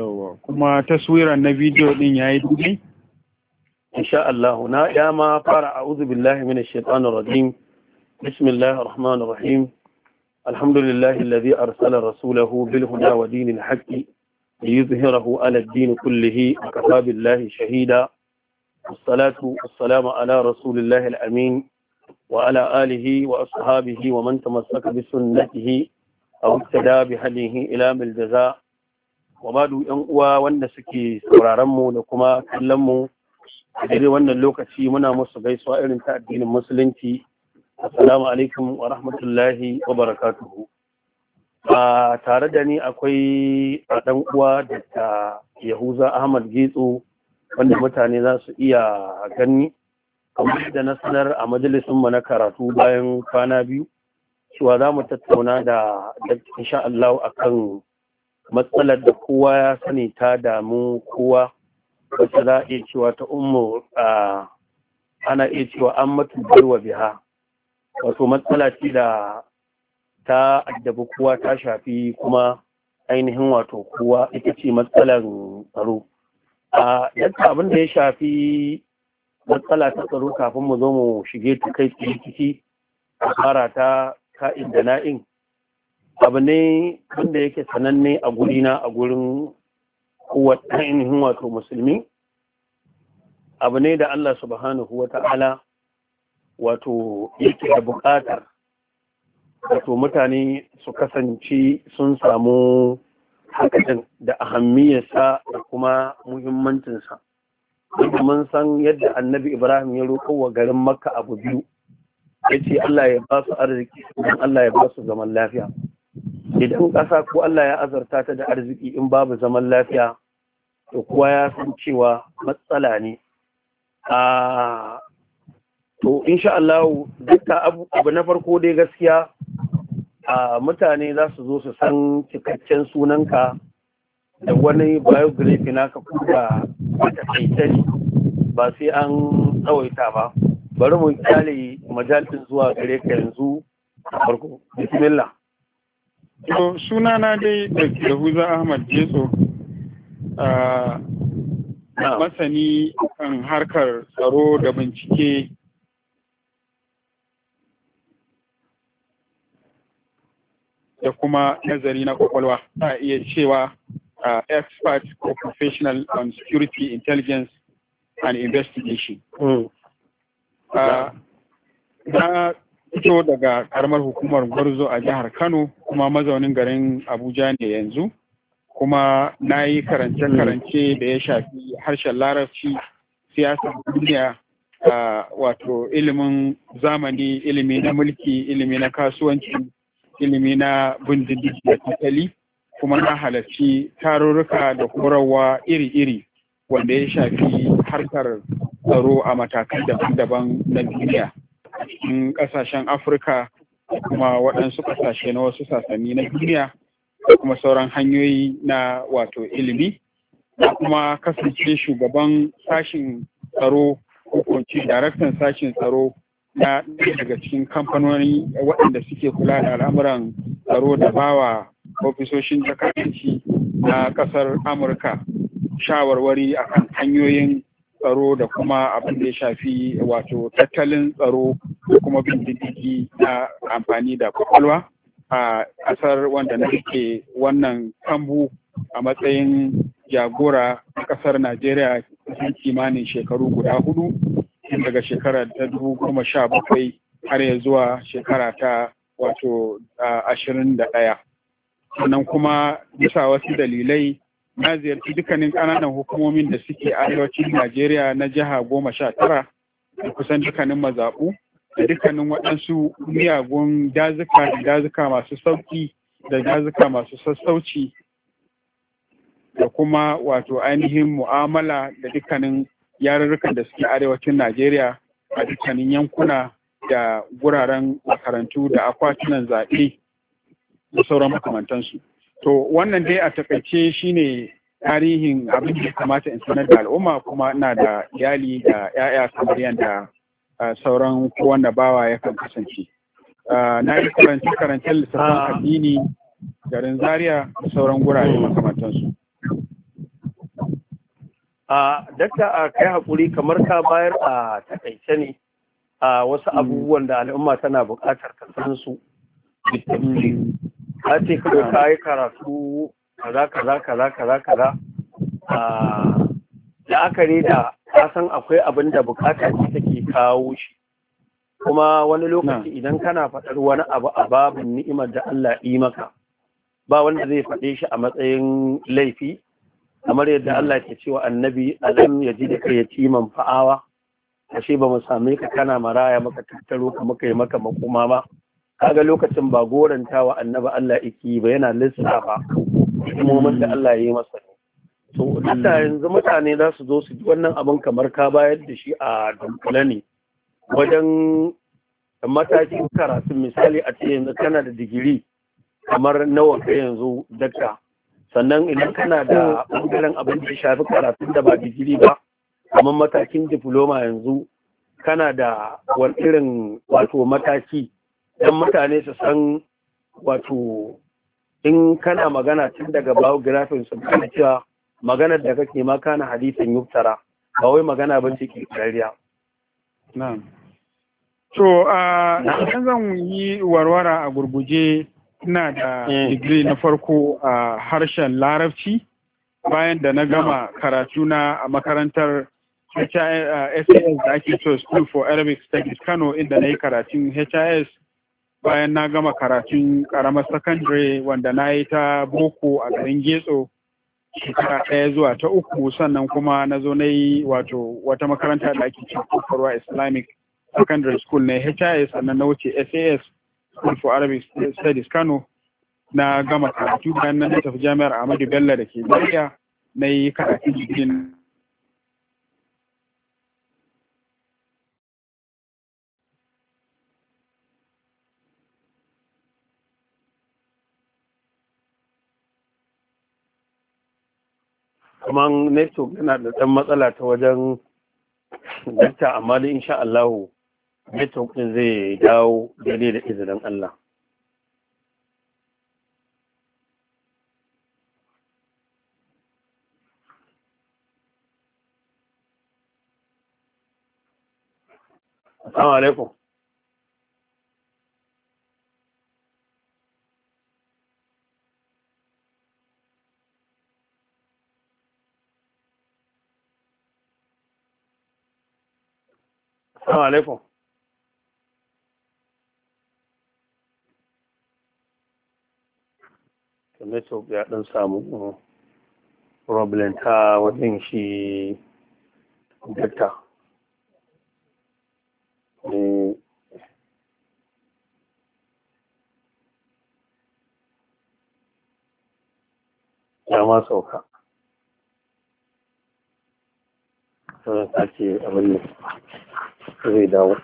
yawa kuma taswiran na video din yayi dubi insha Allah na ya ma fara a'udhu billahi minash shaitanir rajim bismillahir rahmanir rahim alhamdulillahi alladhi arsala rasulahu bil huda wa dinil haqqi liyuzhirahu ala ad-din kullihi kafa billahi shahida wassalatu wassalamu ala rasulillahi والصلاة والسلام على رسول الله wa وعلى آله وأصحابه ومن تمسك بسنته أو اقتدى ila إلى jazaa wa yan uwa wanda suke sauraron mu da kuma kallon mu a daidai wannan lokaci muna musu gaisuwa irin ta addinin musulunci assalamu alaikum wa rahmatullahi wa barakatuhu a tare da ni akwai a dan uwa da yahuza ahmad getso wanda mutane za su iya gani kamar da na sanar a mu na karatu bayan kwana biyu cewa za mu tattauna da insha Allah akan matsalar da kowa ya sani ta damu kowa wacce za a cewa ta a ana iya cewa an matubar wa biha wato matsala ce da ta addabi kowa ta shafi kuma ainihin wato kowa ita ce matsalar tsaro a yadda abin da ya shafi matsala ta tsaro kafin mu zo mu shige ta kai tsaye ciki a fara ta ka'in da na'in abu ne wanda yake sananne a gurina a gurin ainihin wato musulmi abu ne da Allah subhanahu wa ta'ala wato yake da buƙatar wato mutane su kasance sun samu hakatan da ahammiyarsa da kuma muhimmancinsa wanda mun san yadda annabi ibrahim ya roƙo wa garin makka abu biyu ya ce Allah ya ba su arziki Allah ya ba su zaman lafiya idan ƙasa ko Allah ya azarta ta da arziki in babu zaman lafiya to kuwa ya san cewa matsala ne a to insha Allah dukkan abu na farko dai gaskiya a mutane za su zo su san cikakken sunanka da wani biography naka kuma wata kaitari ba sai an tsawaita ba bari mu kyale majalisin zuwa gare ka yanzu farko bismillah To suna na dai da Huza Ahmad Jeso masani kan harkar tsaro da bincike da kuma nazari na kwakwalwa ta iya cewa a expert or professional on security intelligence and investigation. Mm. na fito daga karamar hukumar gwarzo a jihar kano kuma mazaunin garin abuja ne yanzu kuma na yi karance-karance da ya shafi harshen larabci siyasar duniya a wato ilimin zamani ilimi na mulki ilimi na kasuwanci ilimi na bin da tattali kuma na halarci tarurruka da horarwa iri-iri wanda ya shafi harkar tsaro a matakan daban-daban na duniya a cikin ƙasashen Afirka kuma waɗansu kasashe na wasu sasanni na duniya da kuma sauran hanyoyi na wato ilimi da kuma kasance shugaban sashin tsaro hukunci daraktan sashin tsaro na daga cikin kamfanoni waɗanda suke kula da al'amuran tsaro da bawa ofisoshin jakadanci na ƙasar amurka shawarwari akan hanyoyin tsaro da kuma abin da ya shafi wato tattalin tsaro da kuma bin diddigi na amfani da kwakwalwa a kasar wanda na ke wannan kambu a matsayin jagora a ƙasar najeriya kimanin shekaru guda hudu daga shekarar ta dubu goma sha bakwai har ya zuwa shekara ta wato ashirin da ɗaya sannan kuma bisa wasu dalilai na ziyarci dukkanin ƙananan hukumomin da suke arewacin Najeriya na jiha goma sha tara da kusan dukkanin mazaɓu da dukkanin waɗansu miyagun dazuka da dazuka masu sauƙi da dazuka masu sassauci da kuma wato ainihin mu'amala da dukkanin yarurrukan da suke arewacin Najeriya a dukkanin yankuna da guraren makarantu da akwatunan zaɓe da sauran makamantansu. to wannan dai a takaice shine tarihin abin da kamata in sanar da al'umma kuma ina da iyali da 'ya'ya kamar yadda sauran kowanne bawa ya kan kasance na yi karance karancen lissafin ah. addini garin zaria da sauran gurare hmm. makamantansu a dakta a kai haƙuri kamar ka bayar a takaice ne a wasu hmm. abubuwan da al'umma tana buƙatar ka san hmm. ka ce kawai ka yi karatu kaza kaza kaza kaza kaza ah, aka da ka san akwai abin da bukata ce take kawo shi kuma wani lokaci idan kana faɗar wani abu a babin ni'imar da Allah yi maka ba wanda zai faɗe shi a matsayin laifi kamar yadda Allah ke cewa annabi alam ya ji da kai ya ci man fa'awa ashe ba mu same ka kana maraya maka tattaro ka muka yi maka makoma ba kaga lokacin ba gorantawa annaba Allah iki ba yana lissafa hikimomin da Allah ya yi masa to hatta hmm. yanzu mutane za su zo su ji wannan abin kamar ka bayar da shi a dunkule ne wajen matakin karatu misali a ce yanzu kana da digiri kamar nawa ka yanzu dakta sannan idan kana da ɓangaren abin da ya shafi karatun da ba digiri ba kamar matakin diploma yanzu kana da wani irin wato mataki don mutane su san wato in kana magana tun daga biographin su kana cewa maganar da kake ma kana hadisin yuktara ba wai magana ba ce ke to a idan zan yi warwara a gurguje ina da eh. digiri na farko a harshen larabci bayan da na gama karatu na a makarantar HIS eh, da ake so School for Arabic Studies Kano inda na yi karatun HIS bayan na gama karatun karamar sakandare wanda na yi ta boko a garin getso shekara ɗaya zuwa ta uku sannan kuma na zo na yi wato wata makaranta da ake cin islamic secondary school na his sannan na wuce sas school for arabic studies kano na gama karatu bayan na tafi jami'ar ahmadu bello da ke zaria na yi karatun jikin kamar network yana da ɗan matsala ta wajen dakta amma da insha Allah network din zai dawo daidai da izinin Allah Assalamu alaikum. Assalamu alaikum. network ya dan samu uh, problem ta wajen shi data eh, ya sauka sauran sake abin ne zai dawo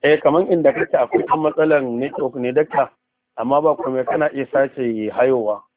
eh kamar inda kake akwai matsalar network ne dakta amma ba kuma kana iya sace hayowa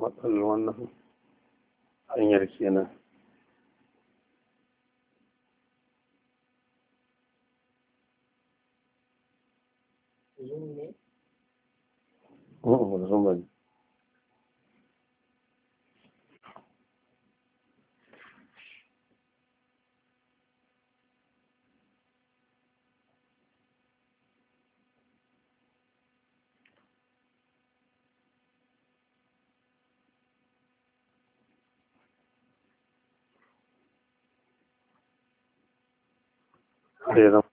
matsalar wannan hanyar kenan zoom ne? zoom ne Beleza.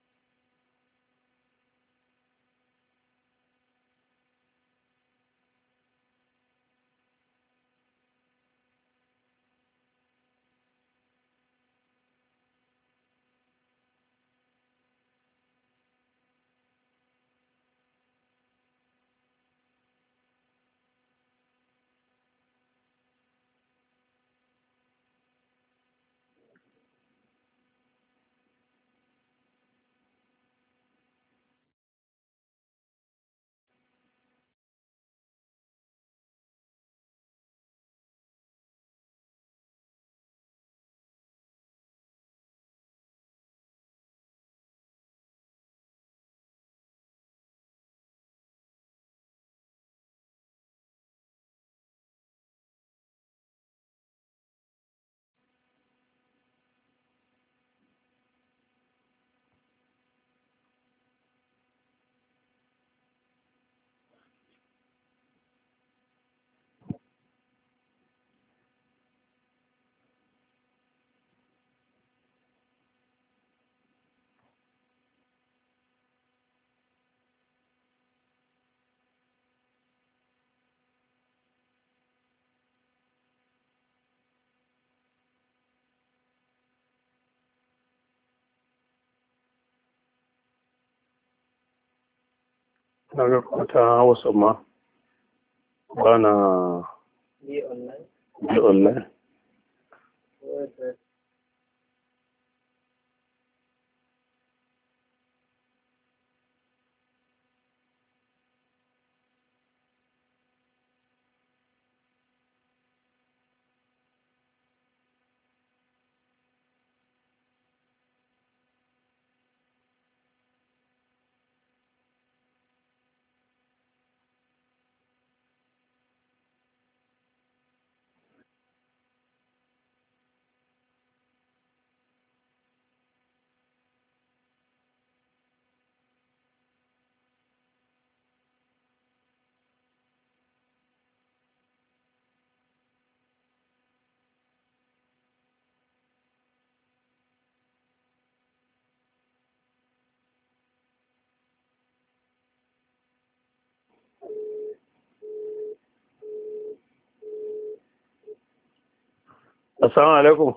na ga kwata wasu ma ba na be online Assalamu alaikum.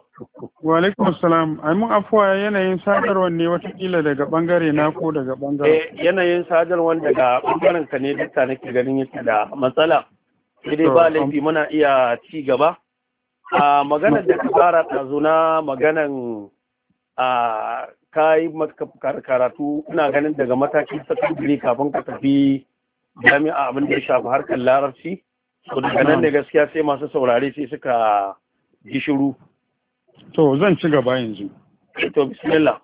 Wa alaikum assalam. Ai mun afuwa yanayin sadarwar ne watakila daga bangare na ko daga bangare. Eh yanayin sadarwar daga bangaren ka ne duka nake ganin yake da matsala. Sai dai ba laifi um, muna iya ci gaba. A maganar da ka fara ɗazu na maganan a ka yi karatu ina ganin daga matakin sakandare kafin ka tafi jami'a abin da ya shafi harkar larabci to da gaskiya sai masu saurare sai suka gishiru. to zan ci gaba yanzu to bismillah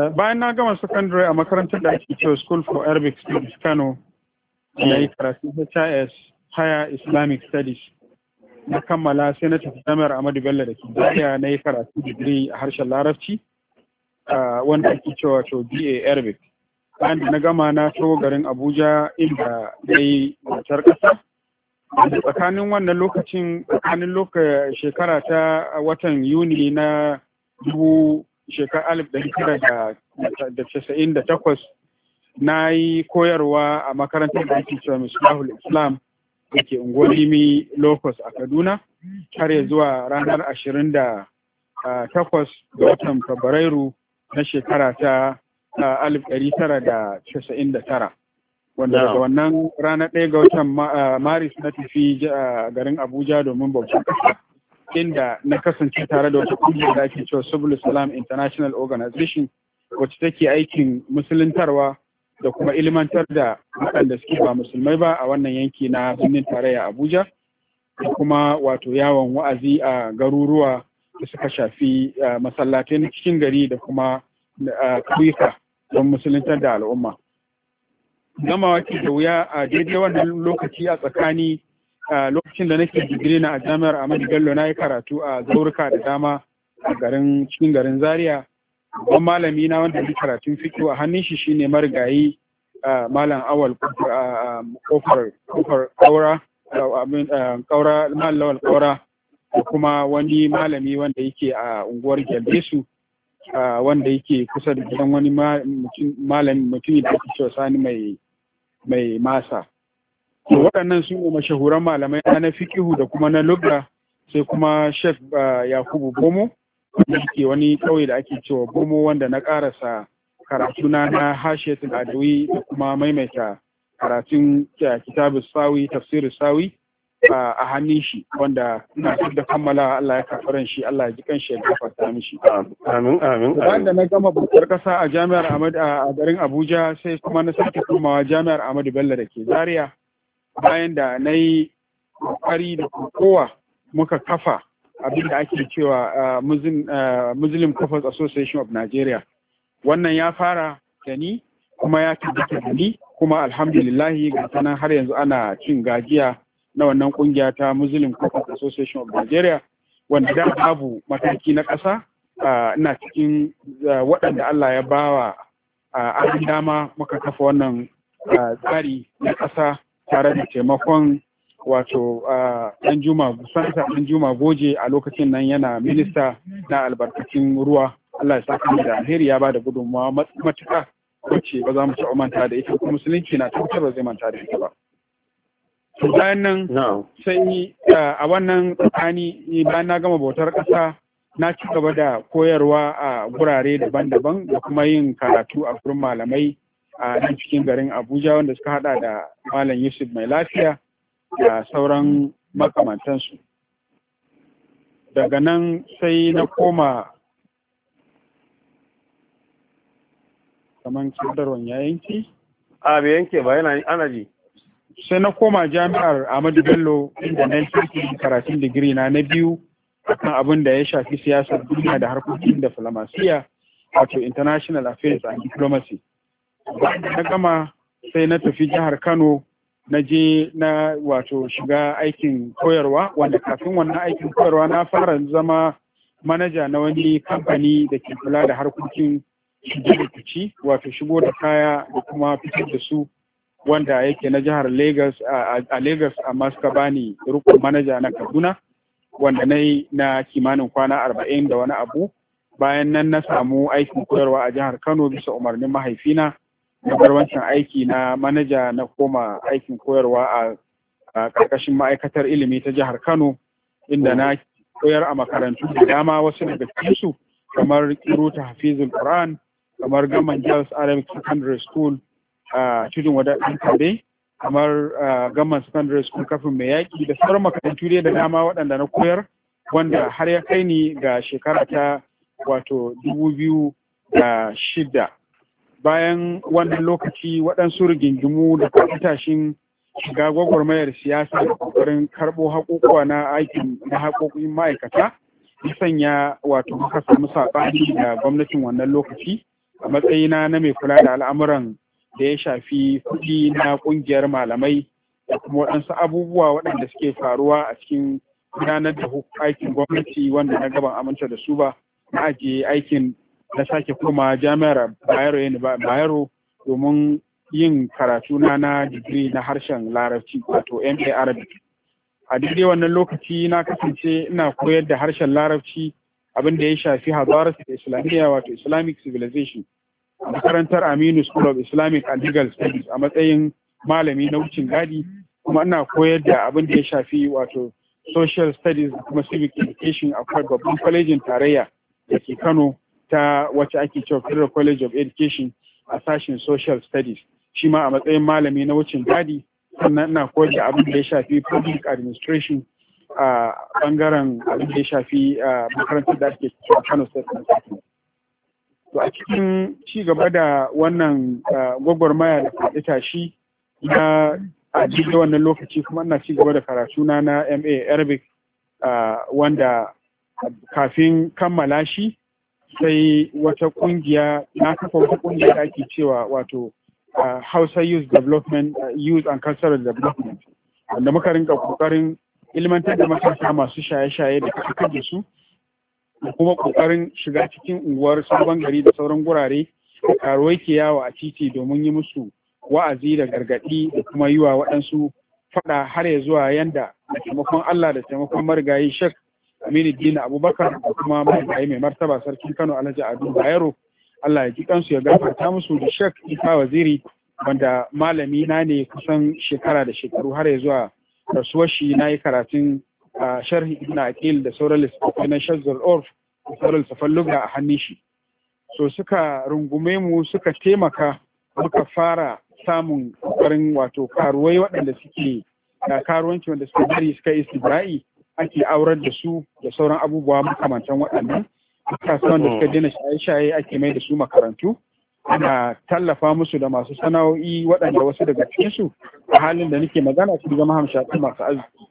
eh, bayan na gama secondary a makarantar da ake cewa school for arabic studies kano na yi mm. karatu hs higher islamic studies na kammala sai na tafi jami'ar amadu bello da ke zaria na yi karatu digiri a harshen larabci ah, wanda ake cewa to ba arabic bayan da na gama na taho garin abuja inda na yi matar ƙasa da tsakanin wannan lokacin tsakanin lokacin shekara ta watan yuni na dubu shekara alif da casa'in da takwas na yi koyarwa a makarantar da ake cewa islam da ke Ungolimi locus a kaduna har ya zuwa ranar ashirin da takwas ga watan fabrairu na shekara ta alif ɗari tara da casa'in tara wanda daga wannan rana ɗaya ga watan maris na tafi garin abuja domin bautar ƙasa inda na kasance tare da wata ƙungiyar da ake cewa civil islam international organization wacce take aikin musuluntarwa da kuma ilmantar da waɗanda suke ba musulmai ba a wannan yanki na birnin tarayya abuja da kuma wato yawon wa'azi a garuruwa da suka shafi masallatai na cikin gari da kuma ƙauyuka don musuluntar da al'umma gamawa ke da wuya a daidai wannan lokaci a tsakani lokacin da nake digiri na a jami'ar Ahmadu Bello na yi karatu a zaurika da dama a garin cikin garin Zaria babban malami na wanda yi karatun fito. a hannun shi shine marigayi malam awal kofar kaura kaura malam kaura da kuma wani malami wanda yake a unguwar Gelbesu wanda yake kusa da gidan wani malami mutumi da ake cewa sani mai mai masa to waɗannan su ne mashahuran malamai na fikihu da kuma na lugha sai kuma chef yakubu bomo wanda yake wani kauye da ake cewa bomo wanda na karasa karatuna na hashiyatul da kuma maimaita karatun kitabus sawi tafsirin sawi a hannun shi wanda ina duk da kammala Allah ya kafaran shi Allah ya ji kan shi ya gafarta mishi amin amin bayan da na gama bautar kasa a jami'ar Ahmad a garin Abuja sai kuma na sake komawa jami'ar Ahmadu Bello da ke Zaria bayan da na yi kokari da kowa muka kafa abin da ake cewa Muslim Couples Association of Nigeria wannan ya fara da ni kuma ya tabbata da ni kuma alhamdulillah ga sanan har yanzu ana cin gajiya na wannan kungiya ta Muslim Cooperative Association of Nigeria wanda da babu mataki na ƙasa ina cikin waɗanda Allah ya bawa abin dama muka kafa wannan tsari na ƙasa tare da taimakon wato ɗan juma gusanta ɗan juma goje a lokacin nan yana minista na albarkacin ruwa Allah ya saka da alheri ya bada gudunmawa matuƙa wacce ba za mu ci manta da ita kuma musulunci na tabbatar ba zai manta da ita ba to bayan nan sai a wannan tsakani bayan na gama bautar ƙasa na ci gaba da koyarwa a gurare daban-daban da kuma yin karatu a gurin malamai a nan cikin garin abuja wanda suka hada da malam yusuf mai lafiya da sauran makamantansu daga nan sai na koma kamar sadarwar a bayan ke ba yana sai na koma jami'ar Ahmadu Bello inda na yi karatun digiri na na biyu akan abin da ya shafi siyasar duniya da harkokin da filamasiya wato international affairs and diplomacy bayan na gama sai na tafi jihar Kano na je na wato shiga aikin koyarwa wanda kafin wannan aikin koyarwa na fara zama manaja na wani kamfani da ke kula da harkokin shigo da wato shigo da kaya da kuma fitar da su wanda yake na jihar Lagos a Lagos a suka bani rukun manaja na Kaduna wanda na yi na kimanin kwana arba'in da wani abu bayan nan na samu aikin koyarwa a jihar Kano bisa umarnin mahaifina na bar aiki na manaja na koma aikin koyarwa a ƙarƙashin ma'aikatar ilimi ta jihar Kano inda na koyar a makarantu da dama wasu daga kamar kamar Kiruta Hafizul Quran kamar Gaman Girls Arabic Secondary School a tudun wadatun kare kamar gamman secondary school kafin mai yaƙi da sauran makarantu dai da dama waɗanda na koyar wanda har ya kai ni ga shekara ta wato dubu biyu da shida bayan wannan lokaci waɗansu rigingimu da tashin shiga gwagwarmayar siyasa da kokarin karɓo haƙoƙuwa na aikin na haƙoƙin ma'aikata ya sanya wato muka samu saɓani da gwamnatin wannan lokaci a matsayina na mai kula da al'amuran da ya shafi kuɗi na ƙungiyar malamai da kuma waɗansu abubuwa waɗanda suke faruwa a cikin gudanar da aikin gwamnati wanda na gaban aminta da su ba na ajiye aikin na sake koma jami'ar bayero domin yin karatu na na digiri na harshen larabci wato ma arabic a daidai wannan lokaci na kasance ina koyar da harshen larabci abinda ya shafi hazarar islamiyya wato islamic civilization makarantar Aminu School of Islamic and Legal Studies a matsayin malami na wucin gadi kuma ina koyar da abin da ya shafi wato social studies da kuma civic education a babban kwalejin tarayya da ke Kano ta wacce ake cewa Federal College of Education a sashen social studies shi ma a matsayin malami na wucin gadi sannan ina koyar da abin da ya shafi public administration a bangaren abin da ya shafi makarantar da ake cewa Kano State To a cikin ci gaba da wannan gwagwarmaya da faɗi tashi na a jirgin wannan lokaci kuma ina ci gaba da karatu na na MA Arabic wanda kafin kammala shi sai wata kungiya na kafa wata kungiya da ake cewa wato Hausa Youth Development Youth and Cultural Development wanda muka rinka kokarin ilmantar da matasa masu shaye-shaye da kakar da su da kuma kokarin shiga cikin unguwar sabon gari da sauran gurare da karuwai ke yawo a titi domin yi musu wa'azi da gargaɗi da kuma yi wa waɗansu faɗa har ya zuwa yanda da taimakon Allah da taimakon marigayi shek Aminu Dina Abubakar da kuma marigayi mai martaba sarkin Kano Alhaji Ado Bayero Allah ya ji kansu ya gafarta musu da shek Isa Waziri wanda malami na ne kusan shekara da shekaru har ya zuwa rasuwar shi na yi karatun A sharhi ibn aqil da sauran littattafai na shazzar orf da sauran littattafan lugha a hannun shi so suka rungume mu suka taimaka muka fara samun karin wato karuwai waɗanda suke karuwanci wanda suka bari suka yi istibra'i ake aurar da su da sauran abubuwa makamantan waɗannan kasuwan da suka daina shaye-shaye ake mai da su makarantu ana tallafa musu da masu sana'o'i waɗanda wasu daga cikinsu a halin da nake magana su zama hamshaɗin masu arziki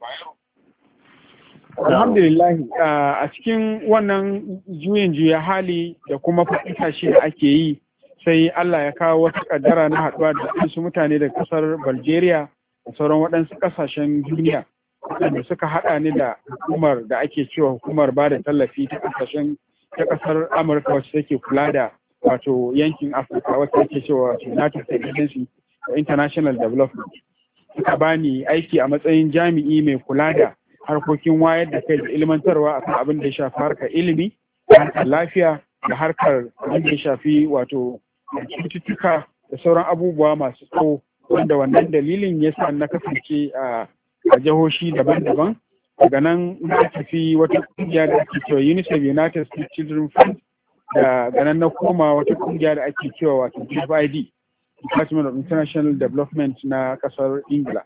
Alhamdulillah a cikin wannan juyin juya hali da kuma fahimta shi da ake yi sai Allah ya kawo wata kaddara na haɗuwa da wasu mutane da ƙasar Bulgaria da sauran waɗansu ƙasashen duniya waɗanda suka haɗa ni da hukumar da ake cewa hukumar ba da tallafi ta ƙasashen ta ƙasar Amurka wacce take kula da wato yankin Afirka wacce ake cewa United States Agency for International Development. Suka bani aiki a matsayin jami'i mai kula da harkokin wayar da kai da ilmantarwa akan abin da ya shafi harkar ilimi da harkar lafiya da harkar abin da ya shafi wato cututtuka da sauran abubuwa masu tsawo wanda wannan dalilin ya sa na kasance a jihohi daban-daban daga nan na tafi wata kungiya da ake cewa UNICEF United States Children Fund da ganan na koma wata kungiya da ake cewa wato DFID Department of International Development na kasar Ingila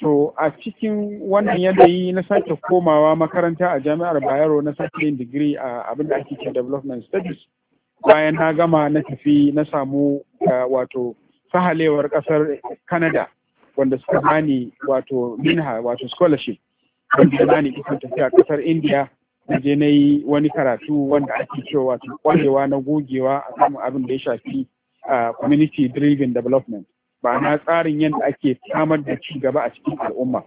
To a cikin wannan yanayi na sake komawa makaranta a jami'ar Bayero na sake yin digiri a abin da ake ce development studies bayan na gama na tafi na samu wato sahalewar kasar Canada wanda suka bani wato minha wato scholarship wanda bani ikon tafiya kasar India na je na yi wani karatu wanda ake cewa wato kwarewa na gogewa a samun abin da ya shafi community driven development ba na tsarin yadda ake samar da ci gaba a cikin al'umma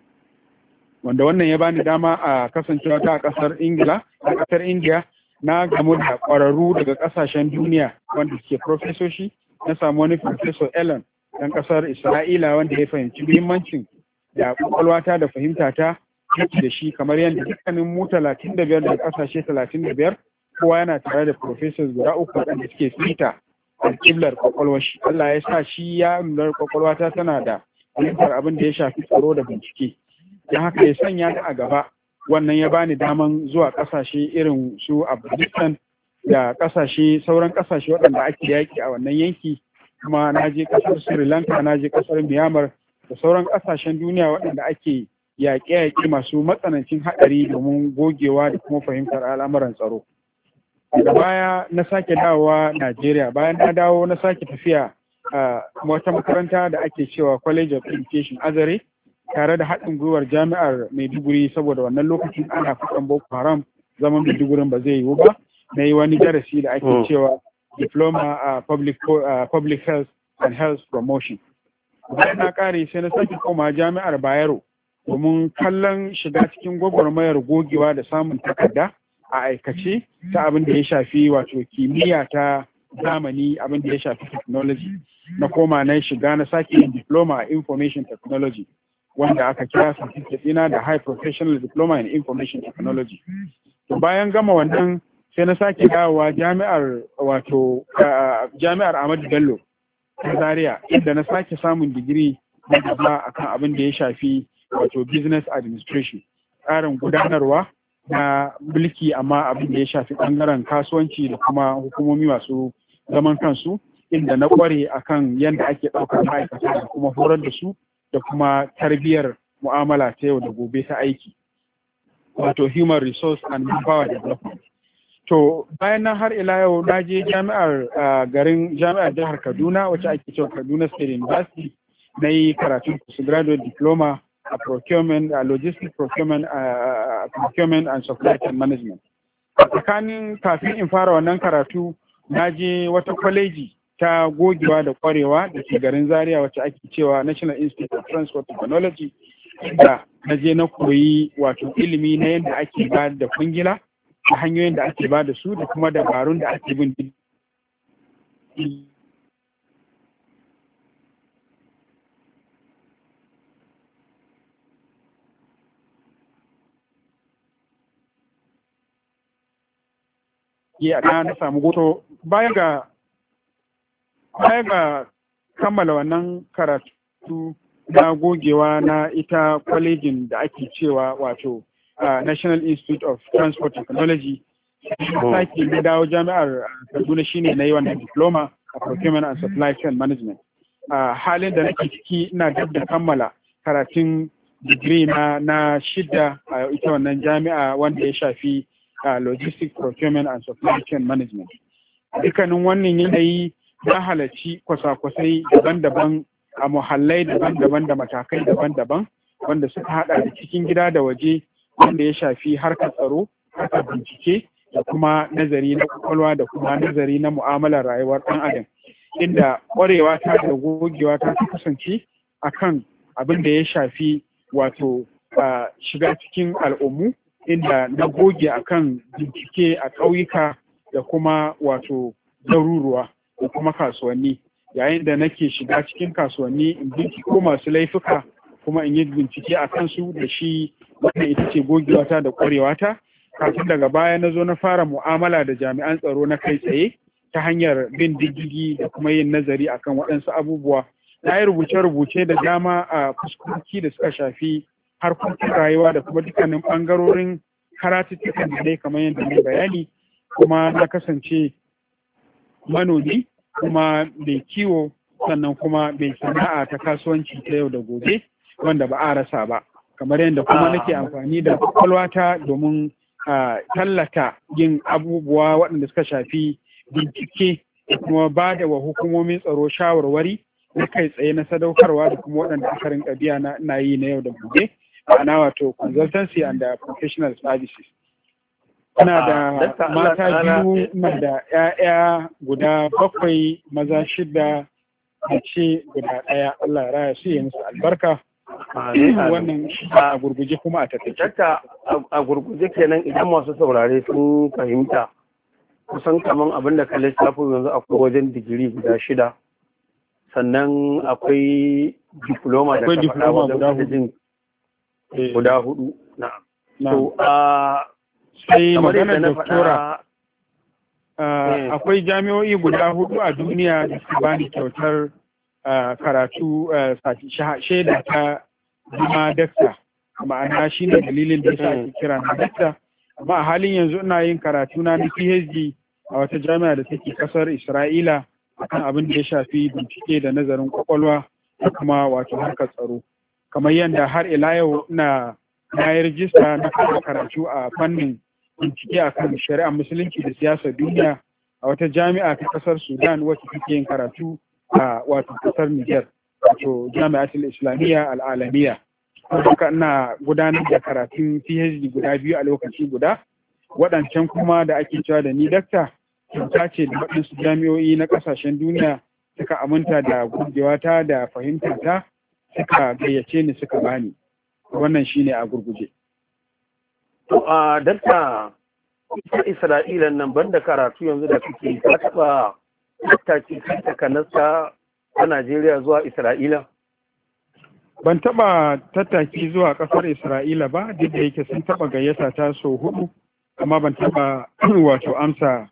wanda wannan ya bani dama a kasancewa ta kasar ingila a kasar india na gamu da kwararru daga kasashen duniya wanda suke profesoshi na samu wani professor ellen ɗan ƙasar isra'ila wanda ya fahimci muhimmancin da ƙwaƙwalwata da fahimta ta da shi kamar yadda dukkanin mu talatin da biyar daga ƙasashe talatin da biyar kowa yana tare da professors guda uku waɗanda suke fita alƙiblar kwakwalwar shi Allah ya sa shi ya amlar kwakwalwa ta tana da fahimtar abin da ya shafi tsaro da bincike ya haka ya sanya ta a gaba wannan ya bani daman zuwa ƙasashe irin su Afghanistan da ƙasashe sauran ƙasashe waɗanda ake yaƙi a wannan yanki kuma na je ƙasar Sri Lanka na je ƙasar Myanmar da sauran ƙasashen duniya waɗanda ake yaƙe-yaƙe masu matsanancin haɗari domin gogewa da kuma fahimtar al'amuran tsaro. daga baya na sake dawowa Najeriya bayan na dawo na sake tafiya a wata makaranta da ake cewa College of Education Azare tare da haɗin gwiwar jami'ar Maiduguri saboda wannan lokacin ana kusan Boko Haram zaman Maiduguri ba zai yiwu ba na yi wani darasi da ake hmm. cewa Diploma a public, public Health and Health Promotion. Bayan na ƙare sai na sake koma jami'ar Bayero domin kallon shiga cikin gwagwarmayar gogewa da samun takarda a aikace ta abin da ya shafi wato kimiyya ta zamani abin da ya shafi technology na koma na shiga na sake yin diploma a information technology wanda aka kira certificate dina da high professional diploma in information technology to bayan gama wannan sai na sake dawowa jami'ar wato jami'ar Ahmadu Bello ta Zaria inda na sake samun digiri na gaba akan abin da ya shafi wato business administration tsarin gudanarwa na mulki amma abin da ya shafi ɓangaren kasuwanci da kuma hukumomi masu zaman kansu inda na kware kan yadda ake ɗaukar ma'aikata da kuma horar da su da kuma tarbiyyar mu'amala ta yau da gobe ta aiki wato human resource and manpower development to bayan nan har ila yau na je jami'ar garin jami'ar jihar kaduna wacce ake cewa kaduna state university na yi karatun postgraduate diploma a procurement logistic procurement procurement and supply chain management a tsakanin kafin in fara wannan karatu na je wata kwaleji ta gogewa da kwarewa da ke garin zaria wacce ake cewa national institute of transport technology da na je na koyi wato ilimi na yadda ake ba da kungila da hanyoyin da ake ba da su da kuma dabarun da ake bin yi na samu goto baya ga baya ga kammala wannan karatu na gogewa na ita kwalejin da ake cewa wato National Institute of Transport Technology oh. sake na dawo jami'ar Kaduna shine na yi wannan diploma a procurement and supply chain management halin da nake ciki ina duk da kammala karatun digiri na na shidda a ita wannan jami'a wanda ya shafi a logistic procurement and supply chain management dukkanin wannan yanayi na halarci kwasa-kwasai daban-daban a muhallai daban-daban da matakai daban-daban wanda suka haɗa da cikin gida da waje wanda ya shafi harkar tsaro harkar bincike da kuma nazari na kwakwalwa da kuma nazari na mu'amalar rayuwar ɗan adam inda ƙwarewa ta da gogewa ta ta kasance kan abin da ya shafi wato shiga cikin al'ummu inda na goge a kan bincike a ƙauyuka da kuma wato daruruwa, da kuma kasuwanni yayin da nake shiga cikin kasuwanni in binciko masu laifuka kuma in yi bincike a kansu da shi wannan ita ce gogewata da ƙwarewata kafin daga baya na zo na fara mu'amala da jami'an tsaro na kai tsaye ta hanyar bin diddigi da kuma yin nazari akan waɗansu abubuwa na yi rubuce-rubuce da dama a fuskoki da suka shafi harkokin rayuwa da kuma dukkanin ɓangarorin karatuttukan da dai kamar yadda mai bayani kuma na kasance manomi kuma mai kiwo sannan kuma mai sana'a ta kasuwanci ta yau da gobe wanda ba a rasa ba kamar yadda kuma nake amfani da kwakwalwata domin tallata yin abubuwa waɗanda suka shafi bincike da kuma ba da wa hukumomin tsaro shawarwari na kai tsaye na sadaukarwa da kuma waɗanda aka rinka biya na yi na yau da gobe ma'ana wato consultancy and professional services Ana da ah, mata biyu da 'ya'ya guda bakwai maza shida mace guda ɗaya Allah ya raya su yi musu albarka wannan ah, a gurguje kuma a tattace a gurguje kenan idan masu saurare sun fahimta kusan kaman abin da kalli lissafin yanzu akwai wajen digiri guda shida sannan akwai diploma da kafa wajen Eh, guda hudu na'am to a sai eh. akwai jami'o'i guda hudu a duniya da su bani kyautar karatu shaida ta zama dakta ma'ana shi ne dalilin da ya eh. kira na dakta amma a halin yanzu ina yin karatu na na phd a wata jami'a da take kasar isra'ila akan abin da ya shafi bincike da nazarin kwakwalwa da kuma wato harkar tsaro kamar yadda har ila yau na na yi rijista na fara karatu a fannin bincike akan shari'ar musulunci da siyasar duniya a wata jami'a ta kasar sudan wacce take yin karatu a wato kasar niger wato jami'atul islamiyya al'alamiya haka ina gudanar da karatun phd guda biyu a lokaci guda waɗancan kuma da ake cewa da ni dakta kyauta ce da waɗansu jami'o'i na ƙasashen duniya suka aminta da gurgewa ta da fahimta ta suka gayyace ni suka bani wannan shine a gurguje to a dalta ita isra'ila nan banda karatu yanzu da kake ta taba tattaki kanta kanasta a najeriya zuwa isra'ila ban taba tattaki zuwa kasar isra'ila ba duk da yake sun taba gayyata ta so hudu amma ban taba wato amsa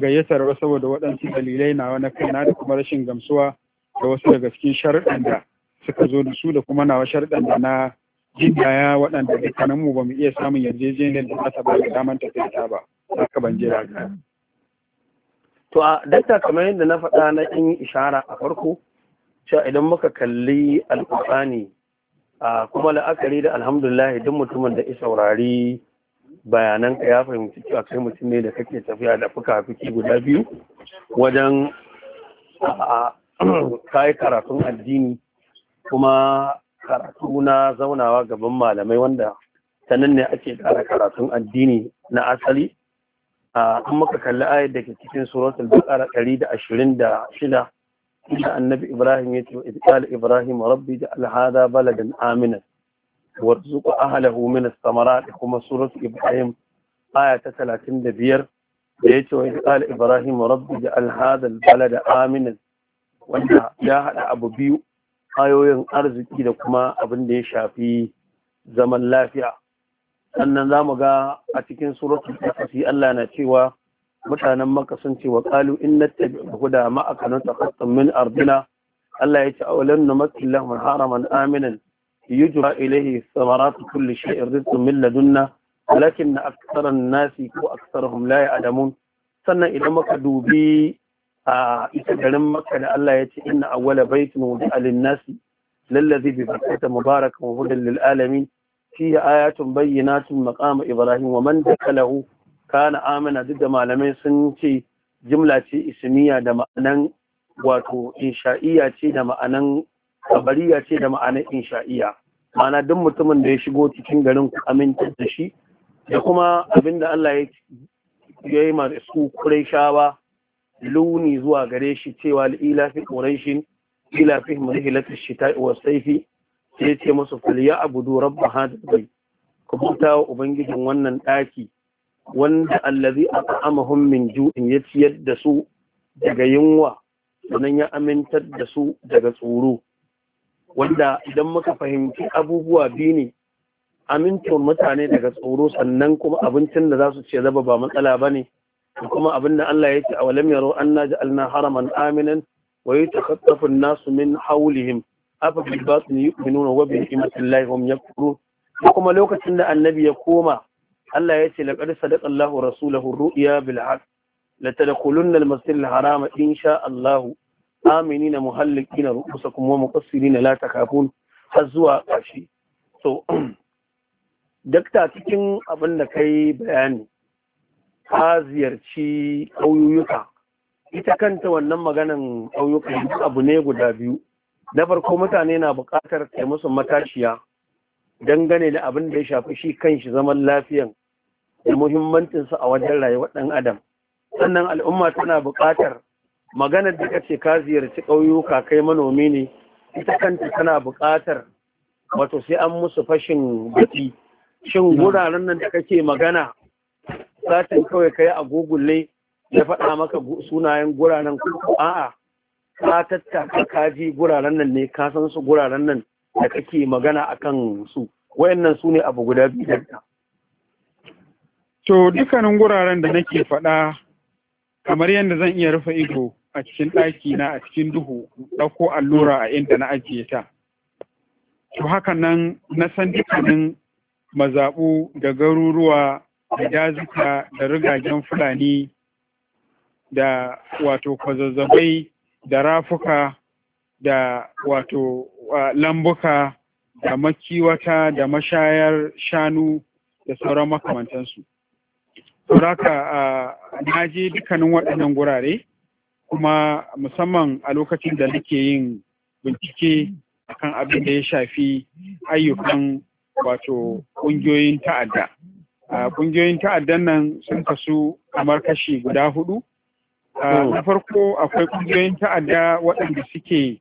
gayyatar ba saboda waɗansu dalilai na wani kaina da kuma rashin gamsuwa da wasu daga cikin sharuɗan da suka zo da su da kuma nawa sharɗan da na jindaya waɗanda dukkanin mu ba mu iya samun yarjejeniyar da ta ba da daman tafiya ba haka ban jira ka to a dakta kamar yadda na faɗa na in ishara a farko cewa idan muka kalli alƙur'ani a kuma la'akari da alhamdulillah duk mutumin da ya saurari bayanan ka ya fahimci cewa kai mutum ne da kake tafiya da fuka-fuki guda biyu wajen kayi karatun addini kuma karatu na zaunawa gaban malamai wanda nan ne ake ƙara karatun addini na asali an muka kalli ayar da ke cikin suratul baqara 126 inda annabi ibrahim ya ce wa ibrahim rabbi da alhada baladan aminan warzuqu ahlahu min as-samarat kuma suratul ibrahim aya ta 35 da ya ce wa ibrahim rabbi da alhada balada aminan wanda ya hada abu biyu ayoyin arziki da kuma abin da ya shafi zaman lafiya sannan za mu ga a cikin suratul kasasi Allah na cewa mutanen maka sun ce wa qalu inna tabi'u huda ma akana min ardina Allah ya ce awalan numatil lahum haraman aminan yujra ilaihi thamaratu kulli shay'in rizqun min ladunna walakin aktharan nasi ko aktharuhum la ya'lamun sannan idan muka dubi a ita garin makka da Allah ya ce inna awwala baitin wudi'a alin nasi lallazi bi bakkata mubaraka wa hudan lil-alamin ya ayatun tun maqama ibrahim wa man dakalahu kana amana duk da malamai sun ce jimla ce ismiya da ma'anan wato insha'iya ce da ma'anan kabariya ce da ma'anan insha'iya ma'ana duk mutumin da ya shigo cikin garin ku aminta da shi da kuma abinda Allah ya yi ma su kurai shawa luni zuwa gare shi cewa ila fi quraishin ila fi shi ash-shita wa saifi. sai ce musu fal ya abudu rabba hadha ku wa ubangijin wannan ɗaki. wanda allazi at'amahum min ju'in ya ciyar da su daga yunwa sannan ya amintar da su daga tsoro wanda idan muka fahimci abubuwa biyu ne amintar mutane daga tsoro sannan kuma abincin da za su ce zaba ba matsala ba ne da kuma abin da Allah ya ce a walam yaro anna ja'alna haraman aminan wa yatakhaffafu an-nasu min haulihim afa bil batin yu'minuna wa bi ni'matillahi hum yakfurun kuma lokacin da annabi ya koma Allah ya ce laqad sadaqa Allahu rasulahu kulun ruya bil haqq latadkhulunna al-masjid al na insha Allah aminina muhallikina ru'usakum wa na lata kafin har zuwa ƙarshe So dakta cikin abin da bayani ta ziyarci ƙauyuka ita kanta wannan maganan ƙauyuka abu ne guda biyu na farko mutane na buƙatar kai musu matashiya dangane da abin da ya shafi shi kanshi zaman lafiyan da muhimmancinsa a wajen rayuwar ɗan adam sannan al'umma tana buƙatar maganar da kace ka ziyarci ƙauyuka kai manomi ne ita kanta tana buƙatar wato sai an musu fashin baki shin guraren nan da kake magana satin kawai kai a google ya faɗa maka sunayen guraren ko a'a ka tattaka ka ji guraren nan ne ka san su guraren nan da kake magana akan su wayannan su ne abu guda biyar to dukkanin guraren da nake faɗa kamar yadda zan iya rufe ido a cikin ɗaki na a cikin duhu ɗauko allura a inda na ajiye ta to haka nan na san dukkanin mazaɓu da garuruwa da dazuka da rigagen fulani da wato kwazazzabai da rafuka da wato lambuka da makiwata da mashayar shanu da sauran makamantansu. Sauraka na je dukkanin waɗannan gurare kuma musamman a lokacin da nake yin bincike akan abin da ya shafi ayyukan wato ƙungiyoyin ta'adda. kungiyoyin ta'addan nan sun kasu kamar kashi guda hudu hmm. na farko akwai kungiyoyin ta'adda waɗanda suke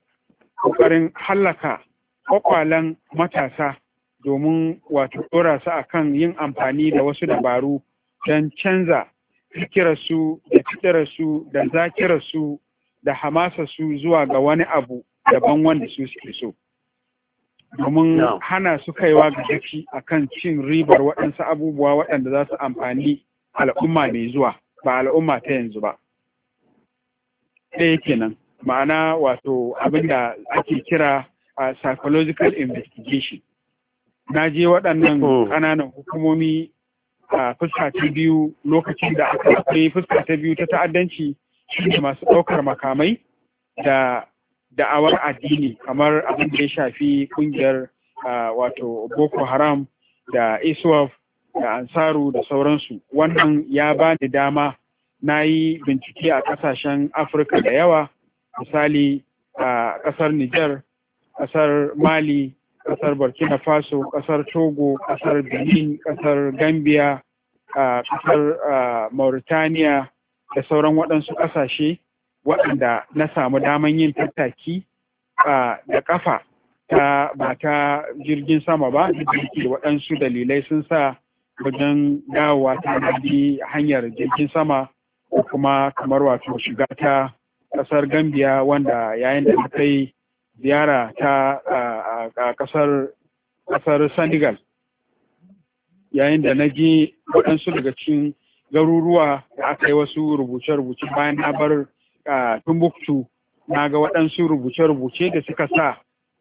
ƙoƙarin hallaka ƙwaƙwalen matasa domin wato ɗora su akan yin amfani da wasu dabaru don canza fikirarsu da fitararsu da zakirarsu da hamasarsu zuwa ga wani abu daban wanda su suke so. domin hana su kaiwa ga a kan cin ribar waɗansu abubuwa waɗanda za su amfani al'umma mai zuwa ba al'umma ta yanzu ba ɗaya kenan ma'ana wato abinda ake kira a psychological investigation na je waɗannan hmm. ƙananan hukumomi a fuska ta biyu lokacin da aka fuska ta biyu ta ta'addanci shine masu ɗaukar makamai da da'awar addini kamar abin da ya shafi kungiyar wato boko haram da iswaf da ansaru da sauransu wannan ya ba ni dama na yi bincike a kasashen afirka da yawa misali a kasar niger kasar mali kasar burkina faso kasar togo kasar benin kasar gambia kasar mauritania da sauran waɗansu ƙasashe waɗanda na samu daman yin tattaki da ƙafa ta ba ta jirgin sama ba da waɗansu dalilai sun sa wajen dawowa ta bi hanyar jirgin sama Ko kuma kamar wato shiga ta ƙasar Gambiya wanda yayin da na kai ziyara ta ƙasar senegal yayin da na ji waɗansu daga cikin garuruwa da aka yi wasu rubuce-rubuce bayan na bar A Tumbuktu na ga waɗansu rubuce-rubuce da suka sa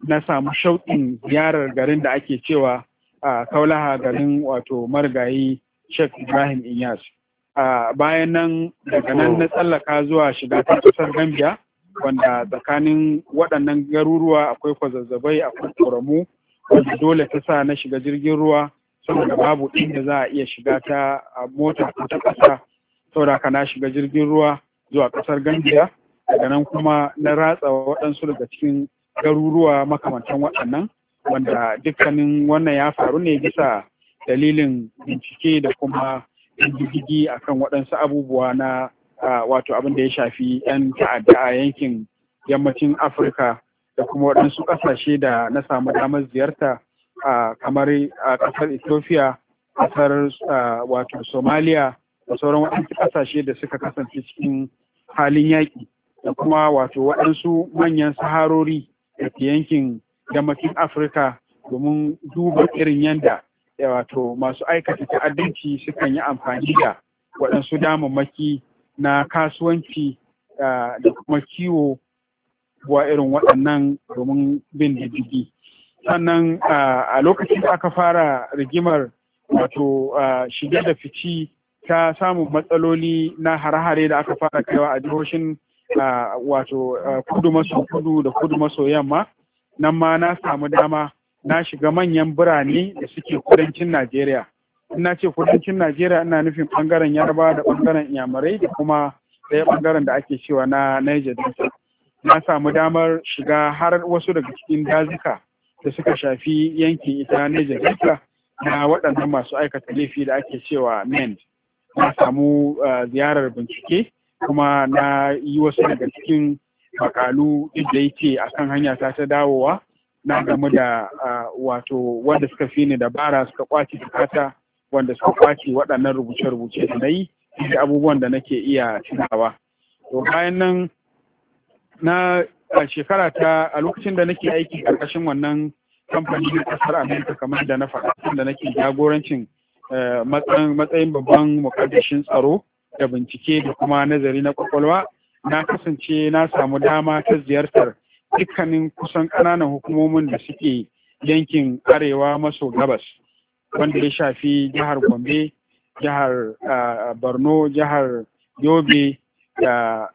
na samu shauƙin ziyarar garin da ake cewa a kaulaha garin wato marigayi Sheikh Ibrahim Inyas. Bayan nan daga nan na tsallaka zuwa shiga ta ƙasar Gambia wanda tsakanin waɗannan garuruwa akwai kwazazzabai akwai ƙoramu wanda dole ta sa na shiga jirgin ruwa saboda babu inda za a iya shiga ta mota ko ta ƙasa saboda ka na shiga jirgin ruwa zuwa ƙasar Gambia daga nan kuma na ratsa waɗansu daga cikin garuruwa makamantan waɗannan wanda dukkanin wannan ya faru ne bisa dalilin bincike da kuma jirgigi a kan waɗansu abubuwa na wato abin da ya shafi 'yan ta'adda a yankin yammacin afirka da kuma waɗansu ƙasashe da na samu damar ziyarta a kamar a ƙasar ethiopia ƙasar wato somalia da sauran waɗansu ƙasashe da suka kasance cikin halin yaƙi da kuma wato waɗansu manyan saharori da ke yankin yammacin afirka domin duba irin yadda eh, wato masu aikata ta'addanci sukan yi amfani da waɗansu damammaki na kasuwanci eh, da kuma kiwo wa irin waɗannan domin bin diddigi sannan eh, a lokacin da aka fara rigimar wato shige da fici ta samu matsaloli na hare-hare da aka fara kaiwa a jihohin wato kudu maso kudu da kudu maso yamma nan ma na samu dama na shiga manyan birane da suke kudancin Najeriya. Ina ce kudancin Najeriya ina nufin bangaren yarba da bangaren Inyamurai da kuma ɗaya bangaren da ake cewa na Niger Delta. Na samu damar shiga har wasu daga cikin dazuka da suka shafi yankin ita Niger Delta na waɗannan masu aikata laifi da ake cewa MEND. na samu eh, ziyarar bincike kuma na yi wasu daga cikin makalu duk yake a kan hanya ta ta dawowa na gamu da eh, wato wanda suka fi ni dabara suka kwace bukata wanda suka kwace waɗannan rubuce-rubuce da na yi da abubuwan da nake iya tunawa to bayan nan na shekara ta a lokacin da nake aiki ƙarƙashin wannan kamfani na ƙasar amurka kamar da na faɗa da nake jagorancin Eh, matsayin babban mukaddashin tsaro da bincike da kuma nazari na kwakwalwa na kasance na samu dama ta ziyartar dukkanin kusan ƙananan hukumomin da suke yankin arewa maso gabas wanda ya shafi jihar gombe jihar eh, borno jihar yobe da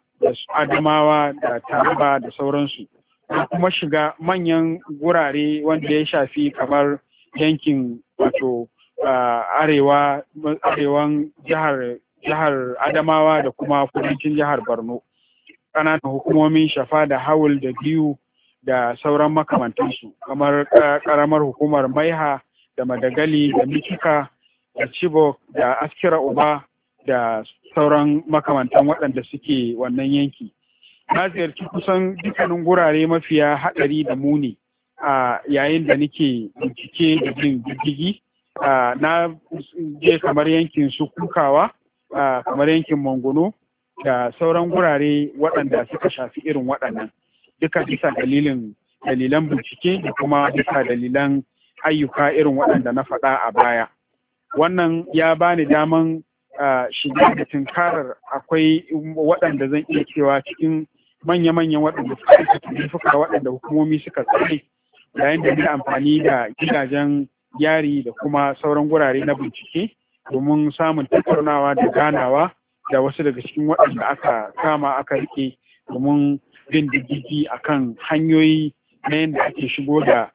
adamawa da taraba da sauransu da kuma shiga manyan gurare wanda ya shafi kamar yankin wato arewa arewan jihar jihar Adamawa da kuma kudancin jihar Borno ƙananan hukumomin Shafa da Hawul da Biyu da sauran makamantansu kamar ƙaramar hukumar Maiha da Madagali da mikika da Chibok da Askira Uba da sauran makamantan waɗanda suke wannan yanki. Na ziyarci kusan dukkanin gurare mafiya haɗari da muni a yayin da nake bincike da jin diddigi na je kamar yankin su kukawa kamar yankin mangono da sauran gurare waɗanda suka shafi irin waɗannan duka bisa dalilin dalilan bincike da kuma bisa dalilan ayyuka irin waɗanda na faɗa a baya wannan ya bani daman shiga da tunkarar akwai waɗanda zan iya cewa cikin manya-manyan waɗanda suka aikata laifuka waɗanda hukumomi suka tsaye yayin da ni amfani da gidajen yari da kuma sauran gurare na bincike domin samun tattaunawa da ganawa da wasu daga cikin waɗanda aka kama aka rike domin bin diddigi akan hanyoyi na yadda ake shigo da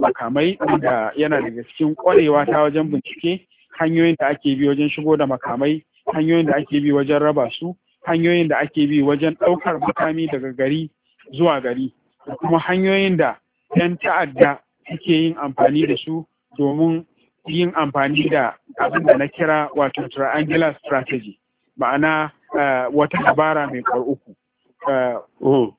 makamai wanda yana daga cikin ƙwarewa ta wajen bincike hanyoyin da ake bi wajen shigo da makamai hanyoyin da ake bi wajen raba su hanyoyin da ake bi wajen ɗaukar makami daga gari zuwa gari da kuma hanyoyin da 'yan ta'adda suke yin amfani da su domin yin amfani da abin da na kira wato triangular strategy ma'ana eh, wata dabara mai kwar uku eh, hmm.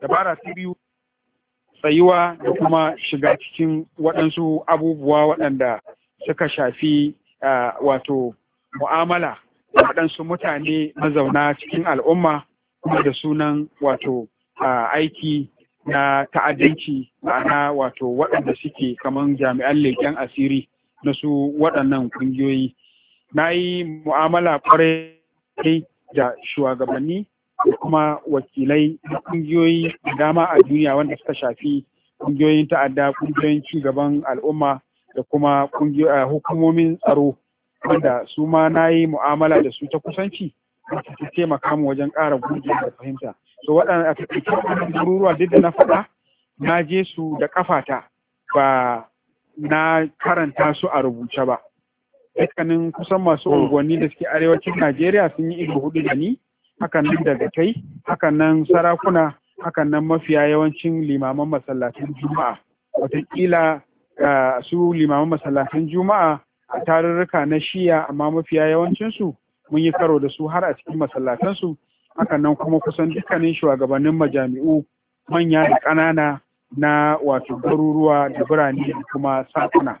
dabara ta biyu tsayuwa da kuma shiga cikin waɗansu abubuwa waɗanda suka shafi eh, wato mu'amala waɗansu mutane mazauna cikin al'umma kuma da sunan wato aiki na ta'addanci ma'ana wato waɗanda suke kamar jami'an leƙen asiri na su waɗannan ƙungiyoyi na yi mu'amala ƙwarai da shugabanni da kuma wakilai na ƙungiyoyi da dama a duniya wanda suka shafi ƙungiyoyin ta'adda ƙungiyoyin gaban al'umma da kuma hukumomin tsaro wanda su ma na yi mu'amala da su ta kusanci su taimaka mu wajen ƙara gurgiya da fahimta so waɗanda a taƙaice waɗannan duk da na faɗa na je su da ƙafata ba na karanta su a rubuce ba dukkanin kusan masu hmm. unguwanni da suke arewacin Najeriya sun yi ido hudu da ni hakan nan daga kai hakan nan sarakuna hakan nan mafiya yawancin limaman masallatan juma'a watakila ah, su limaman masallatan juma'a a tarurruka na shiya amma mafiya yawancinsu mun yi karo da su har a cikin masallatansu hakan nan kuma kusan dukkanin shugabannin majami'u manya da ƙanana na wato garuruwa da birane da kuma sakuna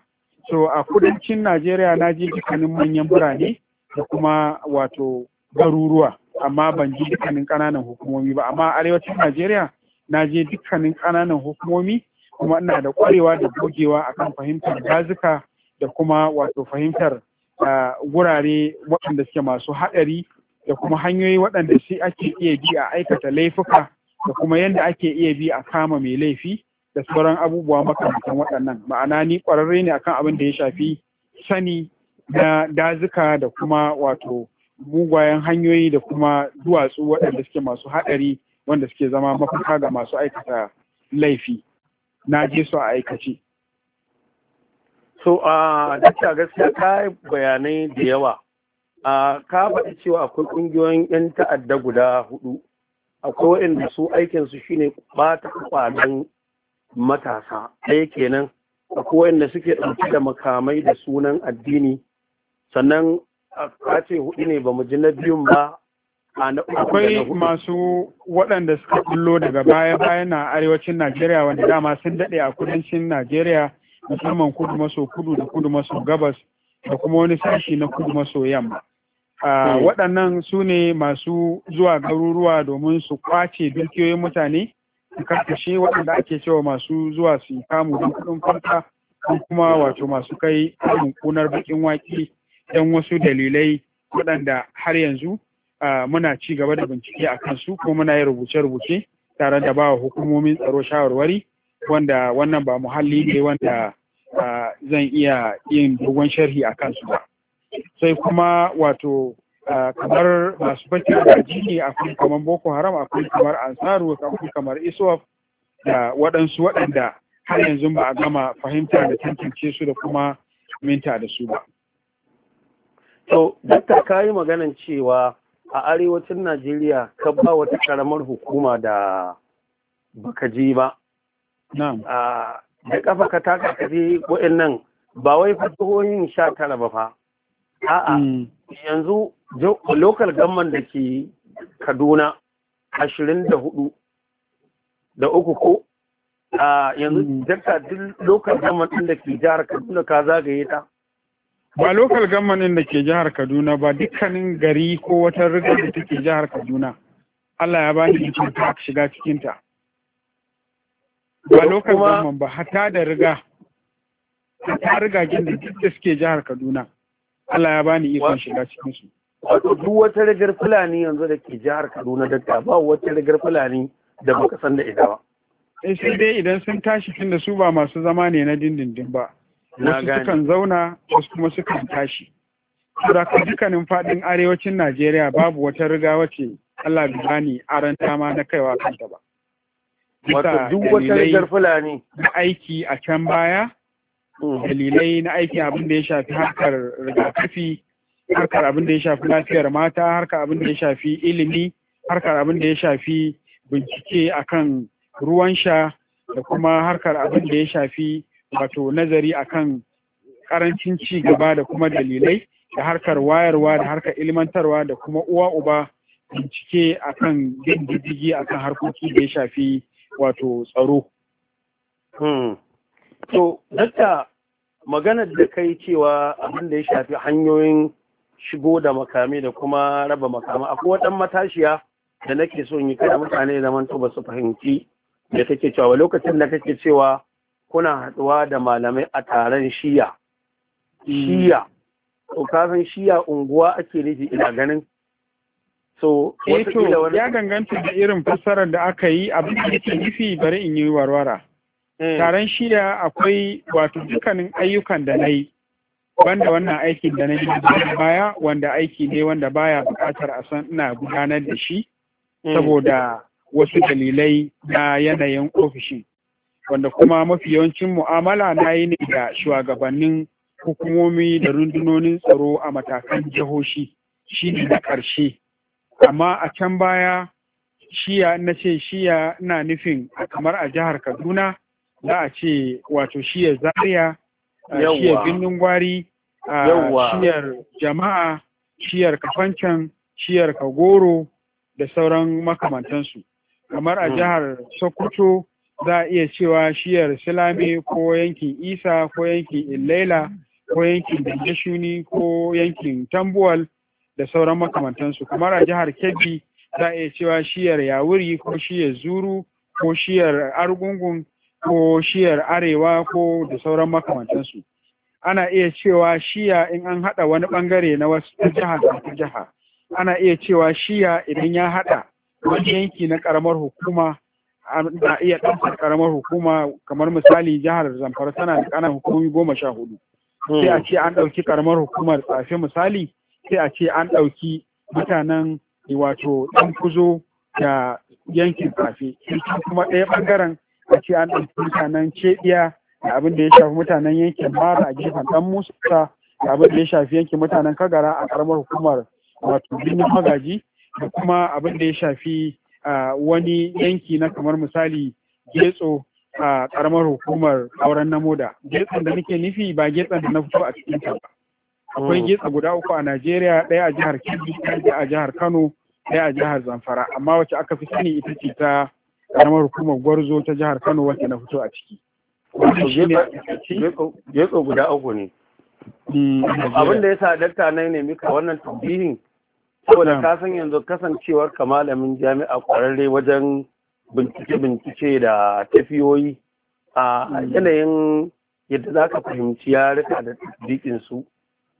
so a kudancin najeriya na ji dukkanin manyan birane da kuma wato garuruwa amma ban ji dukkanin ƙananan hukumomi ba amma arewacin najeriya na je dukkanin ƙananan hukumomi kuma ina da ƙwarewa da gogewa akan fahimtar dazuka da kuma wato fahimtar wurare waɗanda suke masu haɗari da kuma hanyoyi waɗanda sai ake iya bi a aikata laifuka da kuma yadda ake iya bi a kama mai laifi da sauran abubuwa makamantan waɗannan ma'ana ni ƙwararre ne akan abin da ya shafi sani na dazuka da kuma wato mugayen hanyoyi da kuma duwatsu waɗanda suke masu haɗari wanda suke zama mafaka ga masu aikata laifi na je su a aikace so a dakta gaskiya ka bayanai da yawa a ka faɗi cewa akwai ƙungiyoyin 'yan ta'adda guda hudu akwai waɗanda su aikinsu shine ɓata kwanan matasa ɗaya kenan akwai waɗanda suke ɗauki da makamai da sunan addini sannan ka ce hudu ne ba mu ji na biyun ba akwai masu waɗanda suka kullo daga baya baya na arewacin najeriya wanda dama sun daɗe a kudancin najeriya musamman kudu maso kudu da kudu maso gabas da kuma wani sashi na kudu maso yamma a eh. waɗannan su ne masu zuwa garuruwa domin su kwace dukiyoyin mutane su karkashe waɗanda ake cewa masu zuwa su kamu don kuɗin farka ko kuma wato masu kai kamun kunar bakin waƙi don wasu dalilai waɗanda har yanzu muna ci gaba da bincike a kansu ko muna yi rubuce-rubuce tare da ba hukumomin tsaro shawarwari wanda wannan ba muhalli ne wanda zan iya yin dogon sharhi a kansu ba sai kuma wato kamar masu bakin gaji a akwai kamar boko haram akwai kamar ansaru akwai kamar iswaf da waɗansu waɗanda har yanzu ba a gama fahimta da tantance su da kuma minta da su ba. To, dakta ka yi maganan cewa a arewacin Najeriya ka ba wata karamar hukuma da baka ji ba. da kafa ka taka kaje wa'annan ba wai fatohoyin sha tara ba fa a'a hmm. yanzu local gamman da ke kaduna ashirin da hudu da uku ko a yanzu jarta hmm. duk local gamman din da ke jihar Kaduna ka zagaye ta ba local gamman din da ke jihar Kaduna ba dukkanin gari ko wata rigar da take jihar Kaduna Allah ya bani ni ta shiga cikinta. ba lokal zaman ba hata da riga riga rigagen da duk da suke jihar Kaduna Allah ya bani ikon shiga cikin su wato duk wata rigar fulani yanzu da ke jihar Kaduna da ba wata rigar fulani da baka san da ita ba sai eh, sai dai idan sun tashi tunda su ba masu zama ne na dindindin ba wasu sukan zauna wasu kuma sukan tashi saboda dukkanin fadin arewacin Najeriya babu wata riga wace Allah bai bani aranta ma na kaiwa kanta ba wato duk wata rigar fulani na aiki a can baya mm. dalilai na aiki abin da ya shafi harkar rigakafi harkar abin da ya shafi lafiyar mata harkar abin da ya shafi ilimi harkar abin da ya shafi bincike akan ruwan sha da kuma harkar abin da ya shafi wato nazari akan karancin ci gaba da kuma dalilai da harkar wayarwa da harkar ilmantarwa da kuma uwa uba bincike akan bin diddigi akan harkoki da ya shafi wato tsaro hmm. to dakta maganar da kai cewa abin da ya shafi hanyoyin shigo da makami da kuma raba makama akwai waɗan matashiya da nake son yi kada mutane da manto ba su fahimci da kake cewa lokacin da kake cewa kuna haɗuwa da malamai a taron shiya hmm. shiya to kafin shiya unguwa ake nufi ina ganin so eto eh ya ganganta da irin fassarar da aka yi a da ke nufi bari in yi warwara hmm. taron shida akwai wato dukkanin ayyukan da na yi wanda wannan aikin da na yi baya wanda aiki ne wanda baya buƙatar a san ina gudanar da shi hmm. saboda wasu dalilai na yanayin ofishin wanda kuma mafi yawancin mu'amala na yi ne da shugabannin hukumomi da rundunonin tsaro a matakan jihohi shi ne na ƙarshe amma a can baya shiya na ce shiya na nufin kamar a jihar kaduna za a ce wato shiyar zaria shiyar birnin gwari shiyar jama'a shiyar kafancan shiyar kagoro da sauran makamantansu kamar a hmm. jihar sokoto za a iya cewa shiyar silame ko yankin isa ko yankin Ilaila, ko yankin dangashuni ko yankin tambuwal da sauran makamantansu kamar a jihar kebbi za a iya cewa shiyar yawuri ko shiyar zuru ko shiyar argungun ko shiyar arewa ko da sauran makamantansu ana iya cewa shiya in an haɗa wani ɓangare na wasu ta jiha da wasu jiha ana iya cewa shiya idan ya haɗa wani yanki na ƙaramar hukuma na iya ɗaukar ƙaramar hukuma kamar misali jihar zamfara tana da ƙananan hukumomi goma sha hudu sai a ce an ɗauki ƙaramar hukumar tsafe misali sai a ce an ɗauki mutanen wato ɗan kuzo da yankin kafe shi kuma ɗaya ɓangaren a ce an ɗauki mutanen ceɗiya da abin da ya shafi mutanen yankin mara a gefen ɗan musa da abin da ya shafi yankin mutanen kagara a ƙaramar hukumar wato birnin magaji da kuma abin da ya shafi wani yanki na kamar misali getso a ƙaramar hukumar auren namoda getson da nake nufi ba getson da na fito a cikin ba akwai mm. gitsa guda uku a Najeriya ɗaya a jihar Kebbi ɗaya a jihar Kano ɗaya a jihar Zamfara amma wacce aka fi sani ita ce ta karamar hukumar Gwarzo ta jihar Kano wacce na fito a ciki. Gitsa guda uku ne. Mm, Abin da ya sa dakta na ne mika wannan tambihin saboda ka san yanzu kasancewar ka malamin jami'a kwararre wajen bincike-bincike da tafiyoyi a mm. yanayin yadda za ka fahimci ya rika da su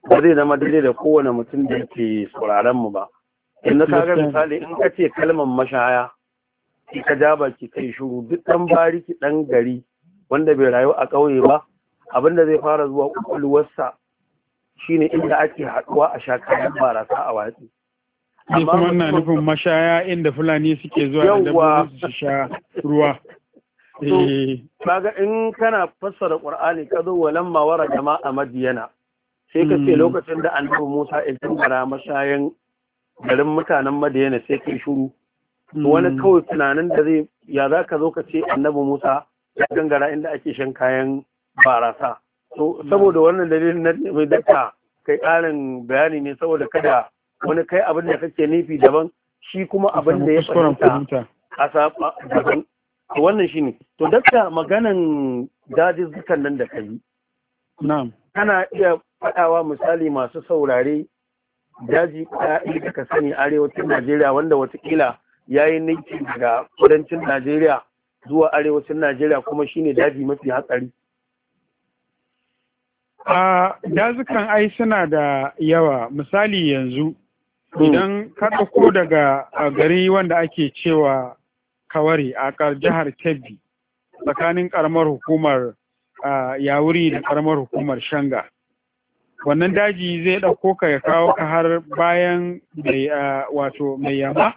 ba zai zama daidai da kowane mutum da yake sauraron mu ba inda ka ga misali in ka ce kalmar mashaya ki ka ja baki kai shuru duk dan bariki dan gari wanda bai rayu a ƙauye ba abin da zai fara zuwa kwakwalwarsa shine inda ake haɗuwa a sha kayan barasa a watsi Ni kuma na nufin mashaya inda fulani suke zuwa da dabbobin su sha ruwa eh. kaga in kana fassara qur'ani ka zo walamma wara jama'a madiyana sai ka ce hmm. lokacin da annabi Musa ya tambara mashayan garin mutanen Madiyana sai kai shuru wani hmm. kawai tunanin da zai ya za ka zo ka ce annabi Musa ya gangara inda ake shan kayan barasa to saboda wannan dalilin na mai dakta kai ƙarin bayani ne saboda kada wani kai abin da kake nufi daban shi kuma abin da ya fahimta a saba daban to wannan shine to dakta maganan dajizzukan nan da kai na'am kana iya faɗawa misali masu saurare daji ɗaya da ka sani arewacin najeriya wanda watakila ya yi ninki daga kudancin najeriya zuwa arewacin najeriya kuma shine daji mafi hatsari a dazukan ai suna da yawa misali yanzu hmm. idan ka ɗauko daga gari wanda ake cewa kawari a jihar kebbi tsakanin ƙaramar hukumar yawuri da ƙaramar hukumar shanga wannan daji zai ɗauko ka ya kawo ka har bayan mai wato mai yamma,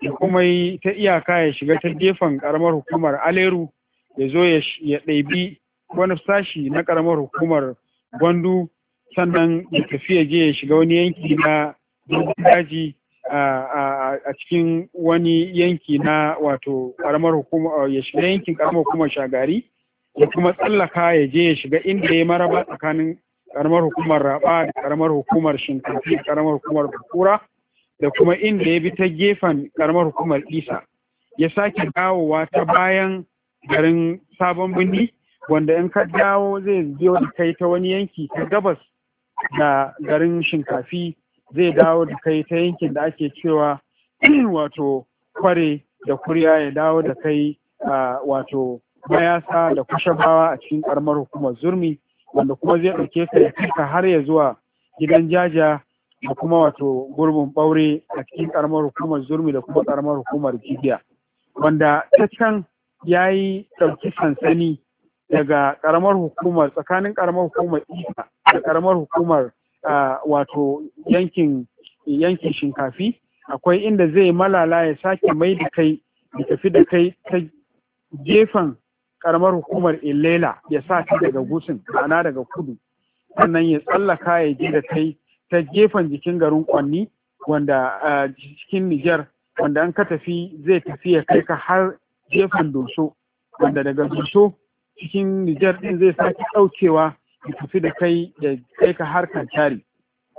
ya kuma ta iyaka ya shiga ta gefen ƙaramar hukumar aleru ya zo ya ɗaibi wani sashi na ƙaramar hukumar gwandu sannan ya tafi ya je ya shiga wani yanki na daji a cikin wani yanki na wato ƙaramar hukumar ya shiga yankin ƙaramar hukumar shagari ya kuma tsallaka ya je ya shiga inda ya maraba tsakanin karamar hukumar raba da karamar hukumar shinkafi da karamar hukumar kura da kuma inda ya bi ta gefen karamar hukumar isa ya sake dawowa ta bayan garin sabon birni wanda in ka dawo zai biyo da kai ta wani yanki ta gabas da garin shinkafi zai dawo da kai ta yankin da ake cewa wato kware da kuriya ya dawo da kai ah, wato mayasa da kushabawa a cikin karamar hukumar zurmi wanda kuma zai ɗauke ka ya har ya zuwa gidan jaja da kuma wato gurbin ɓaure a cikin ƙaramar hukumar zurmi da kuma ƙaramar hukumar jibiya wanda ta can ya yi ɗauki sansani daga ƙaramar hukumar tsakanin ƙaramar hukumar isa da ƙaramar hukumar wato yankin yankin shinkafi akwai inda zai malala ya sake mai da kai ya tafi da kai ta gefen karamar hukumar ilela ya sa ta daga gusin ana daga kudu sannan ya tsallaka ya je da kai ta gefen jikin garin kwanni wanda cikin Nijar wanda an ka tafi zai tafi ya kai ka har gefen doso wanda daga doso cikin Nijar din zai sake ɗaukewa ya tafi da kai ya kai ka har kancari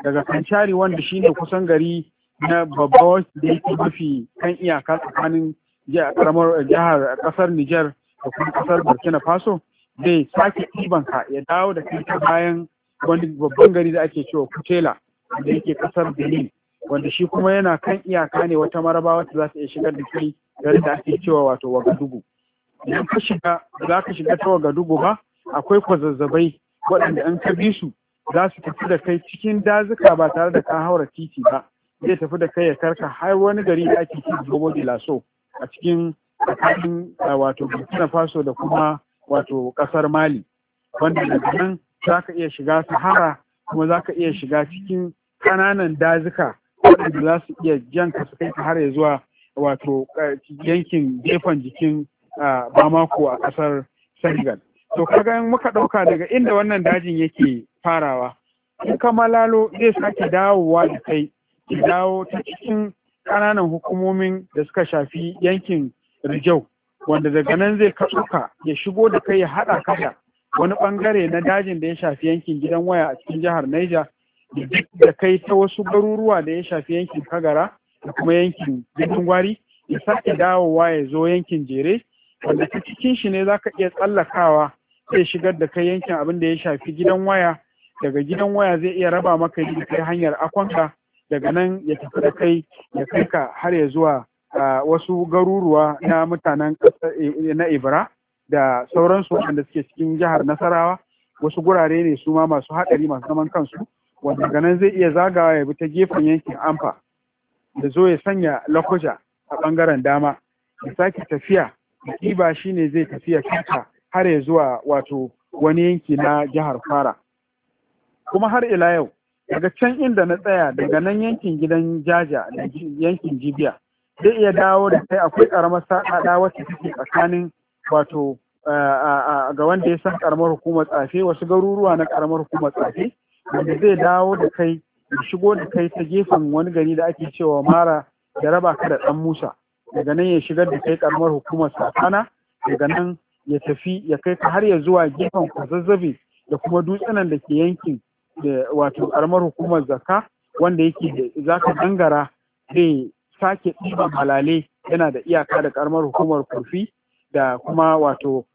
daga kancari wanda shine kusan gari na babba da yake mafi kan iyaka tsakanin jihar kasar Nijar a kuma kasar burkina faso bai sake ɗiban ka ya dawo da kai ta bayan wani babban gari da ake cewa kutela da yake kasar benin wanda shi kuma yana kan iyaka ne wata maraba wata za su iya shigar da kai gari da ake cewa wato wagadugu idan ka shiga za ka shiga ta wagadugu ba akwai kwazazzabai waɗanda an ka bi su za su tafi da kai cikin dazuka ba tare da ka haura titi ba zai tafi da kai ya karka har wani gari da ake ci gobo laso a cikin tsakanin wato burkina faso da kuma wato ƙasar mali wanda daga nan za ka iya shiga sahara kuma za ka iya shiga cikin ƙananan dazuka waɗanda za su iya jan ka su kai ka har zuwa wato yankin gefen jikin bamako a ƙasar senegal to kaga in muka ɗauka daga inda wannan dajin yake farawa in ka malalo zai sake dawowa da kai ki dawo ta cikin ƙananan hukumomin da suka shafi yankin rijau wanda daga nan zai katsuka ya shigo da kai ya haɗa kada wani ɓangare na dajin da ya shafi yankin gidan waya a cikin jihar Niger da kai ta wasu garuruwa da ya shafi yankin Kagara da kuma yankin gidan gwari ya sake dawowa ya zo yankin jere wanda ta cikin shi ne za ka iya tsallakawa zai shigar da kai yankin abin da ya shafi gidan waya daga gidan waya zai iya raba maka da kai hanyar akwanka daga nan ya tafi da kai ya kai ka har ya zuwa wasu garuruwa na mutanen eh, eh, na ibra da sauransu waɗanda suke cikin jihar nasarawa wasu gurare ne su ma masu haɗari masu zaman kansu wanda ganin zai iya zagawa ya bi ta gefen yankin amfa da zo ya sanya lakuja a ɓangaren dama ya sake tafiya kiba ne zai tafiya kaka har ya zuwa wato wani yanki na jihar fara kuma har ila yau daga can inda na tsaya daga nan yankin gidan jaja da yankin jibiya zai iya dawo da kai akwai karamar saɗaɗa wacce take tsakanin wato ga wanda ya san karamar hukumar tsafe wasu garuruwa na karamar hukumar tsafe wanda zai dawo da kai shigo da kai ta gefen wani gari da ake cewa mara ya raba ka da ɗan musa daga nan ya shigar da kai karamar hukumar sakana daga nan ya tafi ya kai ka har ya zuwa gefen kwazazzabe da kuma dutsenan da ke yankin da wato karamar hukumar zakka wanda yake da ka dangara zai sake ɗiban malale yana da iyaka da karamar hukumar kurfi da kuma wato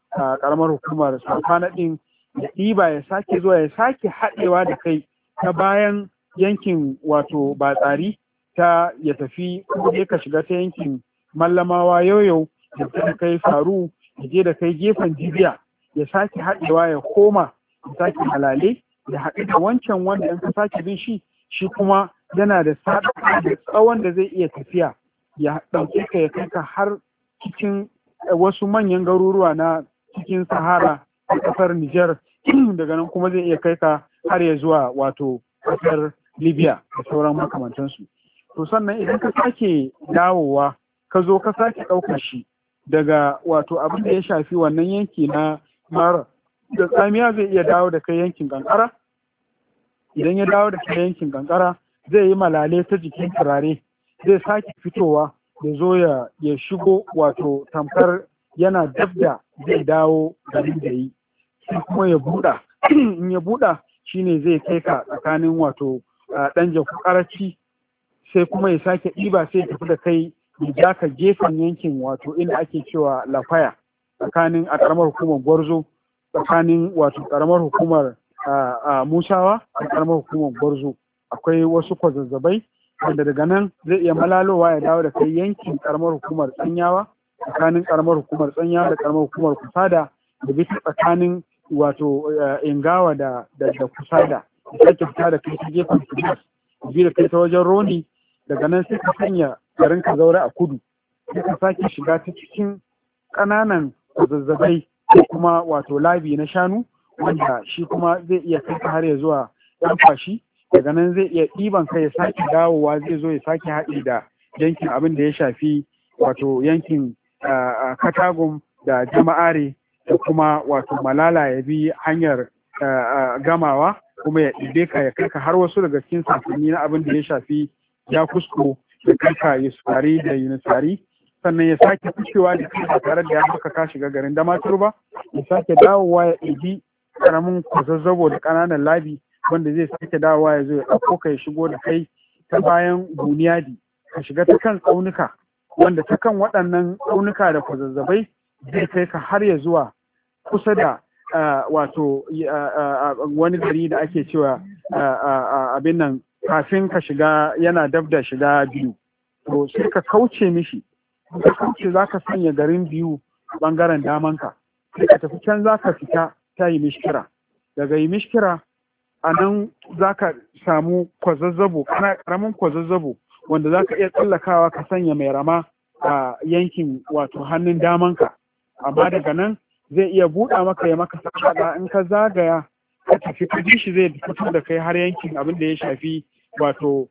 karamar hukumar safana ɗin da ɗiba ya sake zuwa ya sake haɗewa da kai ta bayan yankin wato batsari ta ya tafi kuma ka shiga ta yankin mallamawa yau ya fita da kai faru ya je da kai gefen jibiya ya sake haɗewa ya koma ya sake halale ya haɗu da wancan wanda yanka sake bin shi shi kuma yana da sadaka da tsawon da zai iya tafiya ya ɗauke ka ya kai ka har cikin eh, wasu manyan garuruwa na cikin sahara a ƙasar Nijar daga nan kuma zai iya kai ka har ya zuwa wato ƙasar Libya da sauran makamantansu. To sannan idan ka sake dawowa ka zo ka sake ɗauka shi daga wato abin da ya shafi wannan yanki na mara da tsamiya zai iya dawo da kai yankin kankara idan ya dawo da kai yankin ƙanƙara? zai yi malale ta jikin turare zai sake fitowa da zo ya shigo wato tamkar yana dab da zai dawo garin da yi sai kuma ya buɗa in ya buɗa shine zai kai ka tsakanin wato ɗan jaku ƙaraci sai kuma ya sake ɗiba sai ya tafi da kai ya ja ka gefen yankin wato inda ake cewa lafaya tsakanin a ƙaramar hukumar gwarzo tsakanin wato ƙaramar hukumar musawa a ƙaramar hukumar gwarzo akwai wasu kwazazzabai wanda daga nan zai iya malalowa ya dawo da kai yankin karamar hukumar tsanyawa tsakanin karamar hukumar tsanyawa da karamar hukumar kusada da bisa tsakanin wato eh, ingawa da kusada da sake fita da kai ta gefen kudus bi da kai ta wajen roni daga nan sai ka sanya garin ka zaure a kudu sai ka sake shiga ta cikin ƙananan kwazazzabai ko kuma wato labi na shanu wanda shi kuma zai iya kai har ya zuwa yan fashi daga nan zai iya ɗiban kai ya sake dawowa zai zo ya sake haɗi da yankin abin da ya shafi wato yankin katagum da jama'are da kuma wato malala ya bi hanyar gamawa kuma ya ɗibe ka ya karka har wasu daga cikin sasanni na abin da ya shafi ya kusko da karka yusufari da yunusari sannan ya sake fushewa da kai tare da ya haka ka shiga garin damaturba ba ya sake dawowa ya ɗibi karamin kwazazzabo da ƙananan labi wanda zai sake dawowa ya zo ya ka ya shigo da kai ta bayan buniyadi ka shiga ta kan tsaunuka wanda ta kan waɗannan tsaunuka da kwazazzabai zai kai ka har ya zuwa kusa da wato wani gari da ake cewa abin nan kafin ka shiga yana dab da shiga biyu to sai ka kauce mishi ka kauce za ka sanya garin biyu a bangaren damanka sai ka tafi can za ka fita ta yi mishkira daga yi mishkira a nan za ka samu kwazazzabo karamin kwazazzabo wanda za ka iya tsallakawa ka sanya mai rama a yankin wato hannun damanka amma daga nan zai iya buɗa maka ya maka sakaɗa in ka zagaya ka tafi ka ji shi zai fito da kai har yankin abin da ya shafi wato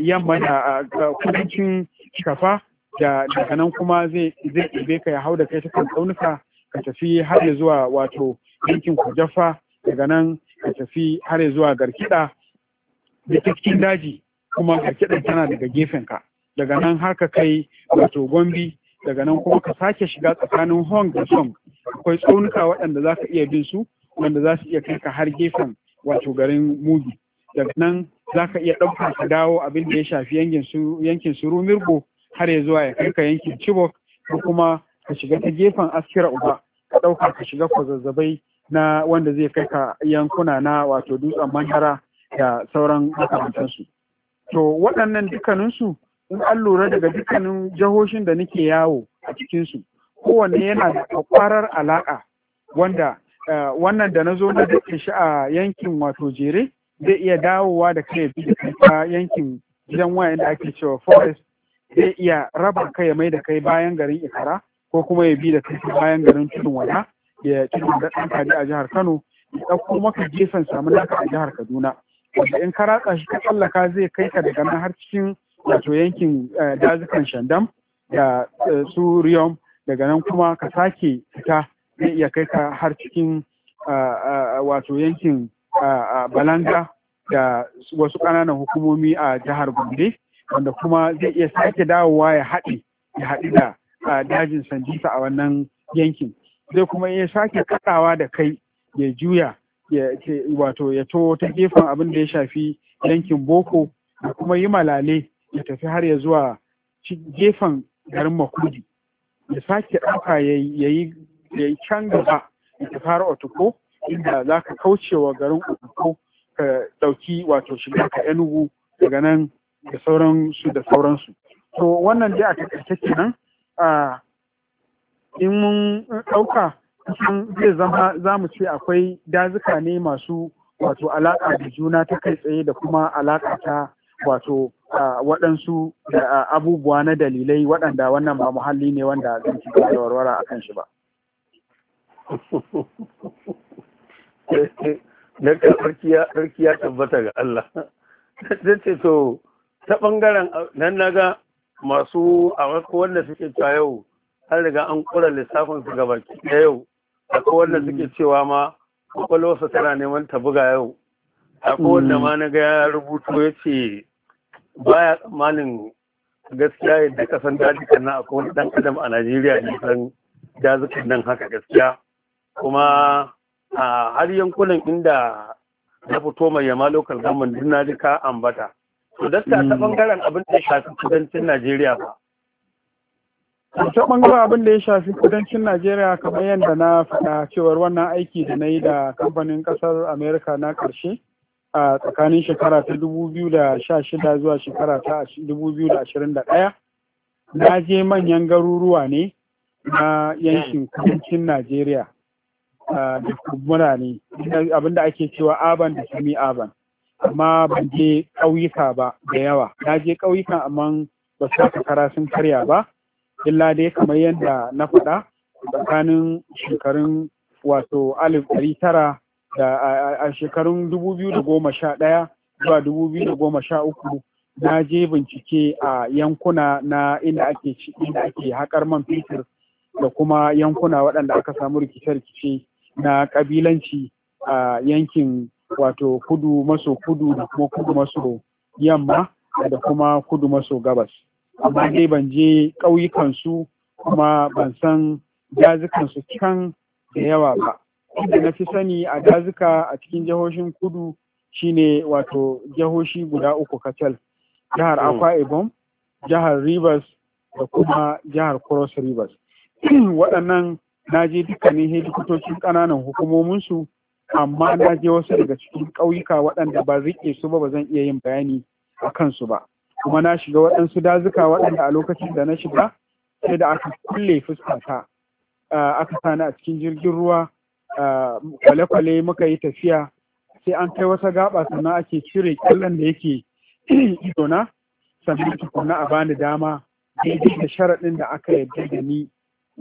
yamma da kudancin kafa da daga nan kuma zai ɗebe ka ya hau da kai ta kan tsaunuka ka tafi har zuwa wato yankin kujaffa daga nan ka tafi har zuwa garkiɗa da cikin daji kuma garkiɗa tana daga gefen ka. daga nan har ka kai wato gombi daga nan kuma ka sake shiga tsakanin hong da song akwai tsaunuka waɗanda za ka iya bin su wanda za su iya kai ka har gefen wato garin mugi daga nan za ka iya ɗauka ka dawo abin da ya shafi yankin su rumirgo har ya zuwa ya kai ka yankin chibok ko kuma ka shiga ta gefen askira uba ka ɗauka ka shiga kwazazzabai na wanda zai kai ka yankuna na wato dutsen manhara da sauran makamantansu to waɗannan dukkaninsu in an lura daga dukkanin jihohin da nake yawo a cikinsu kowanne yana da kwakwarar alaƙa wanda eh, wannan da na zo na dukkan shi a yankin wato jere zai iya dawowa da kai bi da kai yankin gidan wayan da ake cewa forest zai iya raba kai ya mai da kai bayan garin ikara ko kuma ya bi da kai bayan garin tudun wada ya cikin da ɗan a jihar Kano ya ɗauko maka gefen samu naka a jihar Kaduna wanda in ka ratsa shi ka tsallaka zai kai ka daga nan har cikin wato yankin eh, dazukan Shandam da eh, su Riyom daga nan kuma ka sake fita zai iya kai ka har cikin eh, wato yankin Balanga da wasu ƙananan hukumomi a jihar Gombe wanda kuma zai iya sake dawowa ya haɗe ya haɗu da dajin Sandisa a wannan yankin zai kuma iya sake kaɗawa da kai ya juya wato ya to ta gefen abin da ya shafi yankin boko da kuma yi malale ya tafi har ya zuwa gefen garin makudi ya sake ɗauka ya yi can gaba ya tafi har otoko inda za ka kauce wa garin otoko ka ɗauki wato shiga ka enugu daga nan da sauransu da sauransu to wannan dai a takaice kenan a in mun ɗauka cikin zai zama za mu ce akwai dazuka ne masu wato alaƙa da juna ta kai tsaye da kuma alaƙa ta wato waɗansu abubuwa na dalilai waɗanda wannan ba muhalli ne wanda zan ci da warwara a kan shi ba. Na ƙarfi ya tabbata ga Allah. Zan ce to ta ɓangaren nan na ga masu a wanda suke cewa yau an riga an kura lissafin su ga baki yau akwai wanda hmm. suke cewa ma kwakwalwarsa tana neman ta buga yau akwai wanda hmm. ma na ga ya rubuto ya ce baya tsammanin gaskiya yadda kasan kan nan akwai wani dan adam a najeriya ne san dazukan nan haka gaskiya kuma a har yankunan inda na fito mai yama lokal government duk na ji ka ambata to dakta ta bangaren hmm. abin da shafi kudancin najeriya ba ta bangaren abin da ya shafi kudancin najeriya kamar yadda na faɗa cewar wannan aiki da na yi da kamfanin ƙasar amerika na ƙarshe a tsakanin shekara ta 2016 zuwa shekara ta 2021 na je manyan garuruwa ne na yankin kudancin najeriya da abin abinda ake cewa aban da sami aban amma ban je ƙauyuka ba da yawa na je ƙauyuka amma ba su kara karya ba illa dai kamar yadda na faɗa tsakanin shekarun wato alif ɗari tara da a shekarun dubu biyu da goma sha ɗaya zuwa dubu biyu da goma sha uku na je bincike a yankuna na inda ake inda ake haƙar man fetur da kuma yankuna waɗanda aka samu rikice-rikice na ƙabilanci a yankin wato kudu maso kudu da kuma kudu maso yamma da kuma kudu maso gabas. amma dai ban je ƙauyukansu kuma ban san dazukansu can da yawa ba inda na fi sani a dazuka a cikin jihohin kudu shine wato jihohi guda uku kacal jihar hmm. akwa ibom jihar rivers da kuma jihar cross rivers waɗannan na je dukkanin hedikutocin ƙananan hukumominsu amma na je wasu daga cikin ƙauyuka waɗanda ba riƙe su ba ba zan iya yin bayani a kansu ba kuma na shiga waɗansu dazuka waɗanda a lokacin da na shiga sai da aka kulle fuskata aka sani a cikin jirgin ruwa kwale-kwale muka yi tafiya sai an kai wata gaba sannan ake cire kyallon da yake idona sannan tukuna a bani dama daidai da sharaɗin da aka yarda da ni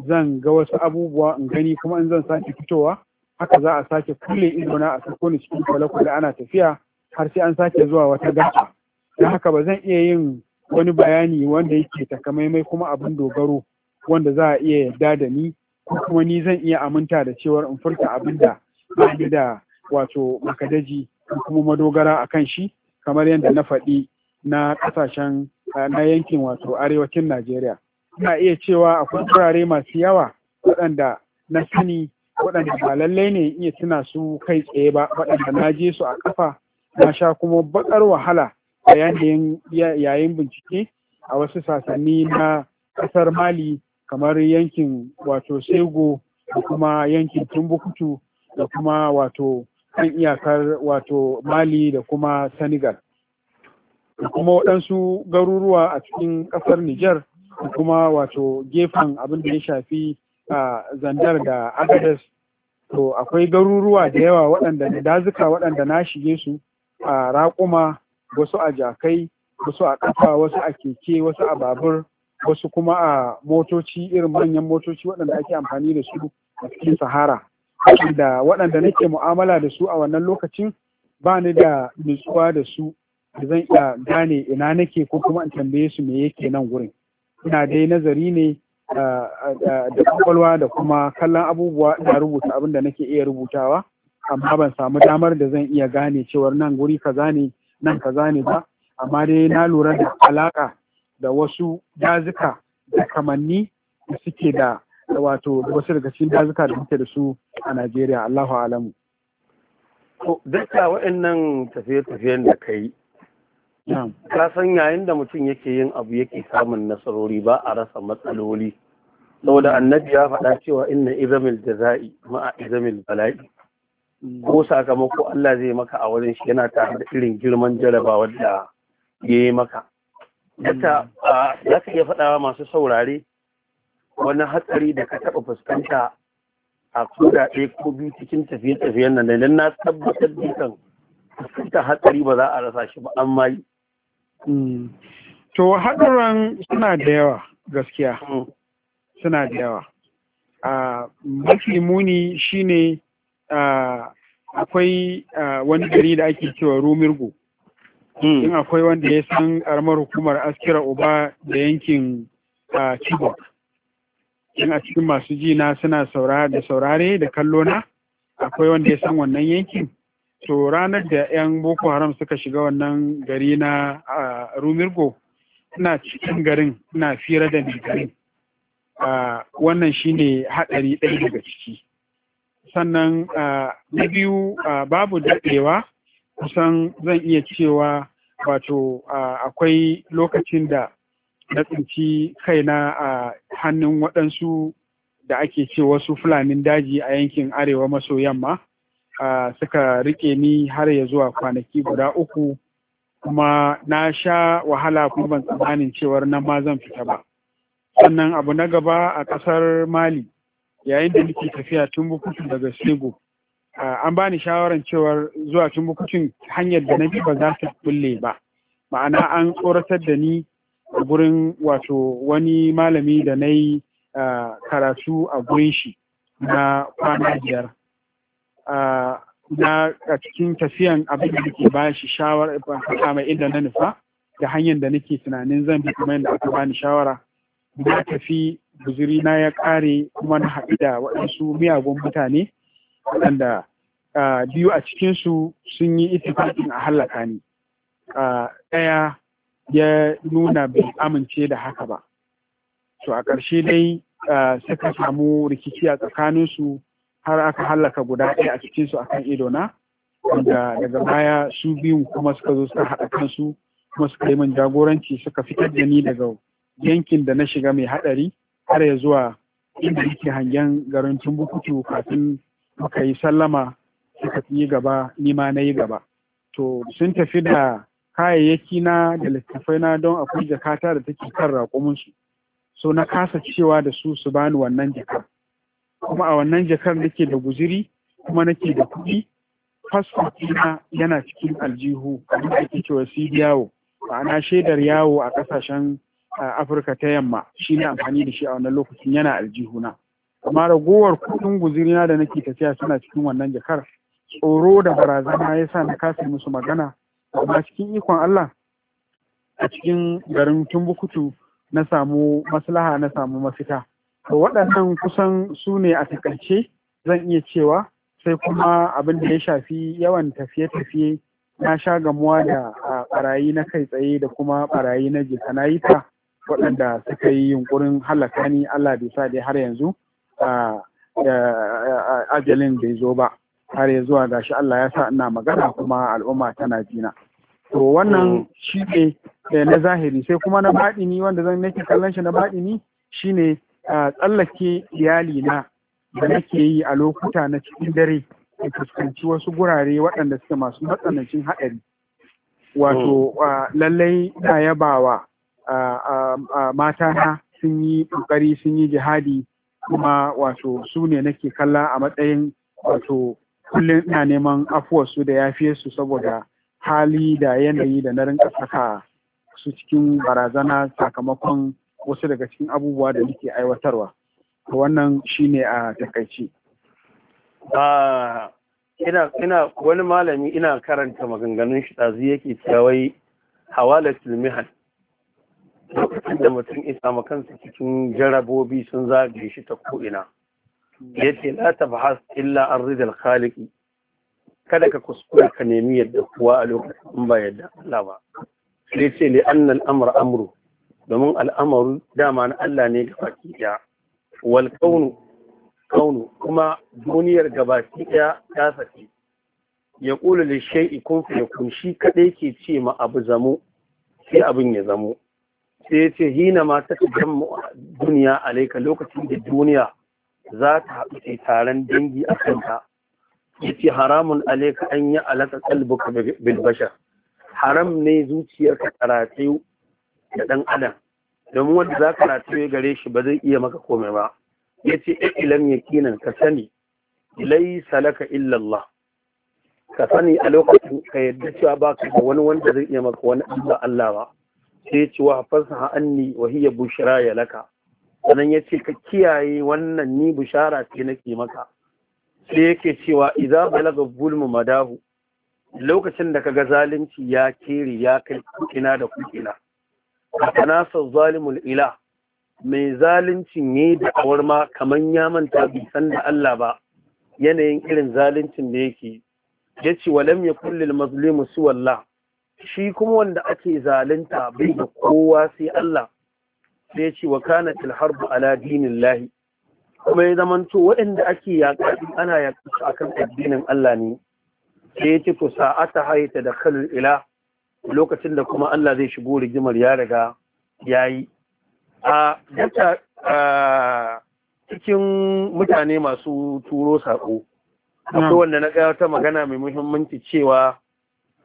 zan ga wasu abubuwa in gani kuma in zan sake fitowa haka za a sake kulle idona a sako ni cikin kwale-kwale ana tafiya har sai an sake zuwa wata gaba don haka ba zan iya yin wani bayani wanda yake takamaimai kuma abin dogaro wanda za a iya yarda da ni ko kuma ni zan iya aminta da cewar in furta abin da bani da wato makadaji ko kuma madogara a kan shi kamar yadda na faɗi na ƙasashen eh, na yankin wato arewacin Najeriya. Ina iya cewa akwai wurare masu yawa waɗanda na sani waɗanda ba lallai ne iya tuna su kai tsaye ba waɗanda na je su a ƙafa na sha kuma baƙar wahala Bayan da yayin bincike a wasu sasanni na ƙasar mali kamar yankin wato sego da kuma yankin timbuktu da kuma wato kan iyakar wato mali da kuma senegal da kuma waɗansu garuruwa a cikin ƙasar niger da kuma wato gefen abin da ya shafi a zandar da agadas to akwai garuruwa da yawa waɗanda da dazuka waɗanda na shige su a raƙuma wasu a jakai wasu a ƙafa wasu a keke wasu a babur wasu kuma a motoci irin manyan motoci waɗanda ake amfani da su a cikin sahara da waɗanda nake mu'amala da su a wannan lokacin ba ni da nutsuwa da su da zan iya gane ina nake ko kuma in tambaye su me yake nan wurin ina dai nazari ne da kwakwalwa da kuma kallon abubuwa da rubuta abin da nake iya rubutawa amma ban samu damar da zan iya gane cewar nan guri kaza ne nan kaza ne ba amma dai na lura da alaka da wasu dazuka da kamanni da suke da wato wasu daga cikin dazuka da muke da su a Najeriya Allahu alamu to waɗannan tafiye-tafiyen da kai ka san yayin da mutum yake yin abu yake samun nasarori ba a rasa matsaloli saboda annabi ya faɗa cewa inna izamil jaza'i ma'a izamil bala'i ko sakamako Allah zai maka a wurin shi yana tare da irin girman jarabawa da ya yi maka. Yata za ka iya faɗawa masu saurare wani hatsari da ka taɓa fuskanta a koda ɗaya ko biyu cikin tafiye-tafiyen nan da na tabbatar dukan fuskanta hatsari ba za a rasa shi ba an mayi. Hmm. To haɗarin suna da yawa gaskiya hmm. suna da yawa. Mafi muni shine Ah, akwai ah, wani gari da ake cewa rumirgo hmm. in akwai wanda ya san karamar hukumar askira uba da yankin ah, chibok in a cikin masu ji na suna da saurare da kallona? na akwai wanda ya san wannan yankin to ranar da 'yan boko haram suka shiga wannan gari na rumirgo Suna cikin garin suna fira da mai garin wannan shine haɗari ɗaya daga ciki sannan na biyu babu daɗewa kusan zan iya cewa wato akwai lokacin da na tsinci kaina a hannun waɗansu da ake ce wasu fulanin daji a yankin arewa maso yamma suka rike ni har ya zuwa kwanaki guda uku kuma na sha wahala kuma ban tsammanin cewar nan ma zan fita ba sannan abu na gaba a ƙasar mali yayin da muke tafiya Timbuktu daga Sego an bani shawaran cewar zuwa Timbuktu hanyar da na bi ba za ta bulle ba ma'ana an tsoratar da ni gurin wato wani malami da na yi karatu a gurin shi na kwana biyar na a cikin tafiyan abin da nake ba shi shawara mai inda na nufa da hanyar da nake tunanin zan bi kuma yadda aka bani shawara na tafi guzuri na ya ƙare kuma na haɗu da waɗansu miyagun mutane waɗanda biyu a cikinsu sun yi itifakin a hallaka ni ɗaya ya nuna bai amince da haka ba to a ƙarshe dai suka samu rikici a tsakaninsu har aka hallaka guda ɗaya a cikinsu a kan ido na wanda daga baya su biyun kuma suka zo suka haɗa kansu kuma suka yi min jagoranci suka fitar da ni daga yankin da na shiga mai haɗari har ya zuwa inda yake hangen garin Tumbukutu kafin muka yi sallama suka yi gaba nima na yi gaba. To sun tafi da kayayyaki na da littattafai na don akwai jakata da take kan raƙuminsu. So na kasa cewa da su su bani wannan jakar. Kuma a wannan jakar nake da guziri kuma nake da kuɗi. Fasfot na yana cikin aljihu abin da ake cewa CD yawo ma'ana shaidar yawo a ƙasashen Afirka ta yamma shi ne amfani da shi a wannan lokacin yana aljihuna amma ragowar kudin guzirina da nake tafiya suna cikin wannan jakar tsoro da barazana ya sa na kasa musu magana amma cikin ikon Allah a cikin garin Tumbukutu na samu maslaha na samu mafita to waɗannan kusan su ne a takaice zan iya cewa sai kuma abin da ya shafi yawan tafiye-tafiye na sha gamuwa da barayi na kai tsaye da kuma barayi na jika na yi ta waɗanda suka yi yunkurin halaka ni Allah bai sa dai har yanzu ajalin bai zo ba har ya zuwa gashi Allah ya sa ina magana kuma al'umma tana jina to wannan mm. shi ne eh, na zahiri sai kuma na baɗi ni wanda zan nake kallon shi na baɗi ni, shine tsallake iyali na da nake yi a lokuta na cikin dare in fuskanci wasu gurare waɗanda suke masu matsanancin haɗari wato mm. lallai na yabawa mata na sun yi ƙoƙari sun yi jihadi kuma wato su ne nake kalla a matsayin wato kullum ina neman afuwarsu da yafiyarsu saboda hali da yanayi da na rinka saka su cikin barazana sakamakon wasu daga cikin abubuwa da nake aiwatarwa wannan shine a takaici wani malami ina karanta maganganun shi ɗazu yake cewa wai hawalatul mihan da mutum ya samu kansa cikin jarabobi sun zage shi ta ko'ina ya ce la ta bahas illa an ridal khaliki kada ka kuskure ka nemi yadda kuwa a lokacin ba yadda Allah ba sai ce li annal amra amru domin al'amaru dama na Allah ne ga baki ɗaya wal kaunu kuma duniyar ga baki ɗaya ta saki ya ƙula da shai'i kun fi kun shi kaɗai ke ce ma abu zamo sai abin ya zamo sai ya ce hina ma ta kajan duniya alaika lokacin da duniya za ta haɗu ce taron dangi a kanta ya ce haramun alaika an yi alaka kalbuka bilbasha haram ne zuciyarka karatu da ɗan adam domin wanda za ka ya gare shi ba zai iya maka komai ba ya ce ilam yakinan ka sani lai salaka illallah ka sani a lokacin ka yadda cewa ba ka wani wanda zai iya maka wani Allah ba sai ce wa fasaha anni wa hiya bushra ya laka sannan ya ce ka kiyaye wannan ni bushara ce nake maka sai yake cewa idza balaga bulmu madahu lokacin da ka ga zalunci ya kere ya kai kina da kukina nasa zalimul ila mai zaluncin ne da awar ma kamar ya manta bi san da Allah ba yanayin irin zaluncin da yake ya ce walam ya kullum mazlimu su wallah shi kuma wanda ake zalunta bai da kowa sai Allah sai ya ce wa kana harbu ala dinin lahi kuma ya zamanto waɗanda ake yaƙa ana yaƙa su akan addinin Allah ne sai ya ce to sa'ata haita da kalul ila lokacin da kuma Allah zai shigo rigimar ya riga yi. a daga cikin mutane masu turo saƙo akwai wanda na gaya ta magana mai muhimmanci cewa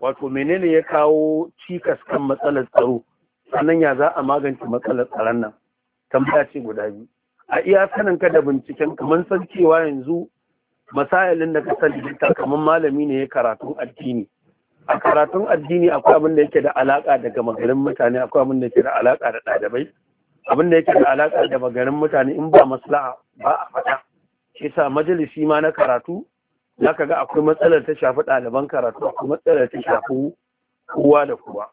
wato menene ya kawo cikas kan matsalar tsaro sannan ya za a magance matsalar tsaron nan tambaya ce guda biyu a iya sanin ka da binciken kamar san cewa yanzu masayalin da ka sani kamar malami ne ya karatun addini a karatun addini akwai abin da yake da alaka da gama mutane akwai abin da yake da alaka da ɗalibai abin da yake da alaka da gama mutane in ba maslaha ba a faɗa shi sa majalisi ma na karatu za ka ga akwai matsalar ta shafi ɗaliban karatu akwai matsalar ta shafi kowa da kowa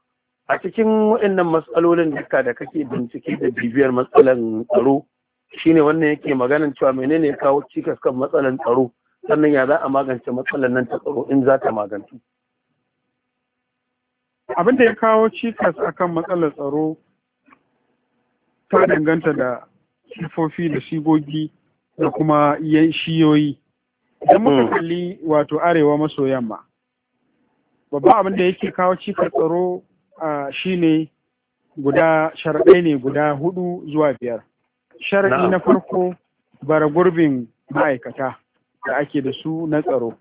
a cikin waɗannan matsalolin duka da kake bincike da bibiyar matsalar tsaro shine wannan yake maganin cewa menene ya kawo cikas kan matsalar tsaro sannan ya za a magance matsalar nan ta tsaro in za ta magance abin da ya kawo cikas akan matsalar tsaro ta danganta da sifofi da shigogi da kuma shiyoyi idan muka mm. kalli wato arewa maso yamma babban abin da yake kawo cikar tsaro shine guda sharaɗai ne guda hudu zuwa biyar sharaɗi na farko bara gurbin ma'aikata da ake da su na tsaro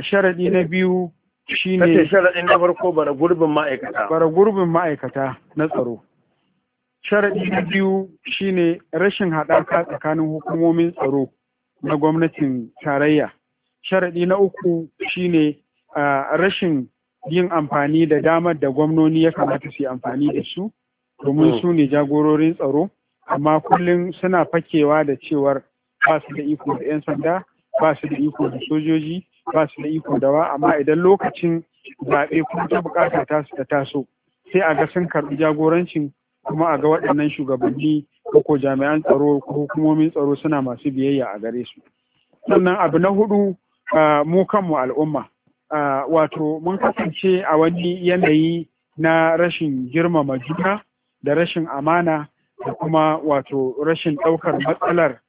sharaɗi na biyu shine sharaɗi na farko bara gurbin ma'aikata bara gurbin ma'aikata na tsaro sharaɗi na biyu shine rashin haɗaka tsakanin hukumomin tsaro na gwamnatin tarayya sharaɗi na uku shine rashin yin amfani da damar da gwamnoni ya kamata su yi amfani da su domin su ne jagororin tsaro amma kullum suna fakewa da cewar ba su da iko da 'yan sanda ba su da iko da sojoji ba su da iko da wa amma idan lokacin zaɓe kuma ta bukata ta su da taso sai a ga sun karɓi jagorancin kuma a ga waɗannan shugabanni ko jami'an tsaro ko hukumomin tsaro suna masu biyayya a gare su sannan abu na hudu mu kanmu al'umma wato mun kasance a wani yanayi na rashin girmama juna da rashin amana da kuma wato rashin ɗaukar matsalar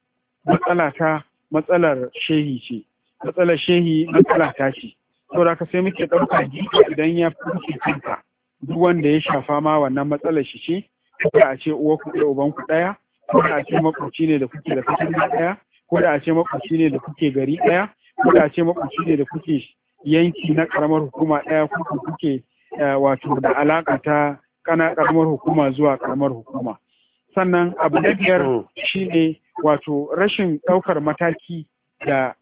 matsalata, matsalar shehi ce matsalar shehi matsala ta ce saboda ka sai muke ɗauka jika idan ya fi kanka duk wanda ya shafa ma wannan matsalar shi ce ko da a ce uwa ku ɗaya uban ku ɗaya ko da a ce makwabci ne da kuke da katangi ɗaya ko da a ce makwabci ne da kuke gari ɗaya ko da a ce makwabci ne da kuke yanki na karamar hukuma ɗaya ko kuke eh, wato da alaka ta kana karamar hukuma zuwa karamar hukuma sannan abu na biyar mm. shine wato rashin ɗaukar mataki da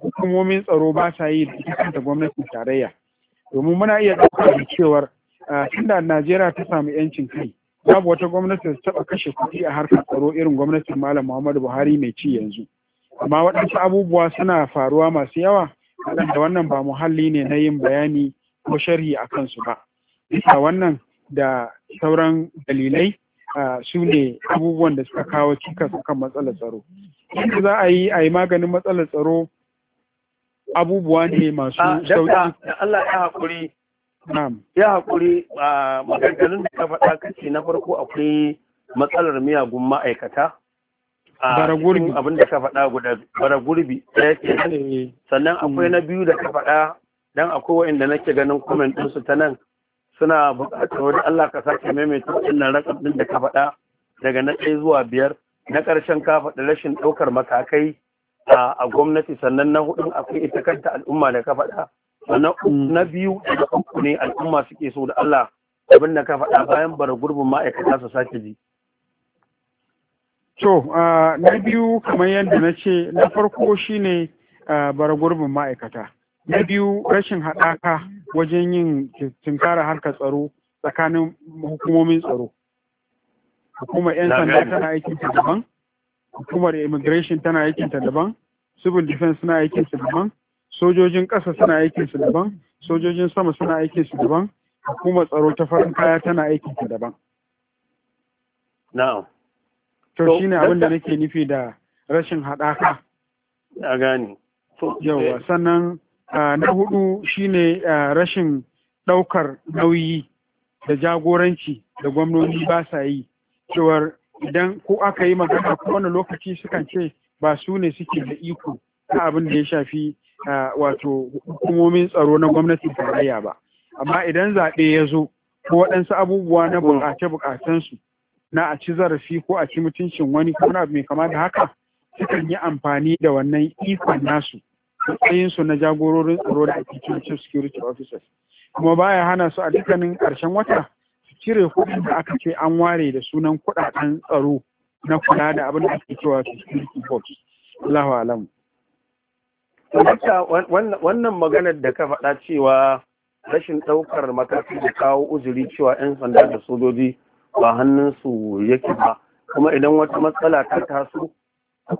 hukumomin tsaro ba sa yi da ita kanta gwamnatin tarayya domin muna iya ɗaukar da cewar eh, tunda najeriya ta samu yancin kai babu wata gwamnati da taɓa kashe kuɗi a harkar tsaro irin gwamnatin malam muhammadu buhari mai ci yanzu amma waɗansu abubuwa suna faruwa masu yawa waɗanda wannan ba muhalli ne na yin bayani ko sharhi a kansu ba bisa wannan da sauran dalilai su ne abubuwan da suka kawo cikas kan matsalar tsaro yadda za a yi a yi maganin matsalar tsaro abubuwa ne masu ah, sauƙi Allah ya haƙuri a maganganun da ka faɗa kace na farko akwai matsalar miyagun ma'aikata a cikin abin da ka faɗa guda bara gurbi eh, eh. sannan akwai na biyu da ka faɗa dan akwai wa'inda nake ganin comment ɗinsu ta nan suna buƙatar wani Allah ka sake maimaita wannan rakam ɗin da ka faɗa daga na ɗaya zuwa biyar na ƙarshen ka faɗa rashin ɗaukar matakai a gwamnati sannan na hudun akwai ita kanta al'umma da ka faɗa na biyu daga uku ne al'umma suke so da Allah abin da ka faɗa bayan bara gurbin ma'aikata su sake ji to na biyu kamar yadda na ce na farko shine bara gurbin ma'aikata na biyu rashin haɗaka wajen yin tunkara harkar tsaro tsakanin hukumomin tsaro hukumar 'yan sanda tana aikin ta daban hukumar immigration tana aikin ta daban civil defense tana aikin ta daban sojojin ƙasa suna aikin su daban sojojin sama suna aikin su daban kuma tsaro ta farin kaya tana aikin su daban na'am to shine abin da nake nufi da rashin haɗaka eh. a gane yawa sannan na hudu shine rashin ɗaukar nauyi da jagoranci da gwamnoni ba sa yi cewar idan ko aka yi magana ko wani lokaci sukan ce ba su ne suke da iko ta abin da ya shafi wato hukumomin tsaro na gwamnatin tarayya ba amma idan zaɓe ya zo ko waɗansu abubuwa na buƙace-buƙacensu na a ci zarafi ko a ci mutuncin wani ko na abu mai kama da haka sukan yi amfani da wannan ikon nasu matsayinsu na jagororin tsaro da ake cin chief security officers kuma baya hana su a dukkanin ƙarshen wata su cire kuɗin da aka ce an ware da sunan kuɗaɗen tsaro na kula da abin da ake cewa security box Allahu alamu wannan maganar da ka faɗa cewa rashin ɗaukar matakin da kawo uzuri cewa 'yan sanda da sojoji ba hannunsu yake ba kuma idan wata matsala ta taso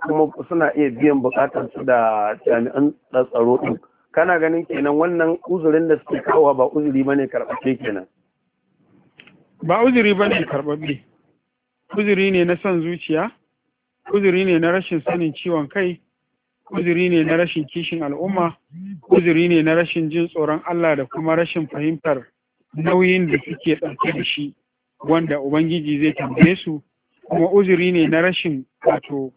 kuma suna iya biyan bukatar su da jami'an tsaro ɗin kana ganin kenan wannan uzurin da suke kawo ba uzuri ne karɓaɓɓe kenan ba uzuri ne karɓaɓɓe uzuri ne na son zuciya uzuri ne na rashin sanin ciwon kai uzuri ne na rashin kishin al'umma uzuri ne na rashin jin tsoron Allah da kuma rashin fahimtar nauyin da suke ɗauke da shi wanda ubangiji zai tambaye su kuma uzuri ne na rashin wato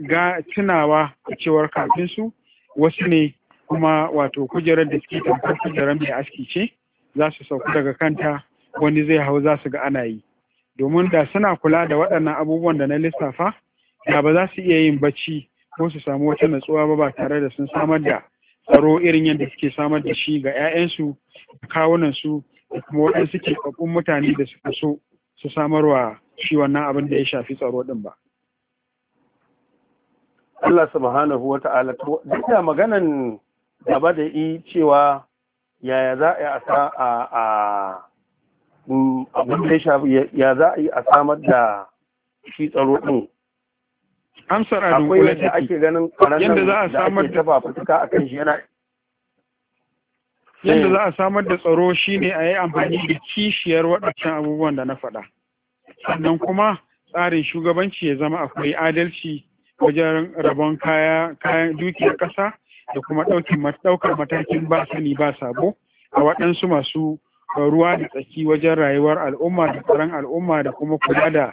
ga tunawa a cewar kafin su wasu ne kuma wato kujerar da suke tamfar kujerar mai aski ce za su sauku daga kanta wani zai hau za su ga ana yi domin da suna kula da waɗannan abubuwan da na lissafa da ba za su iya yin bacci ko su samu wata natsuwa ba ba tare da sun samar da tsaro irin yadda suke samar da shi ga 'ya'yansu da kawunansu da kuma waɗansu keɓaɓɓun mutane da suka so su samarwa shi wannan abin da ya shafi tsaro ɗin ba. Allah subhanahu wa ta'ala duk da maganan gaba da yi cewa yaya za a sa a abin da ya shafi ya za a yi a samar da shi tsaro ɗin amsar a dunkule ta ake ganin yadda za a samar da fafutuka kan shi yana eh. za a samar da tsaro shine a yi amfani da kishiyar waɗancan abubuwan da na faɗa sannan kuma tsarin shugabanci ya zama akwai adalci wajen rabon kayan dukiyar ƙasa da kuma ɗaukar matakin ba sani ba sabo a waɗansu masu ruwa da tsaki wajen rayuwar al'umma da tsaron al'umma da kuma kula da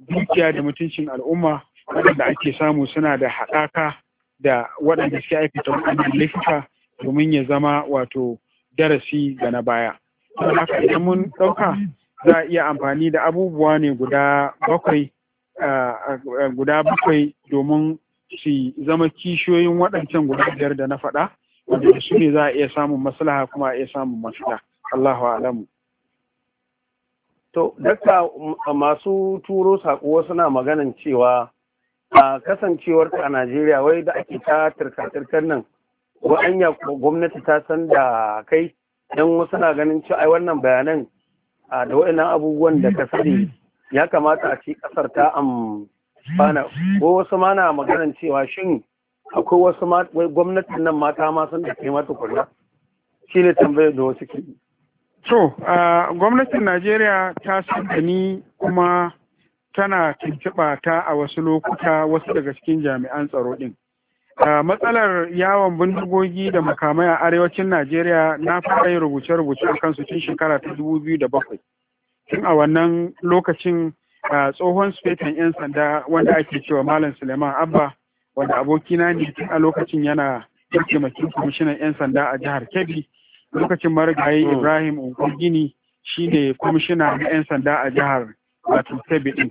dukiya da mutuncin al'umma waɗanda ake samu suna da haɗaka da waɗanda suke aikata waɗannan laifuka domin ya zama wato darasi ga na baya. haka idan mun ɗauka za a iya amfani da abubuwa ne guda bakwai guda bakwai domin su zama kishiyoyin waɗancan guda biyar da na faɗa wanda su ne za a iya samun maslaha kuma a iya samun mafita Allahu alamu to dakta masu turo saƙo suna maganan cewa a kasancewar a Najeriya wai da ake ta turka nan ko anya gwamnati ta san da kai 'yan wasu na ganin cewa ai wannan bayanan da wa'annan abubuwan da ka sani ya kamata a ci kasar ta amfana ko wasu ma na maganan cewa shin akwai wasu gwamnatin nan mata ma sun da kai mata kula shi ne tambayar da wasu ke to gwamnatin najeriya ta san da ni kuma tana tuntuɓa ta a wasu lokuta wasu daga cikin jami'an tsaro ɗin. matsalar yawon bindigogi da makamai a arewacin Najeriya na fara yin rubuce-rubuce a kansu tun shekara ta bakwai. Tun a wannan lokacin tsohon sufetan 'yan sanda wanda ake cewa Malam Suleiman Abba wanda abokina ne tun a lokacin yana mataimakin kwamishinan 'yan sanda a jihar Kebbi lokacin marigayi hmm. Ibrahim Ungogini shi ne kwamishina na 'yan sanda a jihar Batun Kebbi din.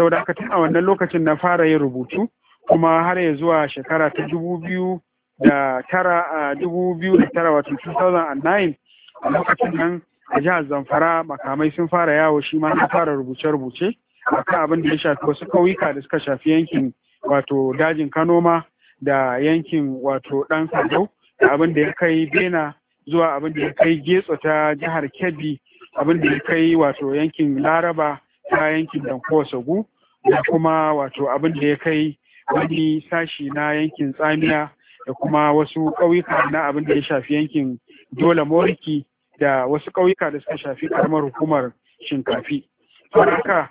saboda haka tun a wannan lokacin na fara yin rubutu kuma har ya zuwa shekara ta dubu biyu da tara a dubu biyu da tara wato 2009 a lokacin nan a jihar zamfara makamai sun fara yawo shi ma na fara rubuce-rubuce a akan abin da ya shafi wasu kauyuka da suka shafi yankin wato dajin kanoma da yankin wato dan sadau da abin da ya kai bena zuwa abin da ya kai getso ta jihar kebbi abin da ya kai wato yankin laraba ta yankin danko sagu da kuma wato abin da ya kai wani sashi na yankin tsamiya da kuma wasu ƙauyuka na abin da ya shafi yankin dole moriki da wasu ƙauyuka da suka shafi karamar hukumar shinkafi. haka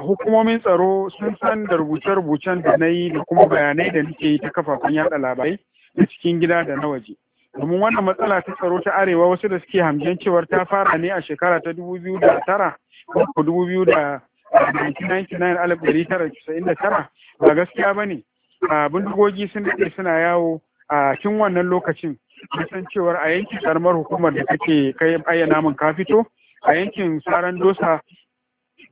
hukumomin tsaro sun san da rubuce-rubucen da na yi da kuma bayanai da nake yi ta kafafen yada labarai da cikin gida da na waje. Domin wannan matsala ta tsaro ta arewa wasu da suke hamjen cewar ta fara ne a shekara ta dubu biyu da tara ko dubu biyu da ba gaskiya ba ne bindigogi sun daɗe suna yawo a cikin wannan lokacin san cewar a yankin karamar hukumar da take kai ayyana min ka fito a yankin saran dosa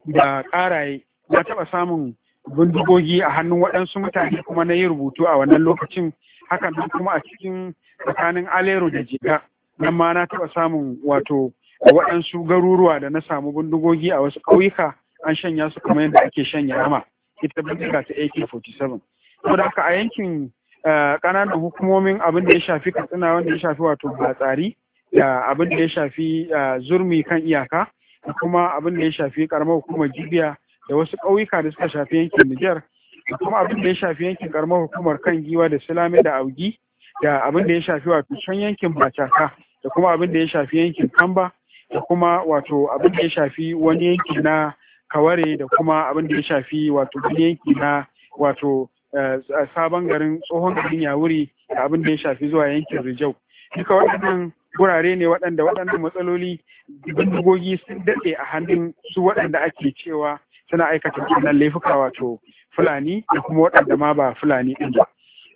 da ƙaraye na taɓa samun bindigogi a hannun waɗansu mutane kuma na yi rubutu a wannan lokacin hakan kuma a cikin tsakanin alero da jiga nan ma na taɓa samun wato waɗansu garuruwa da na samu bindigogi a wasu ƙauyuka an shanya su kamar yadda ake shanya rama ita bindiga ta AK47 saboda haka a yankin eh, ƙananan hukumomin abin da ya shafi katsina wanda ya shafi wato batsari da abin da ya shafi eh, zurmi kan iyaka da kuma abin da ya shafi karamar hukumar jibiya da wasu ƙauyuka da suka shafi yankin Nijar da kuma abin da ya shafi yankin karamar hukumar kan giwa da silame da augi da abin da ya shafi wato can yankin bacaka da kuma abin da ya shafi yankin kamba da kuma wato abin da ya shafi wani yanki na kaware da kuma abin da ya shafi wato wani yanki na wato eh, sabon garin tsohon garin wuri da abin da ya shafi zuwa yankin rijau duka waɗannan gurare ne waɗanda waɗannan matsaloli bindigogi sun daɗe a hannun su waɗanda ake cewa suna aikata wannan laifuka wato fulani da kuma waɗanda ma ba fulani ɗin ba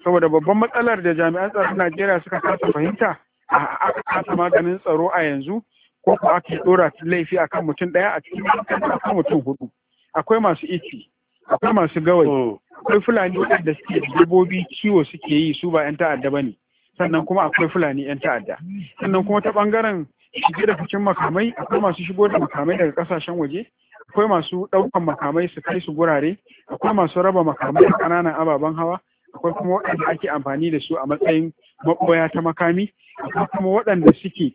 saboda babban matsalar da jami'an tsaron najeriya suka kasa fahimta a aka kasa maganin tsaro a yanzu ko ko ake dora laifi akan mutum daya a cikin akan mutum hudu akwai masu iti akwai masu gawai akwai fulani waɗanda suke dabbobi kiwo suke yi su ba yan ta'adda bane sannan kuma akwai fulani yan ta'adda sannan kuma ta bangaren shige da fucin makamai akwai masu shigo da makamai daga kasashen waje akwai masu ɗaukan makamai su kai su gurare akwai masu raba makamai kananan ababen hawa akwai kuma waɗanda ake amfani da su a matsayin maboya ta makami akwai kuma waɗanda suke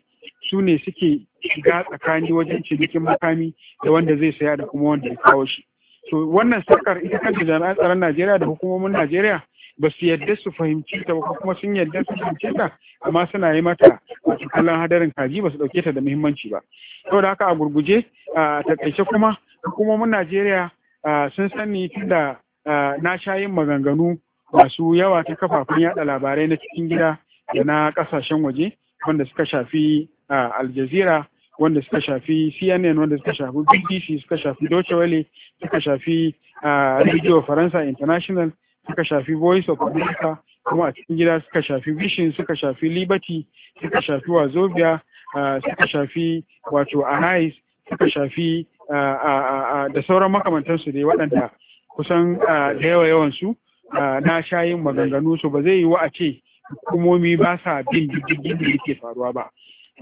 su ne suke shiga tsakani wajen cinikin makami da wanda zai saya da kuma wanda ya kawo shi to wannan sarkar ita kanta jami'an tsaron Najeriya da hukumomin Najeriya ba su yadda su fahimci ta ba kuma sun yadda su fahimci ta amma suna yi mata a kallon hadarin kaji ba su dauke ta da muhimmanci ba saboda haka a gurguje a taƙaice kuma hukumomin Najeriya sun sani da na sha yin maganganu masu yawa ta kafafen yaɗa labarai na cikin gida da na ƙasashen waje wanda suka shafi Al Jazeera wanda suka shafi CNN wanda suka shafi BBC suka shafi Deutsche Welle suka shafi Radio Faransa International suka shafi Voice of America kuma a cikin gida suka shafi Vision suka shafi Liberty suka shafi Wazobia suka shafi wato Anais suka shafi da sauran makamantansu dai waɗanda kusan da yawa yawan su na shayin maganganu su ba zai yi wa a ce hukumomi ba sa bin diddigin da yake faruwa ba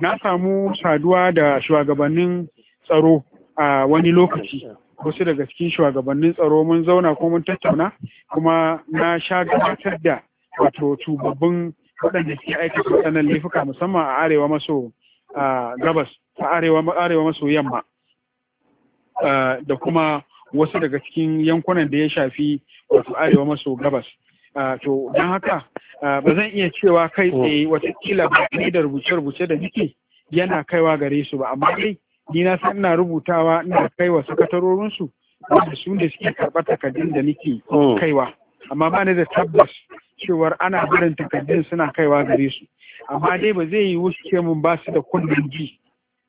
na samu saduwa da shugabannin tsaro a wani lokaci wasu daga cikin shugabannin tsaro mun zauna ko mun tattauna kuma na sha gabatar da wato tubabbin waɗanda suke aikata waɗannan laifuka musamman a arewa maso gabas a arewa maso yamma da kuma wasu daga cikin yankunan da ya shafi wato arewa maso gabas Ah, to don haka ah, ba zan iya cewa kai hmm. tsaye watakila ba ni da rubuce-rubuce da nake yana kaiwa gare su ba amma dai ni na san ina rubutawa ina kaiwa sakatarorinsu wanda su da suke karɓar takardun da nake hmm. kaiwa amma ba ni da tabbas cewar ana barin takardun suna kaiwa gare su amma dai ba zai yi wuce mun ba su da kundin ji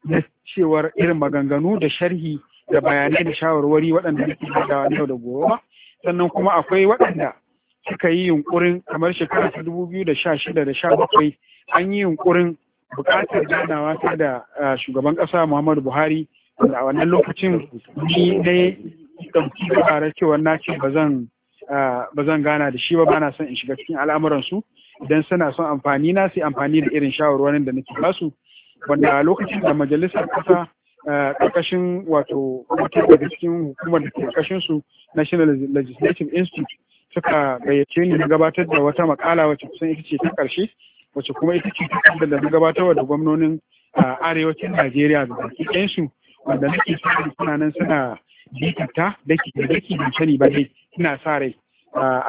na cewar irin maganganu da sharhi da bayanai da shawarwari waɗanda nake badawa yau da gobe ba sannan kuma akwai waɗanda suka yi yunkurin kamar shekara ta dubu biyu da sha shida da sha bakwai an yi yunkurin bukatar ganawa ta da shugaban ƙasa muhammadu buhari da a wannan lokacin ni ne ɗauki da cewa na ce ba zan gana da shi ba bana son in shiga cikin al'amuransu idan suna son amfani na sai amfani da irin shawarwarin da nake basu wanda lokacin da majalisar ƙasa ƙarƙashin wato wata daga cikin hukumar da ke ƙarƙashin su national legislative institute suka gayyace ni na gabatar da wata makala wacce kusan ita ce ta ƙarshe wacce kuma ita ce ta da na gabatarwa da gwamnonin arewacin Najeriya da baki ɗayansu wanda nake sa suna nan suna jikata da ke da daki ban sani ba dai ina sa rai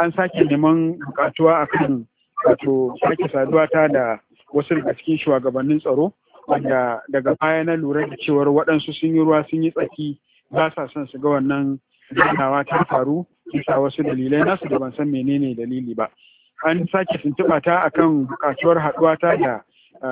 an sake neman bukatuwa akan wato sake saduwa ta da wasu daga cikin shugabannin tsaro wanda daga baya na lura da cewar waɗansu sun yi ruwa sun yi tsaki ba sa son su ga wannan ganawa ta faru bisa wasu dalilai nasu da ban san menene dalili ba an sake tuntuɓa ta akan bukatuwar haɗuwa ta da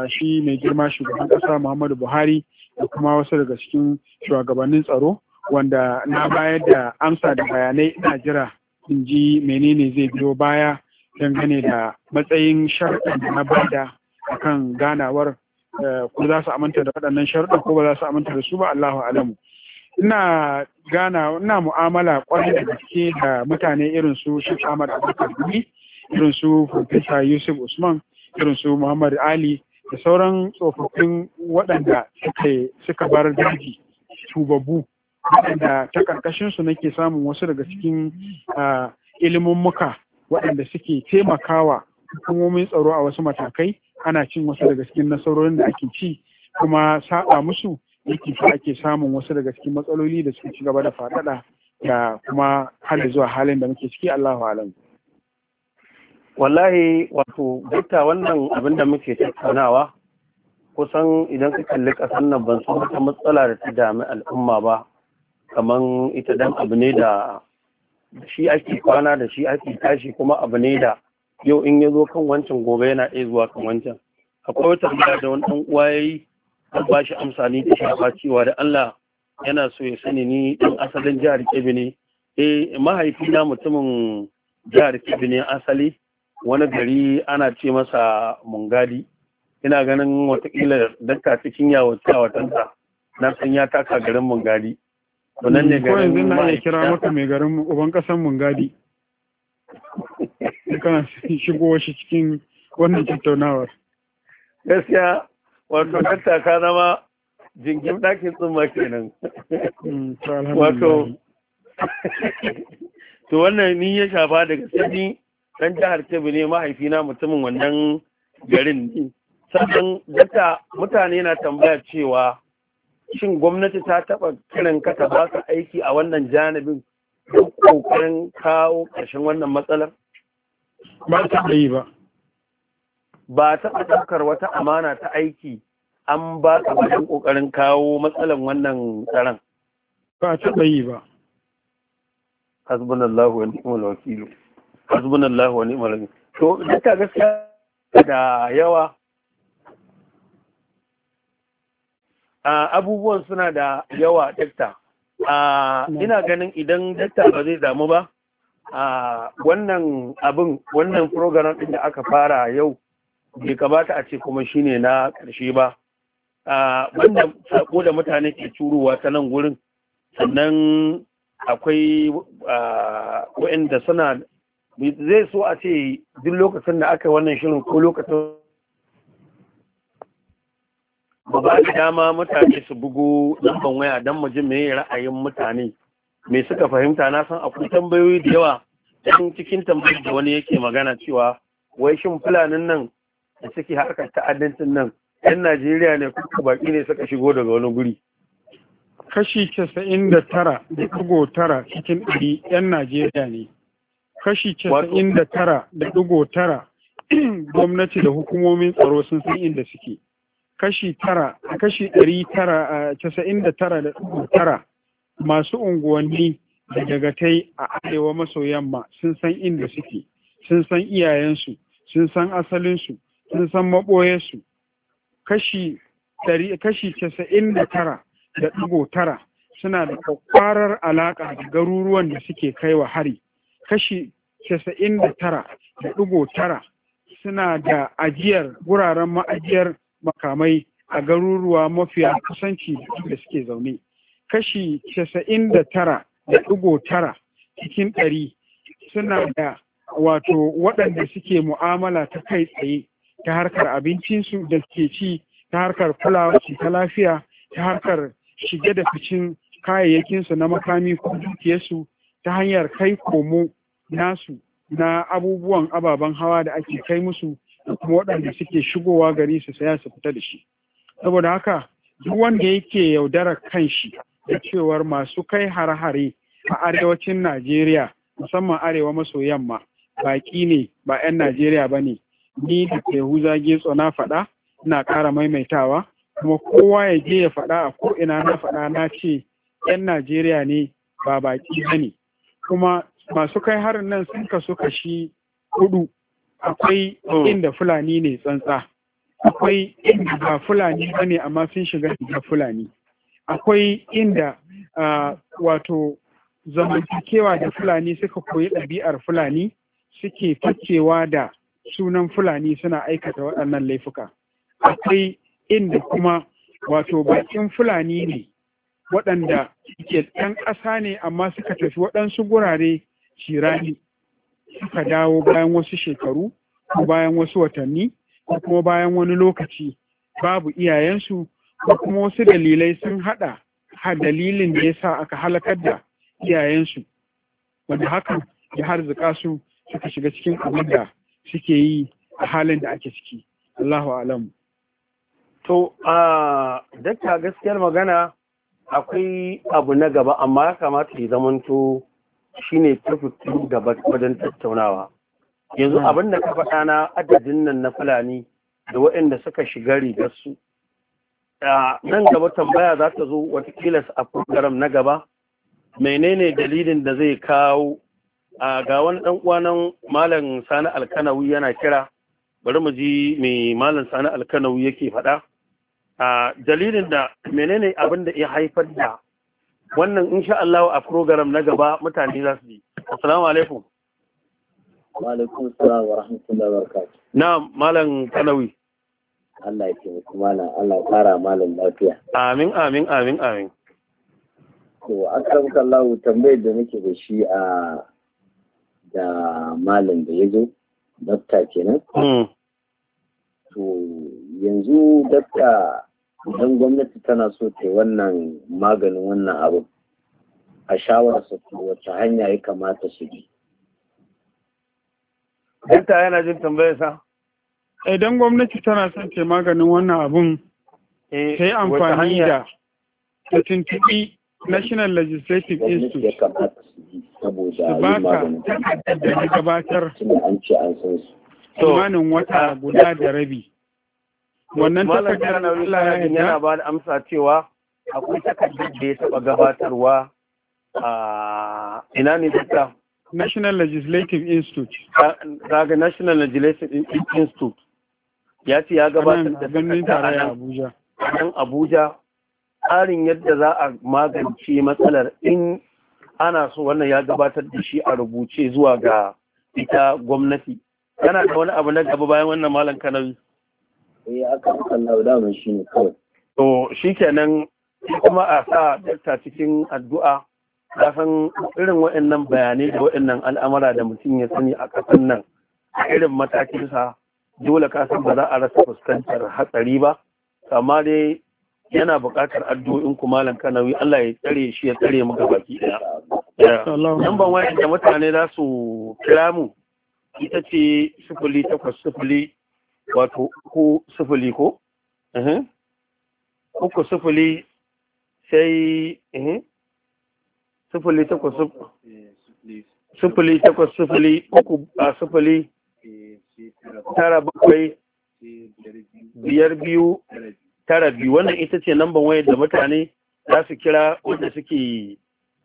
shi mai girma shugaban ƙasa Muhammadu Buhari da kuma wasu daga cikin shugabannin tsaro wanda na bayar da amsa da bayanai ina jira in ji menene zai biyo baya dangane da matsayin sharɗin da na bada akan ganawar eh, ko za su aminta da waɗannan sharuɗan ko ba za su aminta da su ba Allahu alamu ina gana ina mu'amala kwarai da gaske da mutane irin su Sheikh Ahmad Abubakar Gumi irin su Professor Yusuf Usman irin su Muhammad Ali da sauran tsofaffin waɗanda suka bar daji tubabu waɗanda ta ƙarƙashin su nake samun wasu daga cikin ilimummuka waɗanda suke taimakawa hukumomin tsaro a wasu matakai ana cin wasu daga cikin nasarorin da ake ci kuma saɓa musu yake sa ake samun wasu daga cikin matsaloli da suke ci gaba da faɗaɗa da kuma har zuwa halin da muke ciki Allahu alam. Wallahi wato dukka wannan abin da muke tattaunawa kusan idan ka kalli ƙasar nan ban san wata matsala da ta dami al'umma ba kaman ita dan abu ne da shi ake kwana da shi ake tashi kuma abu ne da yau in ya zo kan wancan gobe yana iya zuwa kan wancan akwai wata da wani ɗan uwa ya yi an ba shi amsa ni ta shafa cewa da Allah yana so ya sani ni dan asalin jihar Kebbi ne eh mahaifina mutumin jihar Kebbi ne asali wani gari ana ce masa Mungadi ina ganin watakila dakka cikin yawon watanta na san ya taka garin Mungadi to nan ne garin mun kira maka mai garin uban kasan Mungadi kana shigo shi cikin wannan tattaunawar gaskiya wato mm. tattaka na ma jingin ɗakin tsumma kenan mm, wato to wannan ni ya shafa daga sani dan jihar kebbi ne mahaifina mutumin wannan garin sannan data mutane na tambaya cewa shin gwamnati ta taɓa kiran ka ta ba ka aiki a wannan janibin ko kawo ƙarshen wannan matsalar? Ba ta yi ba. ba taɓa ɗaukar wata amana ta aiki an ba ka wajen ƙoƙarin kawo matsalan wannan tsaron. Ba ta yi ba. Hasbunallahu wa ni'mal wakilu. Hasbunallahu wa ni'mal wakilu. To duka gaskiya da yawa abubuwan suna da yawa dakta. ina ganin idan dakta ba zai damu ba. wannan abin wannan program ɗin da aka fara yau bai kamata a ce kuma shine na ƙarshe ba banda sako da mutane ke curuwa ta nan gurin sannan akwai waɗanda suna zai so a ce duk lokacin da aka wannan shirin ko lokacin ba ba da dama mutane su bugu lambar waya don mu ji meye ra'ayin mutane mai suka fahimta na san akwai tambayoyi da yawa cikin tambayoyi da wani yake magana cewa wai shin fulanin nan da suke harkar ta'addancin nan yan najeriya ne kuka baki ne suka shigo daga wani guri kashi casa'in da tara da ɗigo tara cikin ɗari yan najeriya ne kashi casa'in da tara da ɗigo tara gwamnati da hukumomin tsaro sun san inda suke kashi tara kashi ɗari tara casa'in da tara da ɗigo tara masu unguwanni da dagatai a arewa maso yamma sun san inda suke sun san iyayensu sun san asalinsu sun san maɓoye kashi kashi casa'in da tara da ɗigo tara suna da kwakwarar alaƙa da garuruwan da suke kai wa hari kashi casa'in da tara da ɗigo tara suna da ajiyar wuraren ma'ajiyar makamai a garuruwa mafiya kusanci da suke zaune kashi casa'in da tara da ɗigo tara cikin ɗari suna da wato waɗanda suke mu'amala ta kai tsaye ta harkar abincinsu da suke ci ta harkar kulawa ta lafiya ta harkar shige da ficin kayayyakinsu na makami ko dukiyarsu ta hanyar kai komo nasu na abubuwan ababen hawa da ake kai musu da kuma waɗanda suke shigowa gari su saya su fita da shi saboda haka duk wanda yake yaudara kan shi da cewar masu kai hare-hare a arewacin najeriya musamman arewa maso yamma baƙi ne ba 'yan najeriya ba ne ni da Yahuza Getso na faɗa ina ƙara maimaitawa kuma kowa ya je ya faɗa a ko ina na faɗa na ce 'yan Najeriya ne ba baki ba ne kuma masu kai harin nan sun suka kashi hudu akwai oh. inda Fulani ne tsantsa akwai inda ba Fulani ba ne amma sun shiga shiga Fulani akwai inda wato zamantakewa da Fulani suka koyi ɗabi'ar Fulani suke fakewa da sunan fulani suna aikata waɗannan laifuka akwai inda kuma wato bakin fulani ne waɗanda ke ɗan ƙasa ne amma suka tafi waɗansu gurare shirani suka dawo bayan wasu shekaru ko bayan wasu watanni ko kuma bayan wani lokaci babu iyayensu ko kuma wasu dalilai sun haɗa ha dalilin da ya sa aka halakar da iyayensu wanda hakan ya harzuka su suka shiga cikin abin da suke yi a halin da ake ciki Allahu alam to a dakta gaskiyar magana akwai abu na gaba amma ya kamata ya zamanto shine tafi gaba wajen tattaunawa yanzu hmm. abin da ka faɗa na adadin nan na fulani da waɗanda suka shiga rigarsu nan gaba tambaya za ta zo watakila a program na gaba menene dalilin da zai kawo a ga wani dan uwanan malam sani alkanawi yana kira bari mu ji me malam sani alkanawi yake faɗa a dalilin da menene abin da ya haifar da wannan insha Allah a program na gaba mutane za su ji assalamu alaikum wa alaikum assalam wa rahmatullahi wa barakatuh na'am malam kanawi Allah ya taimaki malam Allah ya kara malam lafiya amin amin amin amin to an karbuka Allah tambayar da nake da shi a da malam da ya zo dakta kenan hmm. to yanzu dakta idan gwamnati tana so ta wannan maganin wannan abu a shawararsa wace hanya ya kamata su bi dakta yana jin tambayar sa idan gwamnati tana son ta maganin wannan abun eh, ta yi amfani da ta tuntuɓi National Legislative Institute su baka da ya gabatar kimanin wata guda da rabi. Wannan takardar Allah ya yana ba da amsa cewa akwai takardar da ya taɓa gabatarwa a ina ne ta National Legislative Institute. Daga National Legislative Institute ya ce ya gabatar da takardar a nan Abuja. tsarin yadda za a magance matsalar in ana so wannan ya gabatar da shi a rubuce zuwa ga ita gwamnati yana da wani abu na gaba bayan wannan malam kanawi eh aka da shi ne kawai to kuma a sa dakta cikin addu'a san irin wa'annan bayanai da wa'annan al'amura da mutum ya sani a ƙasar nan a irin matakinsa dole kasan ba za a rasa fuskantar hatsari ba kamar dai yana buƙatar addu'o'in ku malam kanawi Allah ya tsare shi ya tsare mu baki daya nan ban wayar da mutane za su kira mu ita ce sifili takwas sifili wato ko sifili ko uku sifili sai sifili takwas sifili takwas sifili uku a sifili tara bakwai biyar biyu tara biyu wannan ita ce lambar wayar da mutane za su kira wanda suke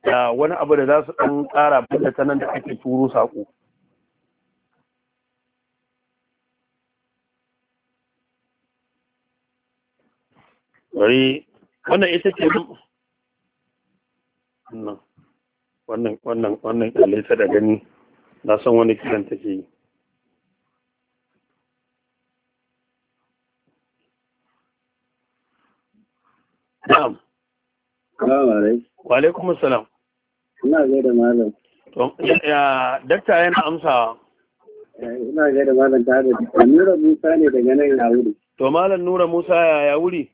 da wani abu da za su ɗan ƙara da ta nan da ake turo saƙo. Wari wannan ita ce wannan wannan wannan wannan da gani na san wani kiran take yi. Na'am. Wa alaikum salam. Ina da malam. Ya dakta yana amsawa. Ina da malam ta da Nura Musa ne daga nan ya wuri. To malam Nura Musa ya ya wuri?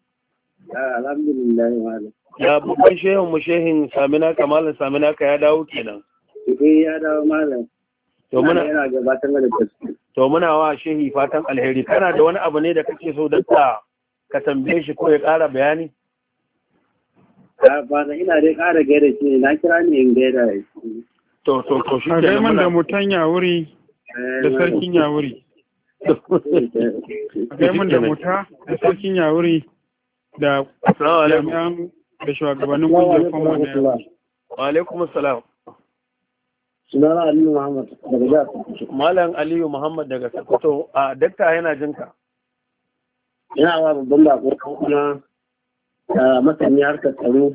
Alhamdulillah malam. Ya babban shehin mu shehin Saminaka malam Saminaka ya dawo kenan. Eh ya dawo malam. To muna yana gabatar da tafsir. To muna wa shehi fatan alheri kana da wani abu ne da kake so dakta ka tambaye shi ko ya ƙara bayani? Ah, ba ina dai ƙara gaida shi na kira ne in gaida shi to to to shi ke mun da mutan wuri eh, da sarkin ya wuri mun da muta da sarkin yawuri da jami'an da shugabannin kungiyar kuma da yawuri wa alaikum assalam sunana aliyu muhammad daga jihar malam aliyu muhammad daga sokoto a ah, dakta yana jinka ina wa babban bako kuma masani harkar tsaro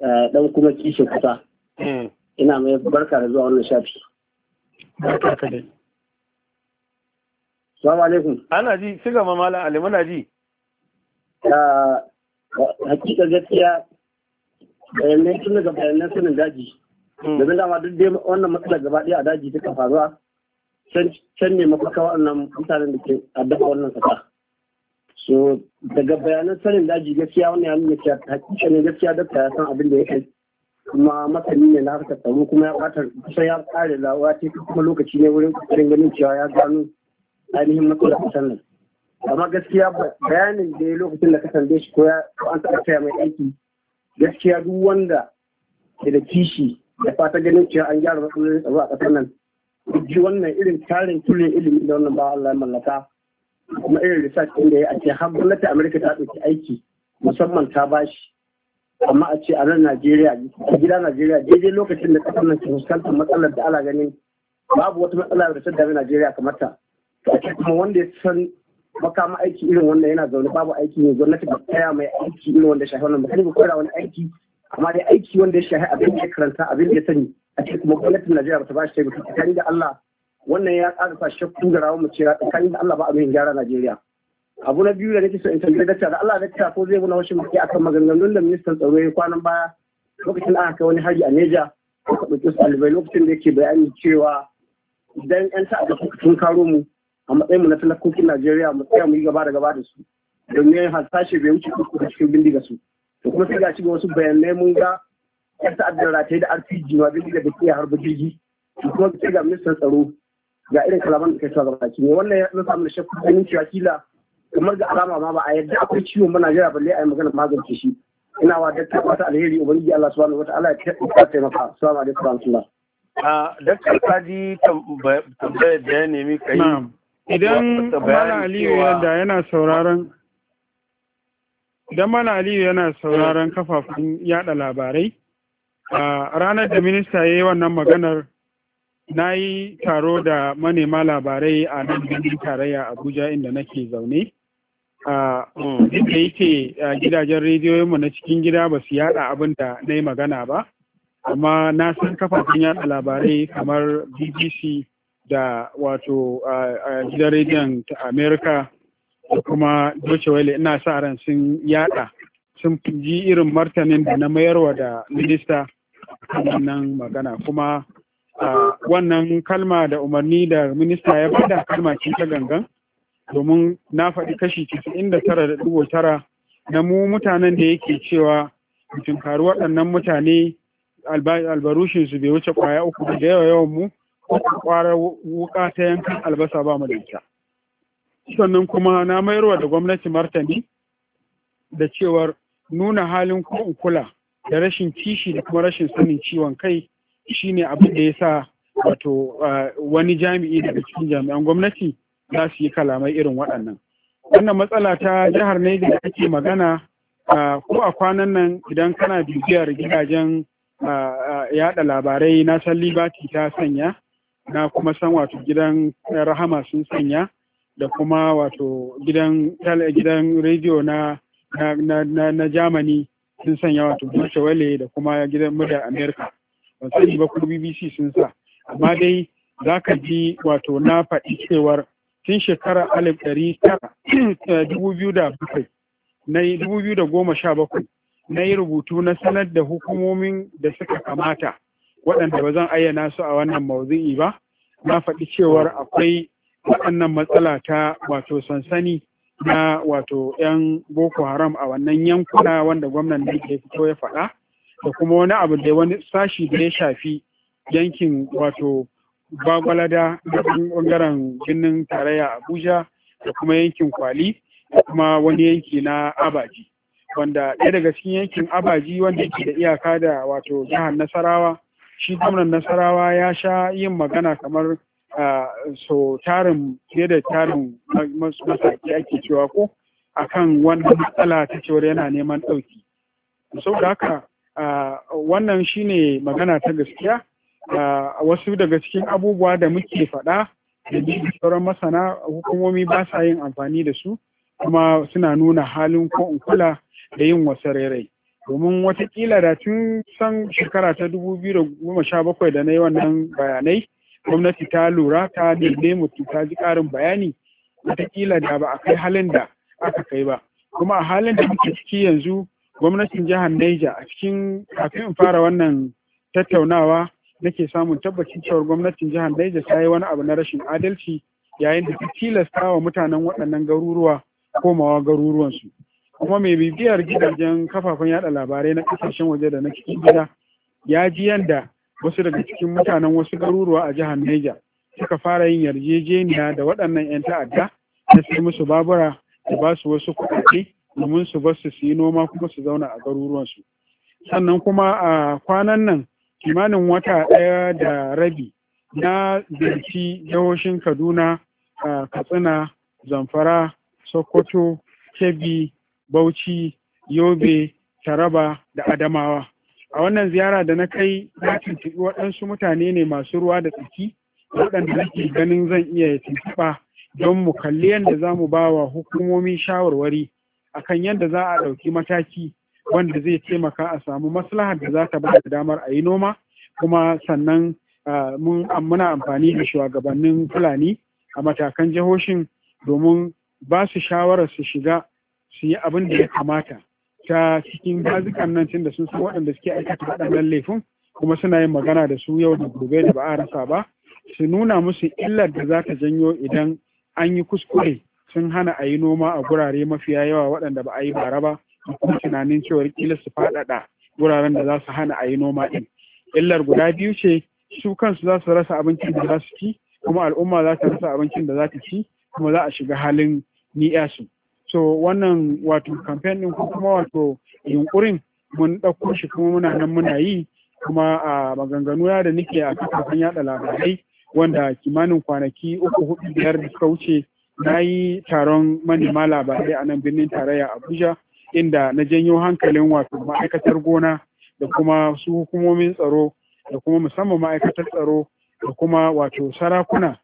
eh, dan kuma kishin kusa hmm. ina mai barka da zuwa wannan shafi barka ka dai salamu alaikum ana ji shiga ma malam ali muna ji hakika gaskiya bayanai tun daga bayanan sanin daji hmm. domin dama duk dai wannan matsalar gaba ɗaya a daji duka faruwa can ne mafaka waɗannan mutanen da ke addaba wannan sata so daga bayanan sanin daji gaskiya wani ya nuna cewa hakika ne gaskiya dakta ya san abin da ya kai kuma masani ne na harkar tsaro kuma ya bata kusan ya kare lawa ta kuma lokaci ne wurin kokarin ganin cewa ya gano ainihin matsalar ƙasar nan amma gaskiya bayanin da ya lokacin da ka tambaye shi ko an taɓa taya mai aiki gaskiya duk wanda ke da kishi da fata ganin cewa an gyara matsalolin tsaro a ƙasar nan duk wannan irin tarin tulin ilimi da wannan ba Allah ya mallaka kuma irin research ɗin da ya ake ce har gwamnatin ta ɗauki aiki musamman ta bashi amma a ce a nan Najeriya a gida Najeriya daidai lokacin da ƙasar nan ke fuskantar matsalar da ala ganin babu wata matsala da ta dami Najeriya kamar ta a ce kuma wanda ya san makama aiki irin wanda yana zaune babu aiki ne gwamnati ba tsaya mai aiki irin wanda shafi wannan ba kai ba koyar wani aiki amma dai aiki wanda ya shafi abin da ya karanta abin da ya sani a ce kuma gwamnatin Najeriya ba ta ba shi taimako tsakani da Allah wannan ya ƙara sa shakku ga rawar mace ya tsakanin da Allah ba abin gyara Najeriya abu na biyu da nake so in tambaye da da Allah dakta ko zai muna washin baki akan maganganun da ministan tsaro ya kwanan baya lokacin da aka kai wani hari a Neja aka ɗauki su alibai lokacin da yake bayani cewa idan 'yan ta'adda sun karo mu a matsayin mu na talakokin Najeriya mu tsaya mu yi gaba da gaba da su domin tashi bai wuce uku da cikin bindiga su to kuma sai ga shi wasu bayanai mun ga yan ta'addar rataye da RPG ma bindiga da ke harba jirgi to kuma sai ga ministan tsaro ga irin kalaman da kai cewa gaba ki ne wannan ya nuna samun shakku ganin cewa kila kamar ga alama ma ba a yadda akwai ciwon ba jira balle a yi magana magance shi ina wa dakta wata alheri ubangiji Allah subhanahu wataala ya taimaka assalamu alaikum warahmatullahi Daktar Kaji tambayar da ya nemi kai. Idan mana Aliyu yadda yana sauraron Idan Mala Aliyu yana sauraron kafafun yada labarai, ranar da minista ya yi wannan maganar na yi taro da manema labarai a nan birnin tarayya abuja inda nake zaune a da yake gidajen rediyoyinmu na cikin gida ba su yada abin da na yi magana ba amma na san kafafen yada labarai kamar bbc da wato gidan rediyon ta america da kuma doce wale ina sa ran sun yada sun ji irin martanin da na mayarwa da minista nan magana kuma wannan kalma da umarni da minista ya bada kalma ce ta gangan domin na faɗi kashi casa'in da tara da ɗigo tara na mu mutanen da yake cewa tunkari waɗannan mutane albarushin su bai wuce kwaya uku da yawa yawan mu kwarar wuka ta yankan albasa ba mu da sannan kuma na mayarwa da gwamnati martani da cewar nuna halin ko kula da rashin kishi da kuma rashin sanin ciwon kai ne abin da ya sa wato wani jami'i daga cikin jami'an gwamnati za su yi kalamai irin waɗannan wannan matsala ta jihar Niger da kake magana ko a kwanan nan idan kana bibiyar gidajen yada labarai na san Liberty ta sanya na kuma san wato gidan Rahama sun sanya da kuma wato gidan rediyo na na na na Germany sun sanya wato Deutsche Welle da kuma gidan muryar America ban sani ba ko bbc sun sa amma dai za ka ji wato na faɗi cewar tun shekara alif ɗari eh, dubu biyu da bakwai na dubu biyu da goma sha bakwai na yi rubutu na sanar da hukumomin da suka kamata waɗanda ba zan ayyana su a wannan maudu'i ba na faɗi cewar akwai waɗannan matsala ta wato sansani na wato 'yan boko haram a wannan yankuna wanda gwamnan da ya fito ya faɗa da kuma wani abu da wani sashi da ya shafi yankin wato bagwalada da bangaren birnin tarayya abuja da kuma yankin kwali da kuma wani yanki na abaji wanda ɗaya daga cikin yankin abaji wanda yake da iyaka da wato jihar nasarawa shi gwamnan nasarawa ya sha yin magana kamar so tarin fiye da tarin masaki ake cewa ko akan wannan matsala ta cewar yana neman ɗauki saboda haka wannan shine magana ta gaskiya a wasu daga cikin abubuwa da muke faɗa da sauran masana hukumomi ba sa yin amfani da su kuma suna nuna halin ko in kula da yin wasu rairai domin watakila da tun san shekara ta dubu biyu da goma bakwai da na yi wannan bayanai gwamnati ta lura ta daidai mutum ta ji ƙarin bayani watakila da ba a kai halin da aka kai ba kuma a halin da muke ciki yanzu gwamnatin jihar Neja a cikin kafin in fara wannan tattaunawa nake samun tabbacin cewar gwamnatin jihar Neja ta yi wani abu na rashin adalci yayin da ta tilasta wa mutanen waɗannan garuruwa komawa garuruwansu. Kuma mai bibiyar gidajen kafafen yada labarai na ƙasashen waje da na cikin gida ya ji yanda wasu daga cikin mutanen wasu garuruwa a jihar Neja suka fara yin yarjejeniya da waɗannan 'yan ta'adda na sai musu babura da ba su wasu kuɗaɗe domin su bar su su yi noma kuma su zauna a garuruwansu sannan kuma a kwanan nan kimanin wata ɗaya da rabi na zirci jihohin kaduna katsina zamfara sokoto kebbi bauchi yobe taraba da adamawa a wannan ziyara da na kai na tuntuɓi waɗansu mutane ne masu ruwa da tsaki waɗanda nake ganin zan iya tuntuɓa don mu kalli yadda za mu ba wa hukumomi shawarwari akan yadda za a ɗauki mataki wanda zai taimaka a samu maslahar da za ta ba da damar a yi noma kuma sannan muna amfani da shugabannin fulani a matakan jihohin domin ba su shawarar su shiga su yi abin da ya kamata ta cikin bazikan nan tun da sun san waɗanda suke aikata waɗannan laifin kuma suna yin magana da su yau da gobe da ba a rasa ba su nuna musu illar da za ta janyo idan an yi kuskure sun hana a yi noma a gurare mafiya yawa waɗanda ba a yi bara ba kuma tunanin cewar kila su faɗaɗa wuraren da za su hana a yi noma ɗin illar guda biyu ce su kansu za su rasa abincin da za su ci kuma al'umma za ta rasa abincin da za ta ci kuma za a shiga halin ni'a su so wannan wato kamfen ɗin ko kuma wato yunkurin mun ɗauko shi kuma muna nan muna yi kuma a maganganu da nake a kafafen yaɗa labarai wanda kimanin kwanaki uku hudu biyar da suka wuce na yi taron manema labarai a nan birnin tarayya abuja inda na janyo hankalin wato ma'aikatar gona da kuma su hukumomin tsaro da kuma musamman ma'aikatar tsaro da kuma wato sarakuna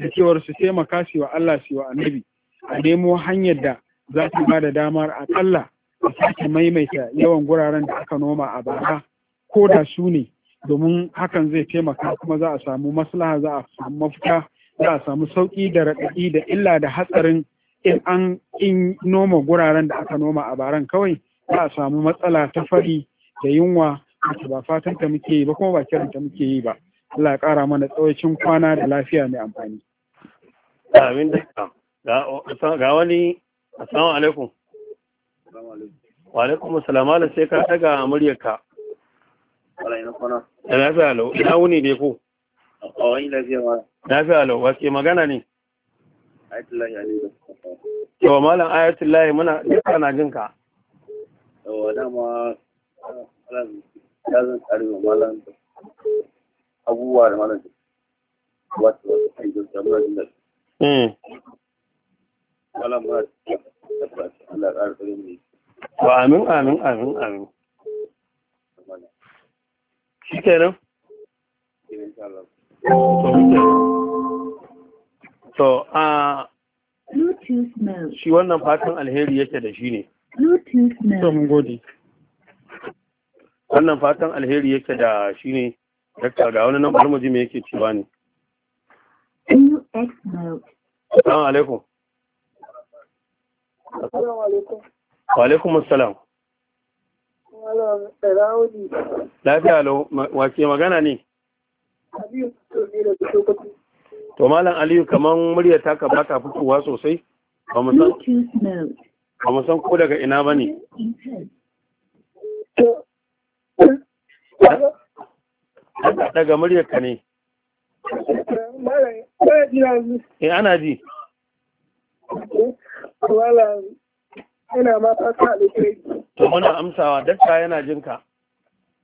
da cewar su taimaka su wa Allah su wa annabi a nemo hanyar da za su ba da damar akalla a sake maimaita yawan guraren da aka noma a bara ko da su ne domin hakan zai taimaka kuma za a samu maslaha za a samu mafita za a samu sauƙi da raɗaɗi da illa da hatsarin in an in noma guraren da aka noma a baran kawai za a samu matsala ta fari da yunwa wacce ba fatan ta muke yi ba kuma ba kiran ta muke yi ba Allah ya ƙara mana tsawaicin kwana da lafiya mai amfani. Amin da ga wani assalamu alaikum. Wa alaikum assalam sai ka daga muryarka. Wala ina kwana. Ina za ina wuni dai ko. a wani lafiya ma magana ne ayatullahi malam ayatullahi muna duka na jin ka yawa dama ya zan tsari wa malam abubuwa da malam wata kai da jama'a da malam Allah ya tsare mu amin amin amin amin. Shi kenan? Insha Allah. Uh, to a shi wannan fatan alheri yake da shi ne to mun gode wannan fatan alheri yake da shi ne dakta ga wani nan barmaji mai yake cewa ne assalamu alaikum wa alaikum wa salam. lafiya lau ke magana ne To Malam Aliyu kaman murya ta ka bata fitowa sosai ba mu san ba mu san ko daga ina bane. Daga murya ka ne. Eh ana ji. Malam ina ma fata alheri. To muna amsawa dakta yana jinka.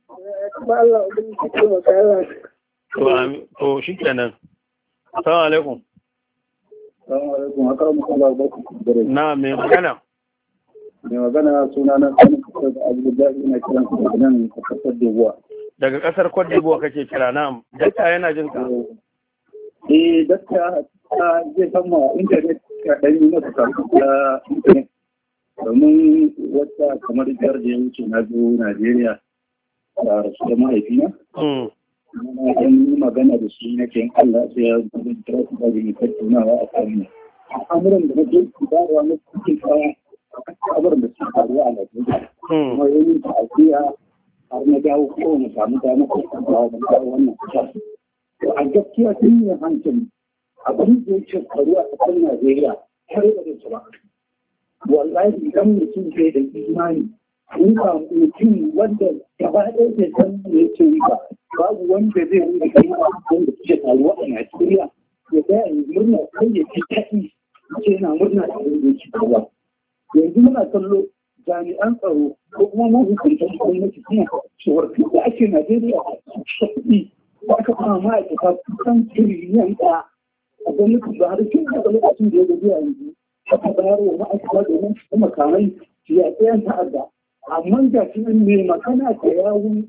Eh, Allah ubin cikin makarar. to shi kenan alaikum alaikum na mai magana suna na kasar daga kasar debuwa kake kira na dakta yana jin ka eh, eh dakta ta je san ma internet ka dan yi masa ta domin wata kamar jihar da na zo najeriya da su da mahaifina mm. idan yi magana da shi na ke Allah sai ya gudu da su da ni tattaunawa a kan al'amuran da nake kudarwa na cikin kaya al'amuran da suke faruwa a Najeriya hmm. kuma yayin ta asiya har na dawo kowane samu dama ko kuma da dawo wannan kusa to a gaskiya sun yi hankali abin da yake faruwa a kan Najeriya har da su ba wallahi idan mutum bai da imani riba mutum wanda gaba ɗaya da san ya ce ba. babu wanda zai yi da wanda ke taruwa a Najeriya ya ga yanzu murna kai ya ci kaɗi ce yana murna da wanda ke taruwa yanzu muna kallo jami'an tsaro ko kuma ma hukuntar gwamnati suna cewar da ake Najeriya a shaɗi ba ka fara ma'aikata kusan tiriliyan ɗaya a gwamnati ba har kin da lokacin da ya gaji yanzu aka bayar wa ma'aikata domin su makamai ya tsaya ta'adda amma da shi ne magana da yawun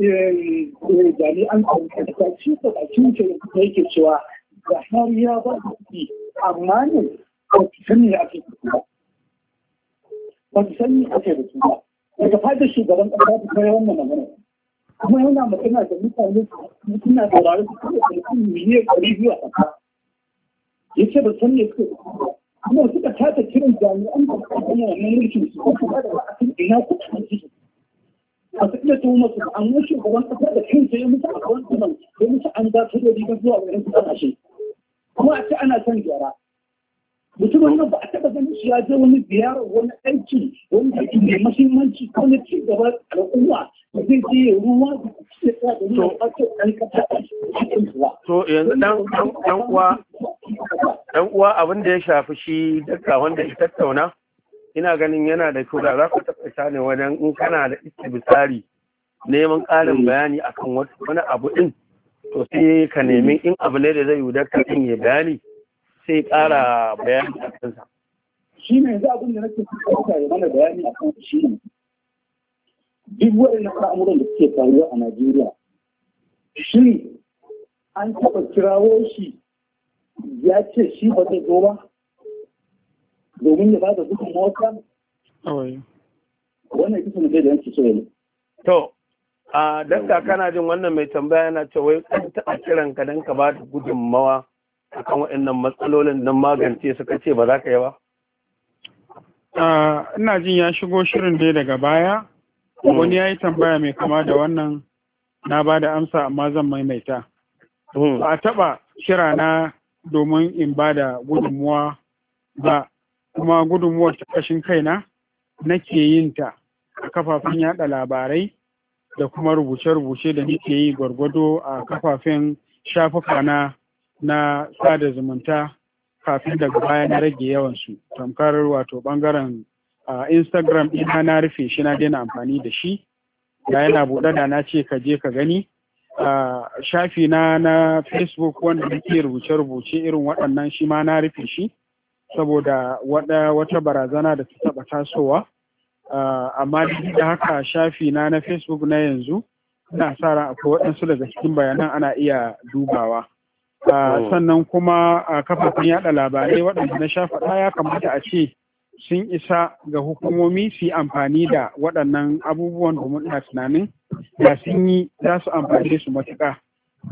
eh, eh, jami'an kwamfuta shi da bakin ke yake cewa da har ya ba su kuɗi amma ne ba su sani ya ke kuɗi ba su sani ake da su ba daga fata shugaban ƙasa ta kai wannan magana kuma yana magana da mutane suna saurari su kuma da mutum miliyan ɗari biyu a ƙasa ya ce ba sani ya ba kuma suka tata kiran jami'an da suka a na mulkin su ko kuma da ba'atin ina a ciki a su iya tuhuma su amma wani kasar da kansa ya mutu a kawai ya mutu an da turori zuwa wurin kasashe kuma a ce ana son gyara mutumin nan ba a taɓa ganin shi ya je wani ziyarar wani aiki wani aiki mai mahimmanci ko na ci gaba al'umma da zai je ruwa da cikin ya da nuna ce ɗan kasa to yanzu dan uwa uwa abin da ya shafi shi dakka wanda ya tattauna ina ganin yana da kyau da za ku taɓa ne wajen in kana da istibisari neman ƙarin bayani akan wani abu ɗin to sai ka nemi in abu ne da zai yi dakka ɗin ya bayani sai ƙara bayani a kansa shi ne yanzu abin da nake ƙasa ya mana bayani a kan shi ne duk na ƙa'amuran da suke faruwa a Najeriya shi an taɓa kirawo shi ya ce shi ba zai zo ba domin ya ba da dukkan mawaka wannan ita ne da yanki cewa to a danka kana jin wannan mai tambaya yana cewa wai an taɓa kiran ka dan ka ba da gudunmawa akan waɗannan matsalolin don magance suka ce ba za ka yi ba ina jin ya shigo shirin dai daga baya hmm. wani ya yi tambaya mai kama da wannan na ba da amsa amma zan maimaita hmm. a taɓa kira na domin in ba da gudunmuwa ba kuma gudunmuwar ta kaina nake yin ta a kafafen yada labarai da kuma rubuce-rubuce da nake yi gwargwado a kafafen shafuka na na sada zumunta kafin daga baya na rage yawansu tamkar wato bangaren instagram ɗin na rufe shi na daina amfani da shi da yana buɗe da na ce ka je ka gani shafi na na facebook wanda nake rubuce-rubuce irin waɗannan shi ma na rufe shi saboda wata barazana da ta taɓa tasowa amma da haka shafi na na facebook na yanzu ina sa ran akwai waɗansu daga cikin bayanan ana iya dubawa Hmm. sannan kuma a kafafen yaɗa labarai waɗanda na sha faɗa ya kamata a ce sun isa ga hukumomi su yi amfani da waɗannan abubuwan domin ina tunanin da sun yi za su amfani su matuƙa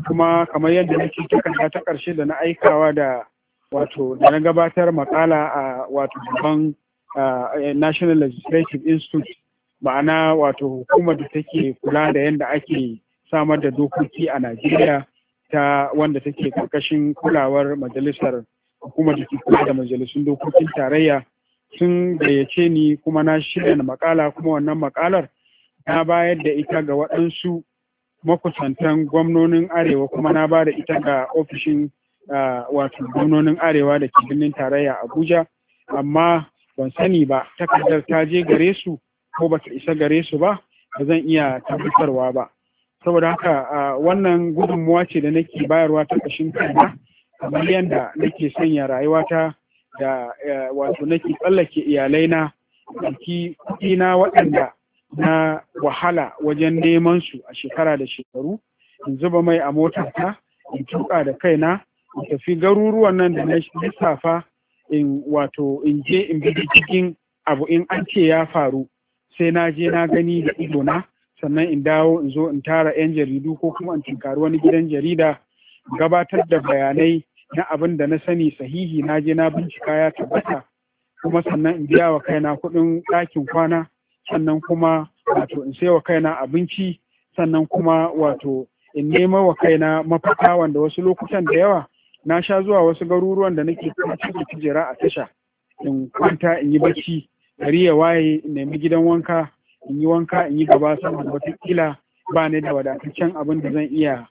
kuma kamar yadda nake takarda ta ƙarshe da na aikawa da wato da na gabatar makala a wato babban national legislative institute ma'ana wato hukumar da take kula da yadda ake samar da dokoki a najeriya ta wanda take karkashin kulawar majalisar hukumar da ke kula da majalisun dokokin tarayya sun gayyace ni kuma na shirya na makala kuma wannan makalar na bayar da ita ga waɗansu makusantan gwamnonin arewa kuma na ba da ita ga ofishin wato gwamnonin arewa da ke birnin tarayya abuja amma ban sani ba takardar ta je gare su ko ba ta isa gare su ba ba zan iya tabbatarwa ba saboda haka wannan gudunmuwa ce da nake bayarwa ta kashin kaina kamar yadda nake sanya rayuwata da e, wato nake tsallake iyalaina ɗauki na waɗanda na wahala wajen neman su a shekara da shekaru in zuba mai a motarta in tuƙa da kaina in tafi garuruwan nan da na lissafa in wato in je in bi cikin abu in an ce ya faru sai na je na gani da ido na. sannan in dawo in zo in tara 'yan jaridu ko kuma in tunkari wani gidan jarida gabatar da bayanai na abin da na sani sahihi na je na bincika ya tabbata kuma sannan in biya wa kaina kuɗin ɗakin kwana sannan kuma wato in sai wa kaina abinci sannan kuma wato in nema wa kaina mafaka wanda wasu lokutan da yawa na sha zuwa wasu garuruwan da nake kuma cikin kujera a tasha in kwanta in yi bacci gari ya waye in nemi gidan wanka in yi wanka in yi gaba saboda watakila ba ni da wadataccen abin da zan iya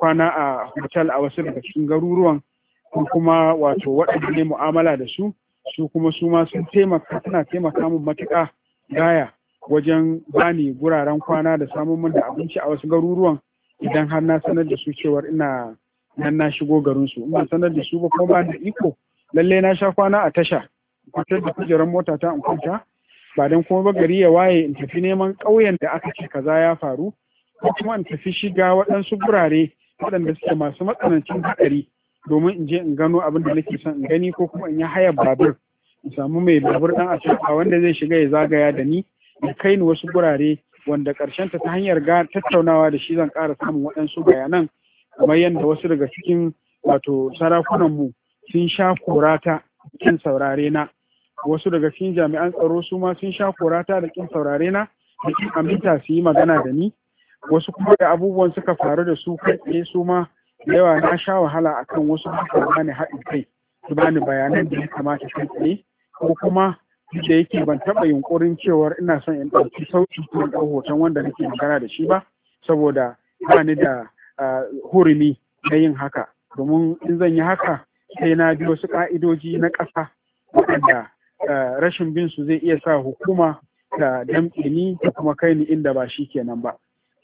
kwana a hotel a wasu daga cikin garuruwan ko kuma wato waɗanda ne mu'amala da su su kuma su ma sun taimaka suna taimaka mun matuƙa gaya wajen bani guraren kwana da samun mun da abinci a wasu garuruwan idan har na sanar da su cewar ina nan na shigo garinsu in ban sanar da su ba kuma ba da iko lalle na sha kwana a tasha kwatar da kujerar mota ta in kwanta ba don kuma ba gari ya waye in tafi neman ƙauyen da aka ce kaza ya faru ko kuma in tafi shiga waɗansu gurare waɗanda suke masu matsanancin haɗari domin in je in gano abin da nake son in gani ko kuma in yi haya babur in samu mai babur ɗan asuba wanda zai shiga ya zagaya da ni in kai ni wasu gurare wanda ƙarshen ta hanyar ga tattaunawa da shi zan ƙara samun waɗansu bayanan kamar yadda wasu daga cikin wato sarakunan mu sun sha korata cikin saurare na wasu daga cikin jami'an tsaro su ma sun sha korata da kin saurare na da kin aminta su yi magana da ni wasu kuma da abubuwan suka faru da su kai tsaye su ma yawa na sha wahala akan wasu suka bani haɗin kai su bani bayanan da ya kamata kai tsaye ko kuma da yake ban taɓa yunkurin cewar ina son in ɗauki sauƙi ko in ɗau hoton wanda nake magana da shi ba saboda ba ni da hurumi na yin haka domin in zan yi haka sai na bi wasu ƙa'idoji na ƙasa waɗanda Eh, rashin bin su zai iya sa hukuma ta damƙe ni ta kuma kai ni inda ba shi kenan ba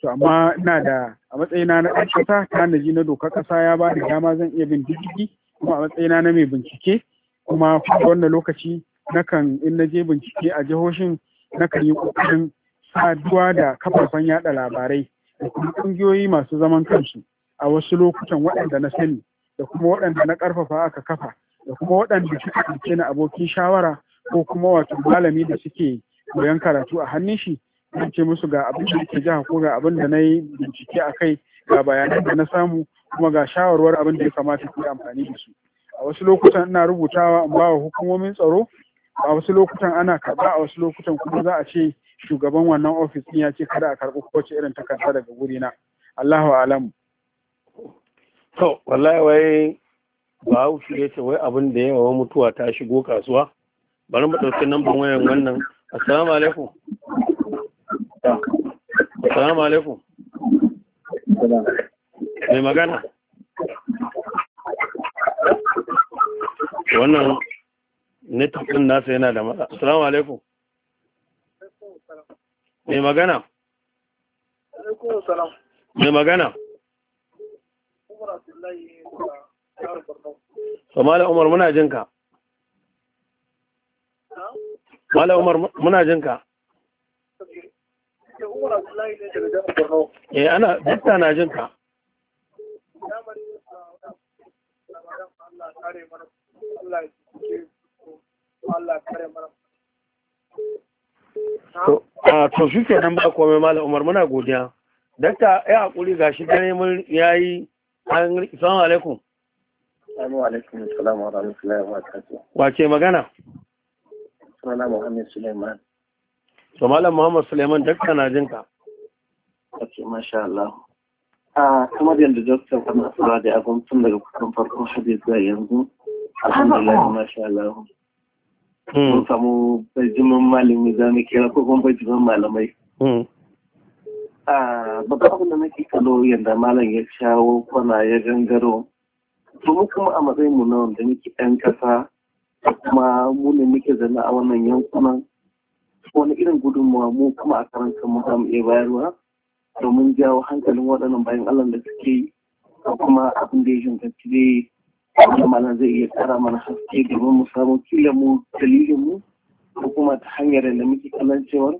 to amma ina da a matsayina na ɗan ƙasa tanaji na doka ƙasa ya ba da dama zan iya bin diddigi kuma a matsayina na mai bincike kuma kuma wannan lokaci nakan in na je bincike a jihohin nakan yi ƙoƙarin saduwa da kafafen yaɗa labarai da kuma ƙungiyoyi masu zaman kansu a wasu lokutan waɗanda na sani da kuma waɗanda na ƙarfafa aka kafa da kuma waɗanda suka ɗauke ni abokin shawara ko kuma wato malami da suke koyon karatu a hannun shi zan ce musu ga abin da yake jiha ko ga abin da na yi bincike a kai ga bayanan da na samu kuma ga shawarwar abin da ya kamata ku yi amfani da su a wasu lokutan ina rubutawa in ba hukumomin tsaro a wasu lokutan ana karɓa a wasu lokutan kuma za a ce shugaban wannan ofis ya ce kada a karɓi kowace irin takarda daga wurina Allahu alamu to wallahi wai ba ya ce wai abin da yawa mutuwa ta shigo kasuwa bari mu ɗauki namban wayan wannan assalamu alaikum assalamu alaikum mai magana wannan network ɗin nasa yana da matsa assalamu alaikum mai magana mai magana Samala Umar muna jinka. Malam Umar muna jin ka. Eh ana dukkan na jin ka. To shi ke nan ba komai Malam Umar muna godiya. Dakta ya hakuri gashi dare mun yayi an riƙi. Salamu alaikum. Assalamu alaikum. wa alaikum. Wace magana? sunana Muhammad Suleiman. To Malam Muhammad Suleiman dakta na jin ka. Ok, masha Allah. A kamar yadda dokta ta nasara da abin tun daga kusan farkon hadis zuwa yanzu, alhamdulillah masha Allah. Hmm. Mun samu bajiman malami za mu kira ko kuma bajiman malamai. Hmm. A babban abin da nake kalo yadda malam ya shawo kwana ya gangaro. Domin kuma a matsayin mu na wanda muke ɗan ƙasa kuma mu ne muke zanna a wannan yankunan wani irin gudunmuwa mu kuma a karan kan za mu iya bayarwa domin jawo hankalin waɗannan bayan Allah da suke da kuma abin da ya shankanci dai wanda mana zai iya tsara mana haske domin mu samu kila mu dalilin mu ko kuma ta hanyar da muke kallon cewar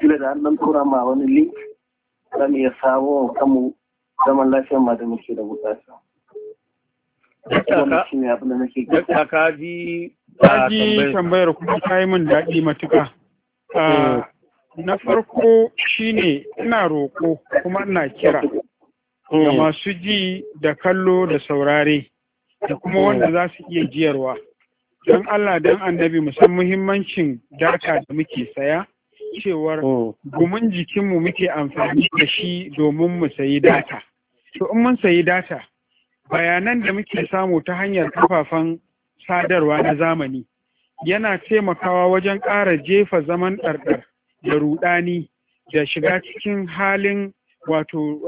kila da an tura ma wani link za mu iya samu kanmu zaman lafiyar ma da muke da bukata. Dakta ji ah, tambayar kuma ta yi min daɗi matuka. Ah, eh. Na farko shine ina roƙo kuma ina kira ga eh. masu ji da kallo da saurare da kuma eh. wanda za su iya jiyarwa. Don Allah don annabi musan muhimmancin data da muke saya cewar gumin jikinmu muke amfani da shi domin mu sayi data. To in mun sayi data bayanan da muke samu ta hanyar kafafen sadarwa na zamani yana taimakawa wajen ƙara jefa zaman ɗarɗar da ruɗani da shiga cikin halin wato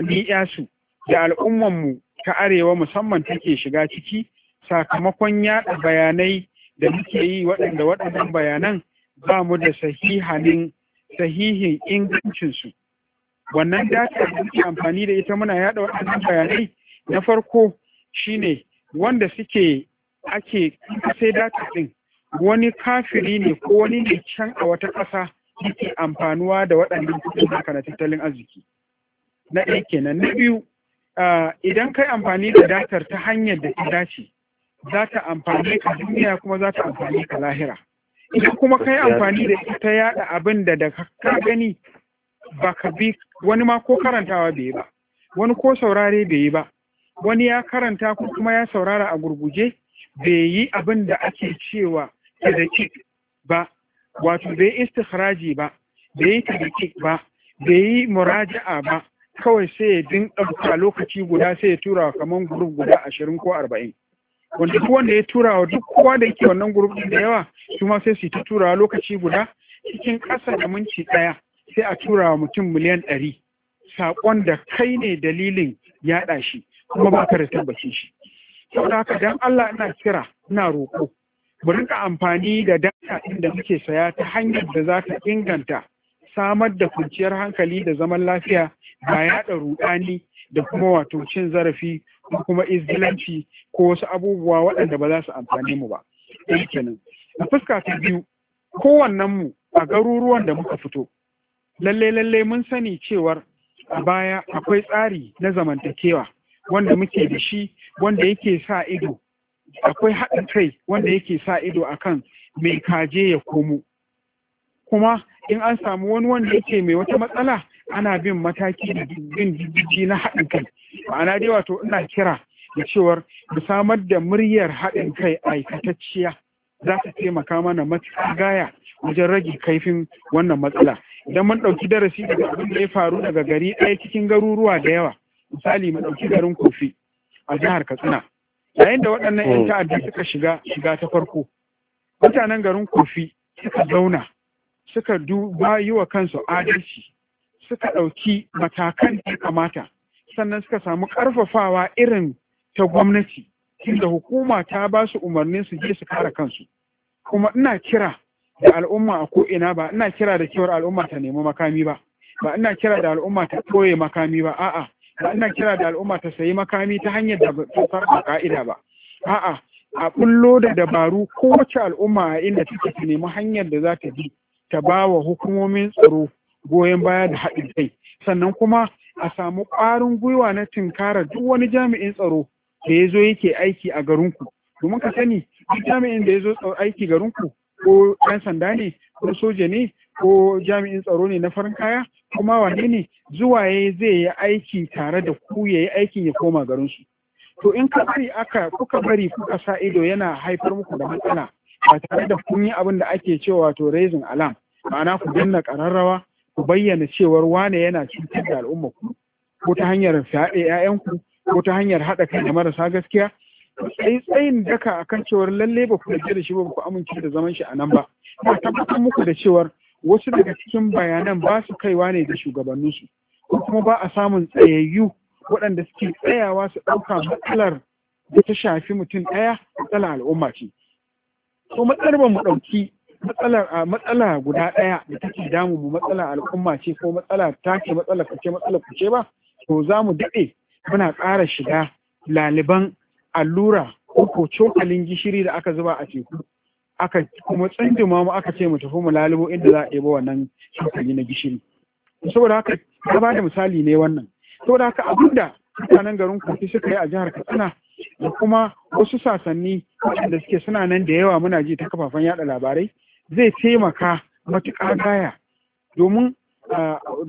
ni'yasu da al'ummanmu ta arewa musamman take shiga ciki sakamakon yaɗa bayanai da muke yi waɗanda waɗannan bayanan ba mu da sahihanin sahihin ingancinsu wannan data da muke amfani da ita muna yaɗa waɗannan bayanai na farko shine wanda suke ake sai data ɗin wani kafiri ne ko wani ne can a wata ƙasa yake amfanuwa da waɗannan kuɗin haka na tattalin arziki na ɗaya kenan na biyu ah, idan kai amfani da datar ta hanyar da ta dace za ta amfani ka duniya kuma za ta amfani ka lahira idan kuma kai amfani da ita ta yada abin da da ka gani ba ka bi wani ma ko karantawa bai yi ba wani ko saurare bai yi ba wani ya karanta ko kuma ya saurara a gurguje bai yi abin da ake cewa tadakik ba wato bai haraji ba bai yi tadakik ba bai yi muraja'a ba kawai sai ya din ɗauka lokaci guda sai ya tura kamar gurub guda ashirin ko arba'in wanda duk wanda ya tura wa duk kowa da yake wannan din da yawa su ma sai su ta turawa lokaci guda cikin ƙasa da minti ɗaya sai a tura wa mutum miliyan ɗari saƙon da kai ne dalilin yaɗa shi kuma ba ka da tabbacin shi saboda haka dan Allah ina kira ina roƙo mu rinka amfani da data ɗin da muke saya ta hanyar da za ta inganta samar da kwanciyar hankali da zaman lafiya ba yaɗa ruɗani da kuma wato cin zarafi ko kuma izgilanci ko wasu abubuwa waɗanda ba za su amfani mu ba kenan a fuska ta biyu kowannen mu a garuruwan da muka fito lalle lalle mun sani cewar a baya akwai tsari na zamantakewa wanda muke da shi wanda yake sa ido akwai haɗin kai wanda yake sa ido akan mai kaje ya komo kuma in an samu wani wanda yake mai wata matsala ana bin mataki da bin jijji na haɗin kai ma'ana dai wato ina kira da cewar mu samar da muryar haɗin kai aikatacciya za ta taimaka mana matuƙa gaya wajen rage kaifin wannan matsala idan mun ɗauki darasi daga abin da ya faru daga gari ɗaya cikin garuruwa da yawa misali mu ɗauki garin kofi a jihar katsina yayin da waɗannan 'yan hmm. ta'adda suka shiga shiga ta farko mutanen garin kofi suka zauna suka duba yi wa kansu adalci suka ɗauki matakan da kamata sannan suka samu ƙarfafawa irin ta gwamnati inda hukuma ta ba su umarnin su je su kare kansu kuma ina kira da al'umma a ko'ina ba ina kira da cewar al'umma ta nemi makami ba ba ina kira da al'umma ta ɓoye makami ba a'a ba kira da al'umma ta sayi makami ta hanyar da ta saba ka'ida ba a'a a kullo da dabaru kowace al'umma a inda take ta nemi hanyar da za ta bi ta ba wa hukumomin tsaro goyon baya da haɗin kai sannan kuma a samu ƙwarin gwiwa na tinkara duk wani jami'in tsaro da ya zo yake aiki a garinku domin ka sani duk jami'in da ya zo aiki garinku ko ɗan sanda ne ko soja ne ko jami'in tsaro ne na farin kaya kuma wane ne zuwa ya zai yi aiki tare da ku ya yi aikin ya koma garin garinsu to in ka bari aka kuka bari kuka sa ido yana haifar muku da matsala ba tare da kun yi abin da ake cewa to raising alarm ma'ana ku danna kararrawa ku bayyana cewar wane yana cutar da al'umma ku ko ta hanyar fyaɗe 'ya'yanku ko ta hanyar haɗa kai da marasa gaskiya tsayi tsayin daka kan cewar lalle ba ku da shi ba ku amince da zaman shi a nan ba ba tabbatar muku da cewar wasu daga cikin bayanan ba su kaiwa ne ga shugabanninsu ko kuma ba a samun tsayayyu waɗanda suke tsayawa su ɗauka matsalar da ta shafi mutum ɗaya matsalar al'umma ce ko matsalar ba mu ɗauki matsalar matsala guda ɗaya da take damu mu matsala al'umma ce ko matsala ta ce matsala kuce matsala kuce ba to za mu daɗe muna ƙara shiga laliban allura ko cokalin gishiri da aka zuba a teku aka kuma tsinduma mu aka ce mu tafi mu lalubo inda za a ɗebo wannan hankali na gishiri saboda haka ya ba da misali ne wannan saboda haka abin da mutanen garin kofi suka yi a jihar katsina da kuma wasu sasanni da suke suna nan da yawa muna ji ta kafafen yada labarai zai taimaka matuƙa gaya domin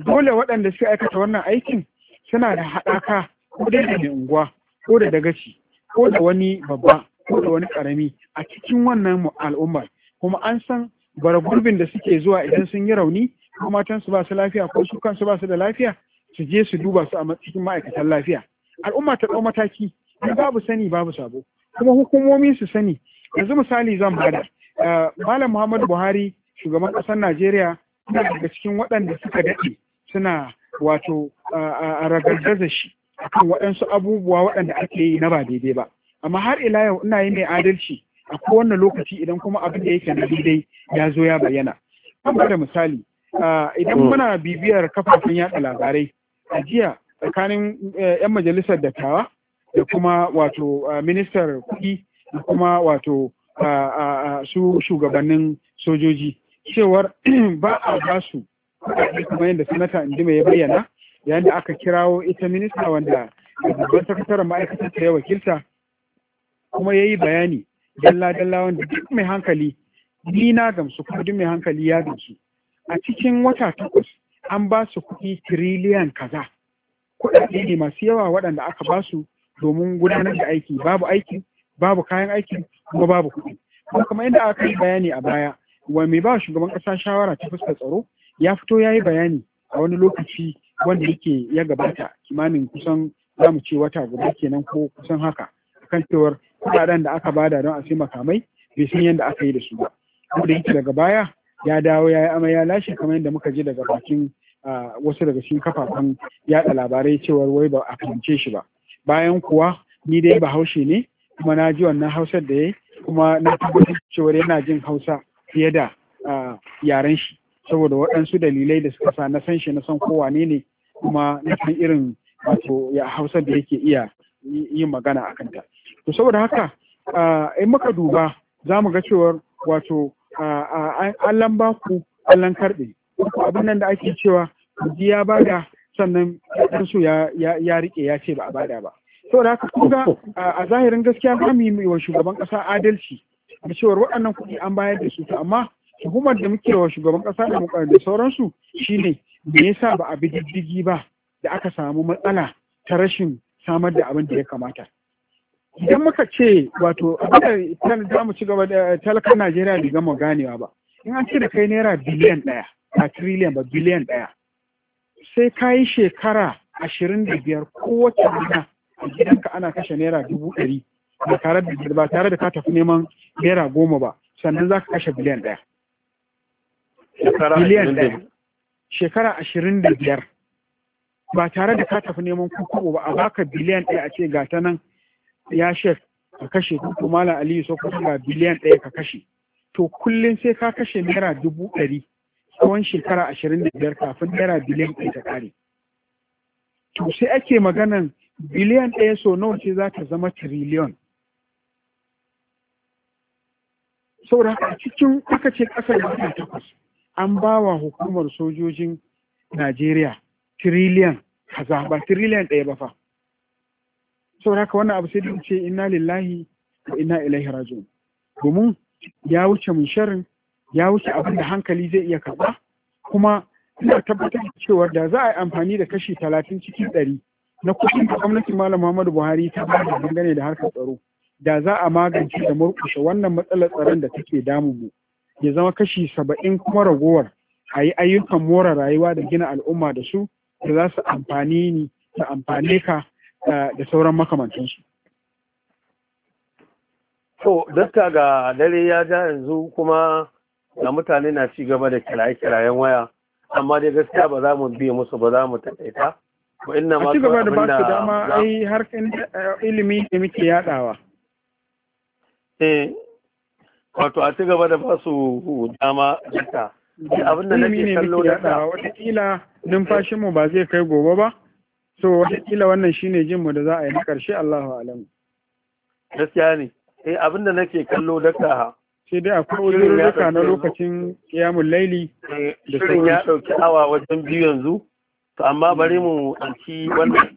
dole waɗanda suka aikata wannan aikin suna da haɗaka ko da mai unguwa ko da dagaci ko da wani babba ko da wani karami a cikin wannan al'ummar kuma an san bara gurbin da suke zuwa idan sun yi rauni ko matansu ba su lafiya ko su kansu ba su da lafiya su je su duba su a matsayin ma'aikatan lafiya al'umma ta ɗau mataki in babu sani babu sabo kuma hukumomin su sani yanzu misali zan bada eh, malam muhammadu buhari shugaban ƙasar najeriya suna daga cikin waɗanda suka daɗe suna wato eh, a ragargaza shi akan waɗansu abubuwa waɗanda ake yi na ba daidai ba amma har ila yau ina yi mai adalci a kowane lokaci idan kuma abin da yake na daidai ya zo ya bayyana an da misali idan muna bibiyar kafafen yada labarai a jiya tsakanin yan e, majalisar dattawa da kuma wato ministar kuɗi da kuma wato su shugabannin sojoji cewar ba a ba su kuma yadda sanata indima ya bayyana yayin da aka kirawo ita minista wanda babban sakataren ma'aikatar ta ya wakilta kuma ya yi bayani dalla dalla wanda duk mai hankali ni na gamsu kuma duk mai hankali ya gamsu a cikin wata takwas an ba su kuɗi tiriliyan kaza kuɗaɗe ne masu yawa waɗanda aka ba su domin gudanar da aiki babu aiki babu kayan aiki kuma babu kuɗi kuma kamar yadda aka yi bayani a baya wa mai ba shugaban ƙasa shawara ta fuskar tsaro ya fito ya yi bayani a wani lokaci wanda yake ya gabata kimanin kusan za mu ce wata guda kenan ko kusan haka kan cewar kuɗaɗen da aka bada don a sai makamai bai san yadda aka yi da su ba da yake daga baya ya dawo ya yi amai ya lashe kamar yadda muka je daga bakin wasu daga cikin kafafen yaɗa labarai cewar wai ba a fahimce shi ba bayan kuwa ni dai bahaushe ne kuma na ji wannan hausar da ya kuma na tabbatar cewar yana jin hausa fiye da yaren shi saboda waɗansu dalilai da suka sa na san shi na san kowa ne ne kuma na san irin wato ya hausar da yake iya yin magana a kanta to saboda haka in muka duba za mu ga cewar wato allan baku allan karɓe abin nan da ake cewa ji ya bada sannan ɗansu ya riƙe ya ce ba a bada ba saboda haka kuga a zahirin gaskiya ba mu yi wa shugaban ƙasa adalci da cewar waɗannan kuɗi an bayar da su amma tuhumar da muke wa shugaban ƙasa da da sauransu shine me yasa ba a bi diddigi ba da aka samu matsala ta rashin samar da abin da ya kamata idan muka ce wato abinda za mu ci gaba da eh, talakan Najeriya bai gama ganewa ba in an ce da kai naira biliyan ɗaya a triliyan ba biliyan ɗaya sai ka yi shekara ashirin da biyar kowace rana a gidanka ana kashe naira dubu ɗari ba tare da ka tafi neman naira goma ba sannan za ka kashe biliyan ɗaya biliyan shekara ashirin da biyar ba tare da ka tafi neman kuku ba a baka biliyan ɗaya a ce ga ta nan ya shek ka kashe ko kuma malam aliyu so kusa ga biliyan ɗaya ka kashe to kullum sai ka kashe naira dubu ɗari tsawon shekara ashirin da biyar kafin naira biliyan ɗaya ta ƙare to sai ake maganan biliyan ɗaya sau nawa ce za ta zama tiriliyon saboda haka cikin aka ce ƙasar wata takwas an ba wa hukumar sojojin najeriya tiriliyan kaza ba tiriliyan ɗaya ba fa saboda haka wannan abu sai da ce inna lillahi wa inna ilaihi raji'un domin ya wuce mun sharrin ya wuce abin da hankali zai iya kaba kuma ina tabbatar da cewa da za a yi amfani da kashi talatin cikin ɗari na kuɗin da gwamnatin malam Muhammadu Buhari ta ba da dangane da harkar tsaro da za a magance da murƙushe wannan matsalar tsaron da take damu mu ya zama kashi saba'in kuma ragowar a yi ayyukan more rayuwa da gina al'umma da su da za su amfani ni da amfane ka Eh, da sauran makamantansu to dakta ga dare ya ja yanzu kuma ga mutane na ci gaba da kiraye-kirayen waya amma dai gaskiya ba za mu biye musu ba za mu taɗaita. a ci gaba da ba su dama ai harkan eh, ilimi da muke yadawa eh wato a ci gaba da ba su dama dakta abin da nake kallo da wata wataƙila numfashinmu ba zai kai gobe ba so wataƙila wannan shine jinmu da za a yi na ƙarshe Allahu alamu gaskiya ne eh abin da nake kallo ha. sai dai akwai uzurruka na lokacin kiyamun laili eh, da shirin ya ɗauki awa wajen biyu yanzu to amma bari mu ɗauki wannan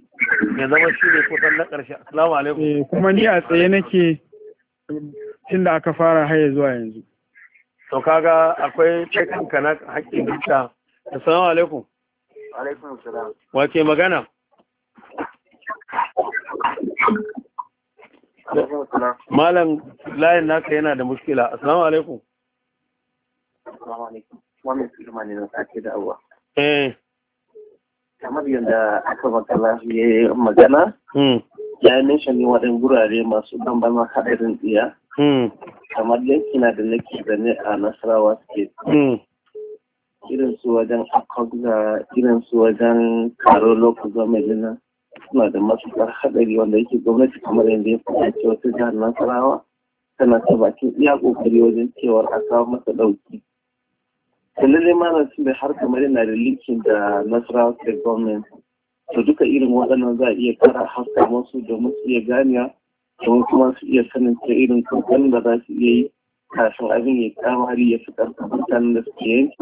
ya zama shi ne kusan na ƙarshe assalamu alaikum eh, kuma ni a tsaye nake tun da aka fara haye zuwa yanzu to kaga akwai cikin kanka na haƙƙin gita assalamu alaikum alaikum Wa ke magana malam layin naka yana da muskila. assalamu alaikum assalamu alaikum wannan firma ne na sake da abuwa eh kamar yadda aka makala hmm. ya yi magana ya yi nishan ne waɗin gurare masu bambamar haɗarin tsiya hmm. kamar yankina da nake zane a nasarawa state hmm. irin su wajen akwagza irin su wajen karo lokacin gwamnati suna da matuƙar haɗari wanda yake gwamnati kamar yadda ya fahimci cewa jihar Nasarawa tana ta bakin iya ƙoƙari wajen cewar a kawo masa ɗauki. Da lallai mana sun bai har kamar yana da linkin da Nasarawa State Government. To duka irin waɗannan za a iya kara haska musu domin su iya ganewa domin kuma su iya sanin ta irin kokarin da za su iya yi kafin abin ya kamari ya fi ƙarfin mutanen da suke yanki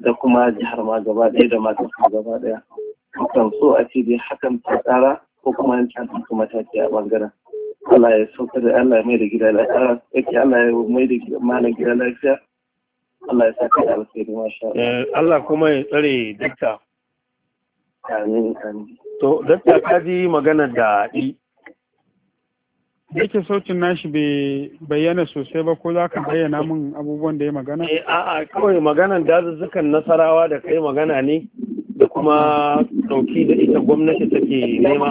da kuma jihar ma gaba ɗaya da matasa gaba ɗaya. kan so a ce dai hakan ta tsara ko kuma an can ɗauki mataki a ɓangaren. Allah ya sauka da Allah ya mai da gida lafiya, yake Allah ya mai da malam gida lafiya. Allah ya saka da alkhairi masha Allah. Eh, Allah kuma ya tsare dakta. Amin amin. To dakta ka ji magana da i. yake sautin nashi bai bayyana sosai ba ko za ka bayyana min abubuwan da ya magana? Eh a'a kawai maganan dazuzzukan nasarawa da kai magana ne da kuma ɗauki da ita gwamnati take nema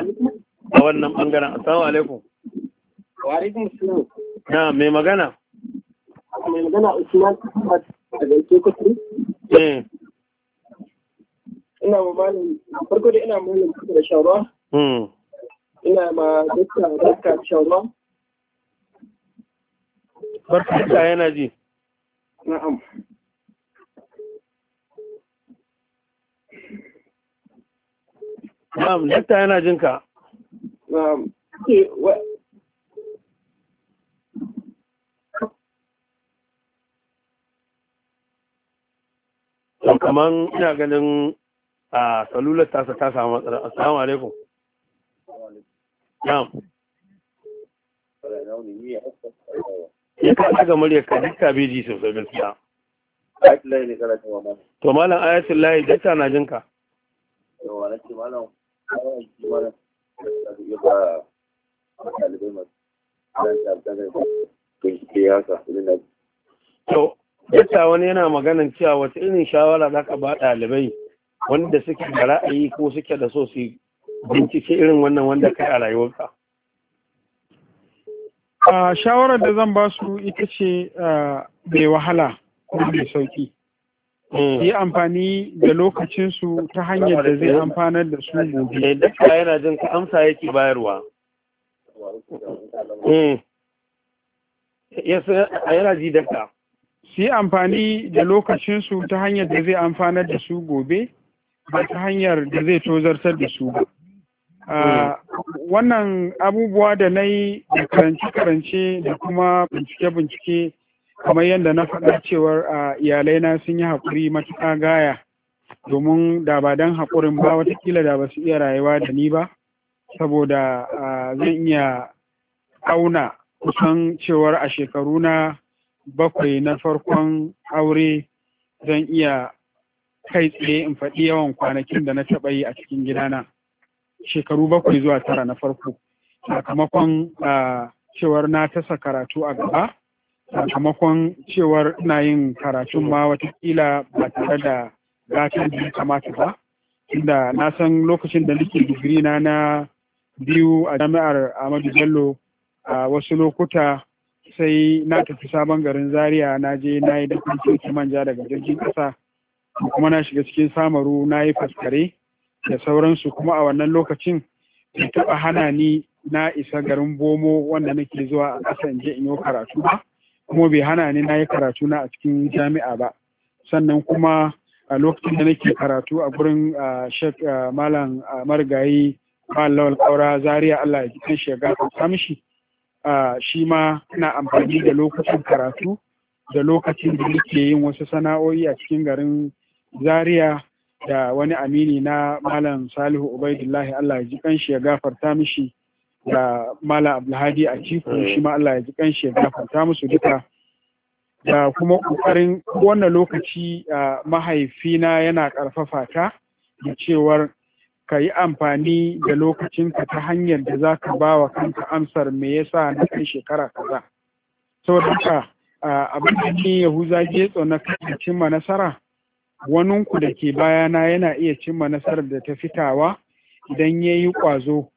a wannan ɓangaren. Assalamu alaikum. Wa alaikum salam. Na mai magana? Mai magana Usman Ahmad daga Ikekotu. Eh. Ina ma malam farko da ina malam da shawara. Hmm. Ina ma dukkan dukkan shawara. Barka yana ji. Na'am. na'am dakta yana jin ka na'am kaman ina ganin a salular tasa ta samu matsala assalamu alaikum na'am ya kasa ga murya ka dukka ji sosai gaskiya to malam ayatul lahi dakta na jinka yawa nake malam To, yadda wani yana maganin cewa wata irin shawara za ka ba ɗalibai wanda suke da ra'ayi ko suke da so su bincike irin wannan wanda kai a rayuwarka. shawarar da zan ba su ita ce ah, mai wahala ko mai sauki. Mm. yi amfani da lokacinsu ta hanyar da zai amfanar da su gobe. Eh, Dakta yana jin ka amsa yake bayarwa. Mm. Yana ji daka. Su yi amfani da lokacinsu ta hanyar da zai amfanar da su gobe ba ta hanyar da zai tozartar da su ba. Ah, mm. Wannan abubuwa da na yi da karance-karance da kuma bincike-bincike kamar yadda na faɗa cewar iyalai na sun yi haƙuri matuƙa gaya domin da ba don haƙurin ba watakila da ba su iya rayuwa da ni ba saboda zan iya auna kusan cewar a shekaru na bakwai na farkon aure zan iya kai tsaye in faɗi yawan kwanakin da na taɓa yi a cikin gidana shekaru bakwai zuwa tara na farko sakamakon cewar na tasa karatu a gaba sakamakon cewar ina yin karatun ma watakila ba tare da gatan da kamata ba inda na san lokacin da nake digiri na na biyu a jami'ar Amadu Bello a wasu lokuta sai na tafi sabon garin Zaria na je na yi dakan manja daga jirgin ƙasa kuma na shiga cikin samaru na yi faskare da sauransu kuma a wannan lokacin ya taɓa hana ni na isa garin bomo wanda nake zuwa a ƙasa in je in yi karatu ba kuma bai hana ni na yi karatu na a cikin jami'a ba sannan kuma a lokacin da nake karatu a gurin shek malam marigayi lawal kaura zaria allah ya jikin shi ya samshi shi ma ina amfani da lokacin karatu da lokacin da nake yin wasu sana'o'i a cikin garin zaria da wani amini na malam salihu ubaidullahi allah ya ji kanshi ya gafarta mishi da mala abdulhadi a cikin mm. shi ma Allah ya ji shi ya gafarta musu duka da kuma ƙoƙarin wannan lokaci mahaifina yana ƙarfafa ta da cewar ka yi amfani da lokacinka ta hanyar da za ka ba wa kanka amsar me yasa na kai shekara kaza saboda haka abin da ne yahuza getso na kan cimma nasara waninku da ke bayana yana iya cimma nasarar da ta fitawa idan ya yi ƙwazo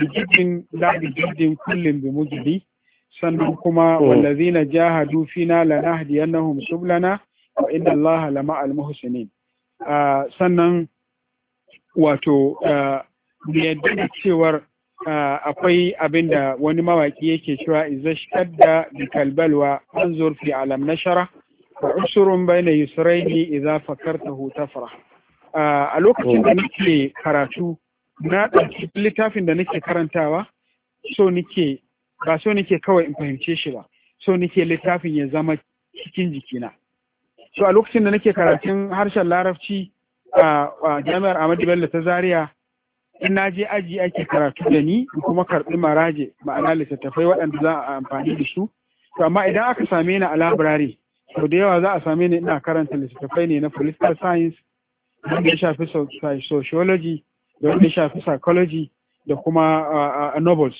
bijiddin la bijiddin kullum bi mujdi sannan kuma wallazina jahadu fina na sublana wa inna Allah lama al sannan wato yadda da cewar akwai abinda da wani mawaki yake cewa izashkadda bi kalbalwa anzur fi alam nashara wa usurun bayna yusraini idza fakartahu tafrah a lokacin da nake karatu na ɗauki littafin da nake karantawa so nake ba so nake kawai in fahimce shi ba so nake littafin ya zama cikin jikina so a lokacin da nake karatun harshen larabci a jami'ar Ahmadu Bello ta Zaria in na je aji ake karatu da ni in kuma karɓi maraje ma'ana littattafai waɗanda za a amfani da su to amma idan aka same ni a labirari to da yawa za a same ni ina karanta littattafai ne na political science wanda ya shafi sociology da wanda shafi psychology da kuma novels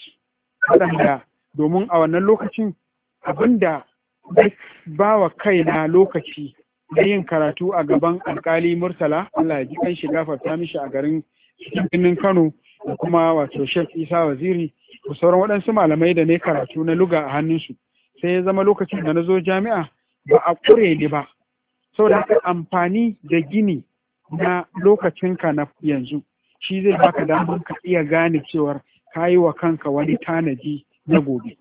waɗanda domin a wannan lokacin abinda da ba wa kaina lokaci na yin karatu a gaban alkali murtala Allah ya ji kan shiga farta mishi a garin birnin Kano da kuma wato Sheikh Isa Waziri da sauran waɗansu malamai da ne karatu na luga a hannunsu sai ya zama lokacin da na zo jami'a ba a kure ni ba saboda haka amfani da gini na lokacinka na yanzu shi zai baka damar ka iya gane cewar ka yi wa kanka wani tanadi na gobe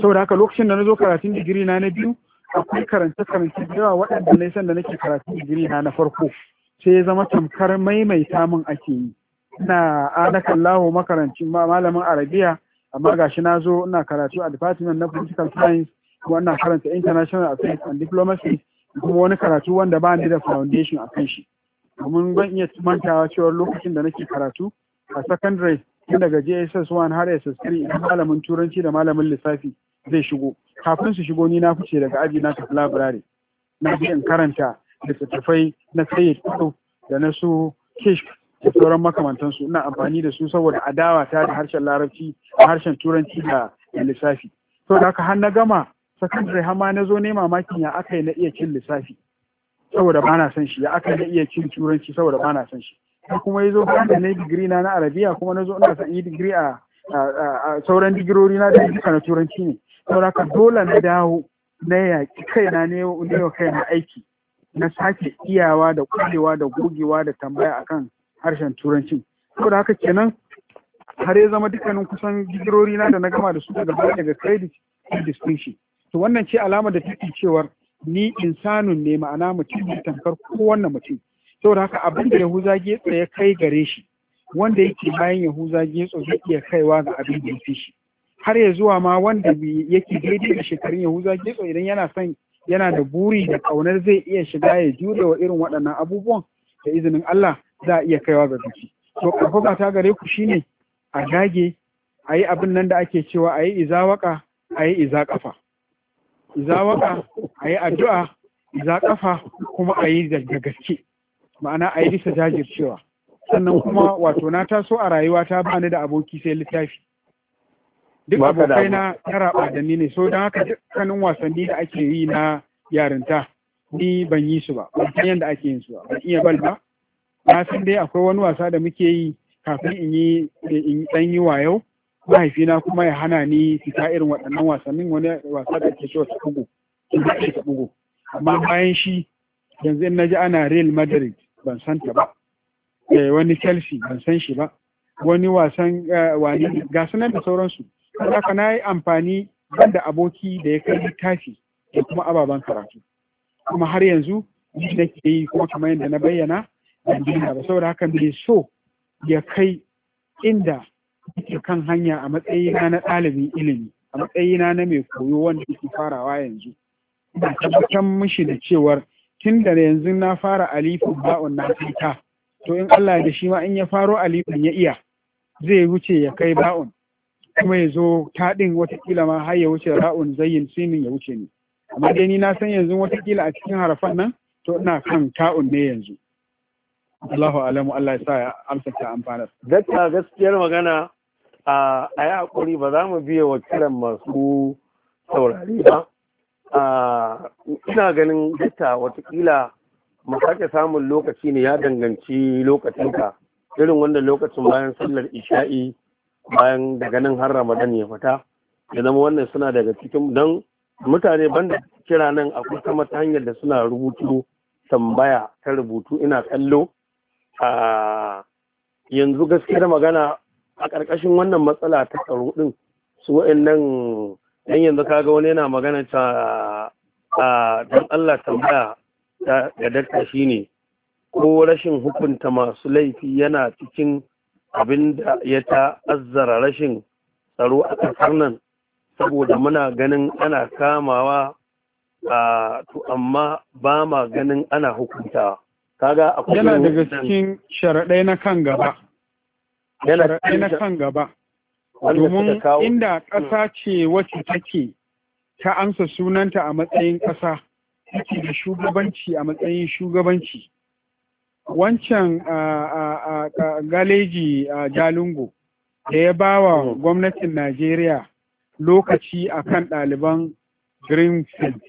saboda haka lokacin da na zo karatun digiri na na biyu akwai karance karance da yawa waɗanda na san da nake karatun digiri na na farko sai ya zama tamkar maimaita min ake yi ina adakan lawo makarancin malamin arabiya amma gashi na zo ina karatu a department na political science kuma ina karanta international affairs and diplomacy kuma wani karatu wanda ba ni da foundation a kan shi domin ban iya mantawa cewa lokacin da nake karatu a secondary tun daga JSS 1 har SS3 idan malamin turanci da malamin lissafi zai shigo kafin su shigo ni na fice daga aji na tafi labirare na je in karanta littattafai na sai kudu da na su kishk da sauran su ina amfani da su saboda adawa ta da harshen larabci da harshen turanci da lissafi to da haka har na gama secondary har ma na zo ne mamakin ya aka yi na iya cin lissafi saboda ba na son shi ya aka iya cin turanci saboda ba na son shi ko kuma yazo ba da na digiri na na arabiya kuma nazo ina son yi digiri a sauran digirori na da duka na turanci ne saboda haka dole na dawo na yaƙi kaina ne wa kaina aiki na sake iyawa da kullewa da gogewa da tambaya akan harshen turancin saboda haka kenan har ya zama dukkanin kusan digirori na da na gama da su daga baya daga credit distinction to wannan ce alama da take cewar ni insanun ne ma'ana mutum ne tamkar kowanne mutum saboda haka abin da yahuza getso ya kai gare shi wanda yake bayan yahuza getso zai iya kaiwa ga abin da ya shi har ya zuwa ma wanda yake daidai da shekarun yahuza getso idan yana son yana da buri da ƙaunar zai iya shiga ya jure wa irin waɗannan abubuwan da izinin Allah za a iya kaiwa ga biki. to karfafa ta gare ku shine a dage a yi abin nan da ake cewa a yi izawaka a yi iza kafa Za waka a yi addu'a za kafa kuma a yi da gaske ma'ana a yi bisa jajircewa sannan kuma wato na taso a rayuwa ta bani da aboki sai littafi duk abokai na raba da ni ne so don haka dukkanin wasanni da ake yi na yarinta ni ban yi su ba ban san yadda ake yin su ba ban iya bal ba na san dai akwai wani wasa da muke yi kafin in yi dan yi wayo mahaifina kuma ya hana ni fita irin waɗannan wasannin wani wasa da ake cewa taɓugo taɓugo amma bayan shi yanzu in naji ana Real Madrid ban san ta ba eh, wani Chelsea ban san shi ba wani wasan eh, wani gasu nan da sauransu haka na yi amfani da aboki da ya kai littafi da kuma ababen karatu kuma har yanzu ni nake yi kuma kamar yadda na bayyana ban ba saboda haka mai so ya kai inda nake kan hanya a matsayina na ɗalibin ilimi a matsayina na mai koyo wanda yake farawa yanzu ina tabbatar mishi da cewar tun da yanzu na fara alifin ba'un na ta, to in Allah da shi ma in ya faro alifin ya iya zai wuce ya kai ba'un kuma ya zo taɗin watakila ma har ya wuce ra'un zayin sinin ya wuce ni amma dai ni na san yanzu watakila a cikin harafan nan to ina kan ta'un ne yanzu Allahu alamu Allah ya sa ya amsa ta amfana. Gaskiya gaskiyar magana a yi haƙuri ba za mu biya wa kiran masu saurari ba ina ganin dukka watakila mu sake samun lokaci ne ya danganci lokacinka irin wanda lokacin bayan sallar isha'i bayan daga nan har ramadan ya fita ya zama wannan suna daga cikin don mutane banda kira nan akwai kuma ta hanyar da suna rubutu tambaya ta rubutu ina kallo a yanzu gaskiyar magana a ƙarƙashin wannan matsala ta tsaro ɗin su wa'annan ɗan yanzu kaga wani yana magana ta a don Allah tambaya da dakta ne. ko rashin hukunta masu laifi yana cikin abin da ya ta'azzara rashin tsaro a ƙasar nan saboda muna ganin ana kamawa a to amma ba ma ganin ana hukuntawa kaga akwai yana daga cikin sharaɗai na kan gaba yana na kan gaba domin inda ƙasa ce wacce take ta amsa sunanta a matsayin ƙasa take da shugabanci a matsayin shugabanci wancan galeji jalingo da ya ba wa hmm. gwamnatin najeriya lokaci a kan ɗaliban greenfield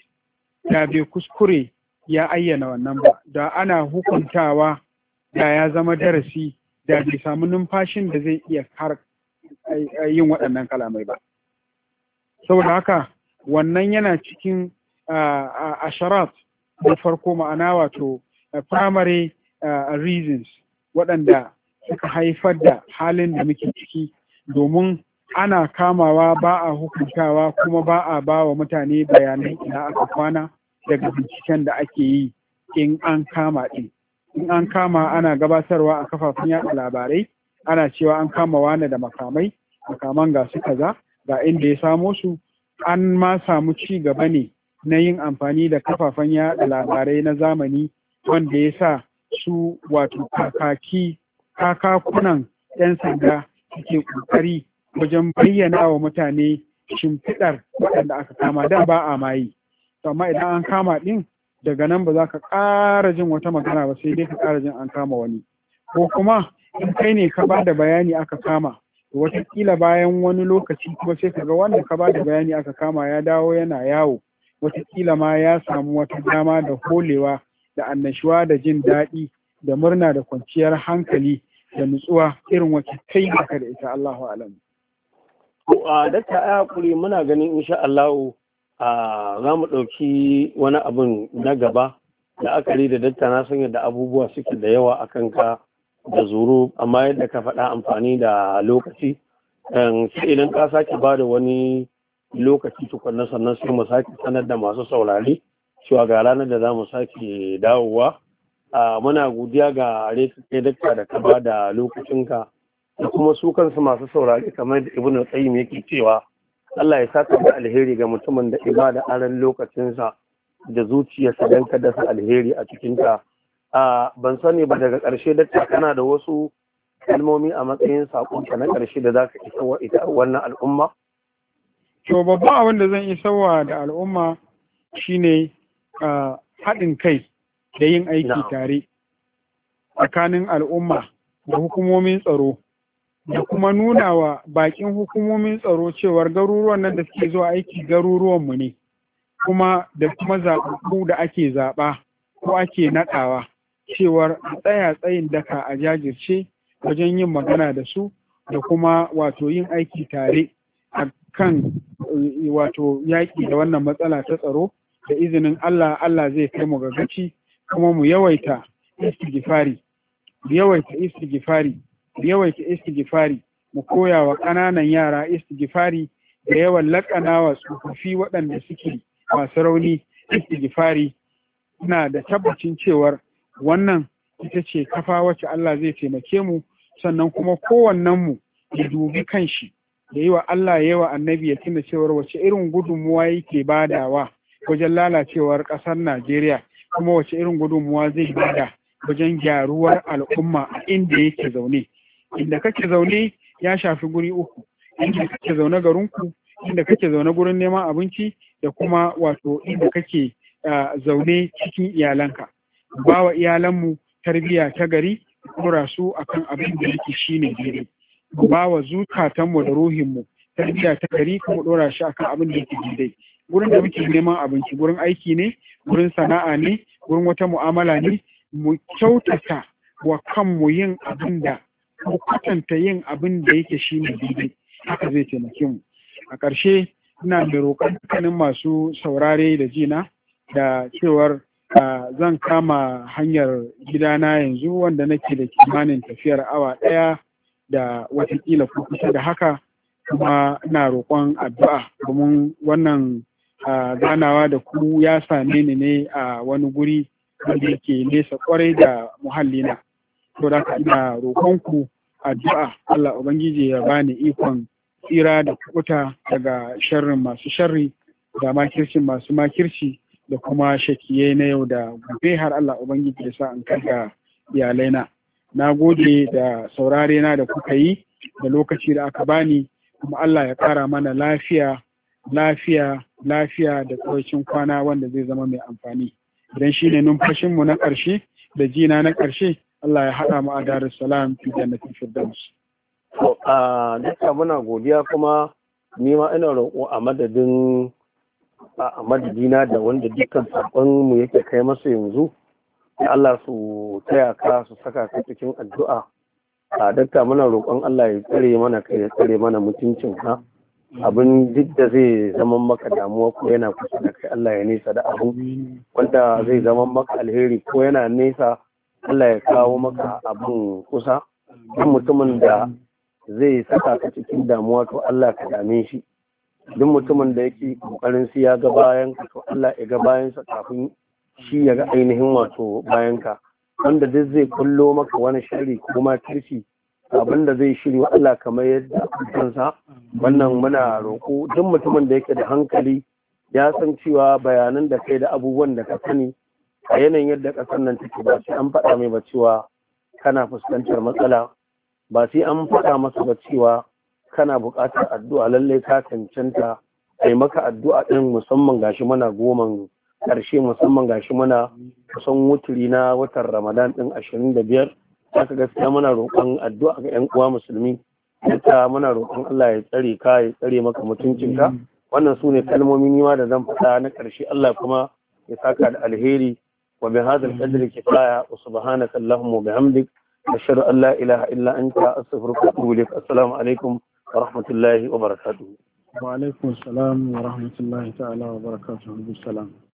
da bai kuskure ya ayyana wannan ba da ana hukuntawa da ya zama darasi da bai samu numfashin da zai iya har yin waɗannan kalamai ba saboda haka wannan yana cikin sharaf da farko ma'ana wato primary reasons waɗanda suka haifar da halin da muke ciki domin ana kamawa ba a hukuntawa kuma ba a ba wa mutane bayanai ina aka kwana daga binciken da ake yi in an kama ɗin in an kama ana gabatarwa a kafafen yaɗa labarai ana cewa an kama wane da makamai makaman ga su kaza ga inda ya samo su an ma samu ci gaba ne na yin amfani da kafafen yaɗa labarai na zamani wanda ya sa su wato kakaki kakakunan 'yan sanda suke ƙoƙari wajen bayyana wa mutane shimfiɗar waɗanda aka kama da ba a mayi amma idan an kama ɗin daga nan ba za ka ƙara jin wata magana ba sai dai ka ƙara jin an kama wani ko kuma in kai ne ka bada bayani aka kama watakila bayan wani lokaci kuma sai ka ga wanda ka ba da bayani aka kama ya dawo yana yawo watakila ma ya samu wata dama da holewa da annashuwa da jin daɗi da murna da kwanciyar hankali da nutsuwa irin wata kai da ita Allahu alam. Dakta a muna ganin insha Allahu za mu ɗauki wani abin na gaba da akari da dattana sun yadda abubuwa suke da yawa a kanka da zuru amma yadda ka faɗa amfani da lokaci um, sai idan ka sake ba da wani lokaci tukunna sannan sai mu sake sanar da masu saurari cewa ga ranar da za mu sake dawowa muna godiya ga reka kai dakta da ka ba da lokacinka da kuma su kansu masu saurari kamar da ibnu qayyim yake cewa Allah ya saka da alheri ga mutumin da ibada aran lokacinsa da zuciyarsa don ka dasa alheri a cikinta a ban sani ba daga ƙarshe da kana da wasu kalmomi a matsayin saƙonka na ƙarshe da za ka isa wa ita wannan al'umma? To babba abin da zan isa wa da al'umma shine haɗin kai da yin aiki tare tsakanin al'umma da hukumomin tsaro da kuma nuna wa bakin hukumomin tsaro cewar garuruwan nan da suke zuwa aiki garuruwan mu ne kuma da kuma zaɓaɓɓu da ake zaɓa ko ake naɗawa cewar a tsaya tsayin daka a jajirce wajen yin magana da su da kuma wato yin aiki tare a kan eh, wato yaƙi da wannan matsala ta tsaro da izinin Allah Allah zai kai mu gagaci kuma mu yawaita istighfari yawaita istighfari da yawaita istighfari mu koya wa ƙananan yara istighfari da yawan laƙanawa tsofaffi waɗanda suke masu rauni istighfari na da tabbacin cewar wannan ita ce kafa wacce Allah zai taimake mu sannan kuma kowannen mu ya dubi kanshi da yi wa Allah ya wa annabi ya tuna cewar wace irin gudunmuwa yake badawa wajen lalacewar ƙasar Najeriya kuma wace irin gudunmuwa zai bada wajen gyaruwar al'umma a inda yake zaune inda kake zaune ya shafi guri uku inda kake zaune garinku inda kake zaune gurin neman abinci da kuma wato inda kake zaune cikin iyalanka ba wa iyalanmu tarbiyya ta gari kura su akan abin da yake shine daidai ba wa zukatanmu da ruhinmu tarbiyya ta gari kuma dora shi akan abin da yake gidai gurin da muke neman abinci gurin aiki ne gurin sana'a ne gurin wata mu'amala ne mu kyautata wa kanmu yin abin da mu kwatanta yin abin da yake shi ne daidai haka zai taimake mu a ƙarshe ina da roƙon dukkanin masu saurare da jina da cewar zan kama hanyar gidana yanzu wanda nake da kimanin tafiyar awa ɗaya da watakila ko kusa da haka kuma ina roƙon addu'a domin wannan ganawa da ku ya same ni ne a wani guri wanda yake nesa kwarai da muhallina. To da ina roƙon ku addu'a Allah Ubangiji ya bani ikon tsira da kuta daga sharrin masu sharri da makirci masu makirci da kuma shakiye na yau da gobe har Allah Ubangiji ya sa an karga iyalaina. Na gode da saurare na da kuka yi da lokaci da aka bani kuma Allah ya ƙara mana lafiya lafiya lafiya da tsawacin kwana wanda zai zama mai amfani. Idan shi ne numfashinmu na ƙarshe da jina na ƙarshe Allah ya haɗa mu a Darussalam fi jannatin Firdaus. To a duka muna godiya kuma ni ma ina roƙo a madadin a madadina da wanda dukkan saƙon mu yake kai masa yanzu. Ya Allah su taya ka su saka ka cikin addu'a. A dakta muna roƙon Allah ya tsare mana kai ya tsare mana mutuncin ka. abin duk da zai zama maka damuwa ko yana kusa da kai Allah ya nesa da abu wanda zai zama maka alheri ko yana nesa Allah ya kawo maka abin kusa duk mutumin da zai saka ka cikin damuwa to Allah ka dame shi duk mutumin da yake ƙoƙarin su ya ga bayan ka to Allah ya ga bayan sa kafin shi ya ga ainihin wato bayan ka wanda duk zai kullo maka wani shari ko ma kirki abin da zai shiri wa Allah kamar yadda kansa wannan muna roƙo duk mutumin da yake da hankali ya san cewa bayanan da kai da abubuwan da ka sani a yanayin yadda ƙasar nan take ba sai an faɗa mai ba cewa kana fuskantar matsala ba sai an faɗa masa ba cewa kana buƙatar addu'a lallai ka cancanta a maka addu'a ɗin musamman gashi mana goman ƙarshe musamman gashi mana kusan wuturi na watan ramadan ɗin ashirin da biyar haka gaskiya muna roƙon addu'a ga 'yan uwa musulmi yadda muna roƙon Allah ya tsare ka ya tsare maka mutuncinka wannan su ne kalmomin nima da zan faɗa na ƙarshe Allah kuma ya saka da alheri وبهذا القدر كفاية وسبحانك اللهم وبحمدك أشهد أن لا إله إلا أنت أستغفرك وأتوب إليك السلام عليكم ورحمة الله وبركاته وعليكم السلام ورحمة الله تعالى وبركاته السلام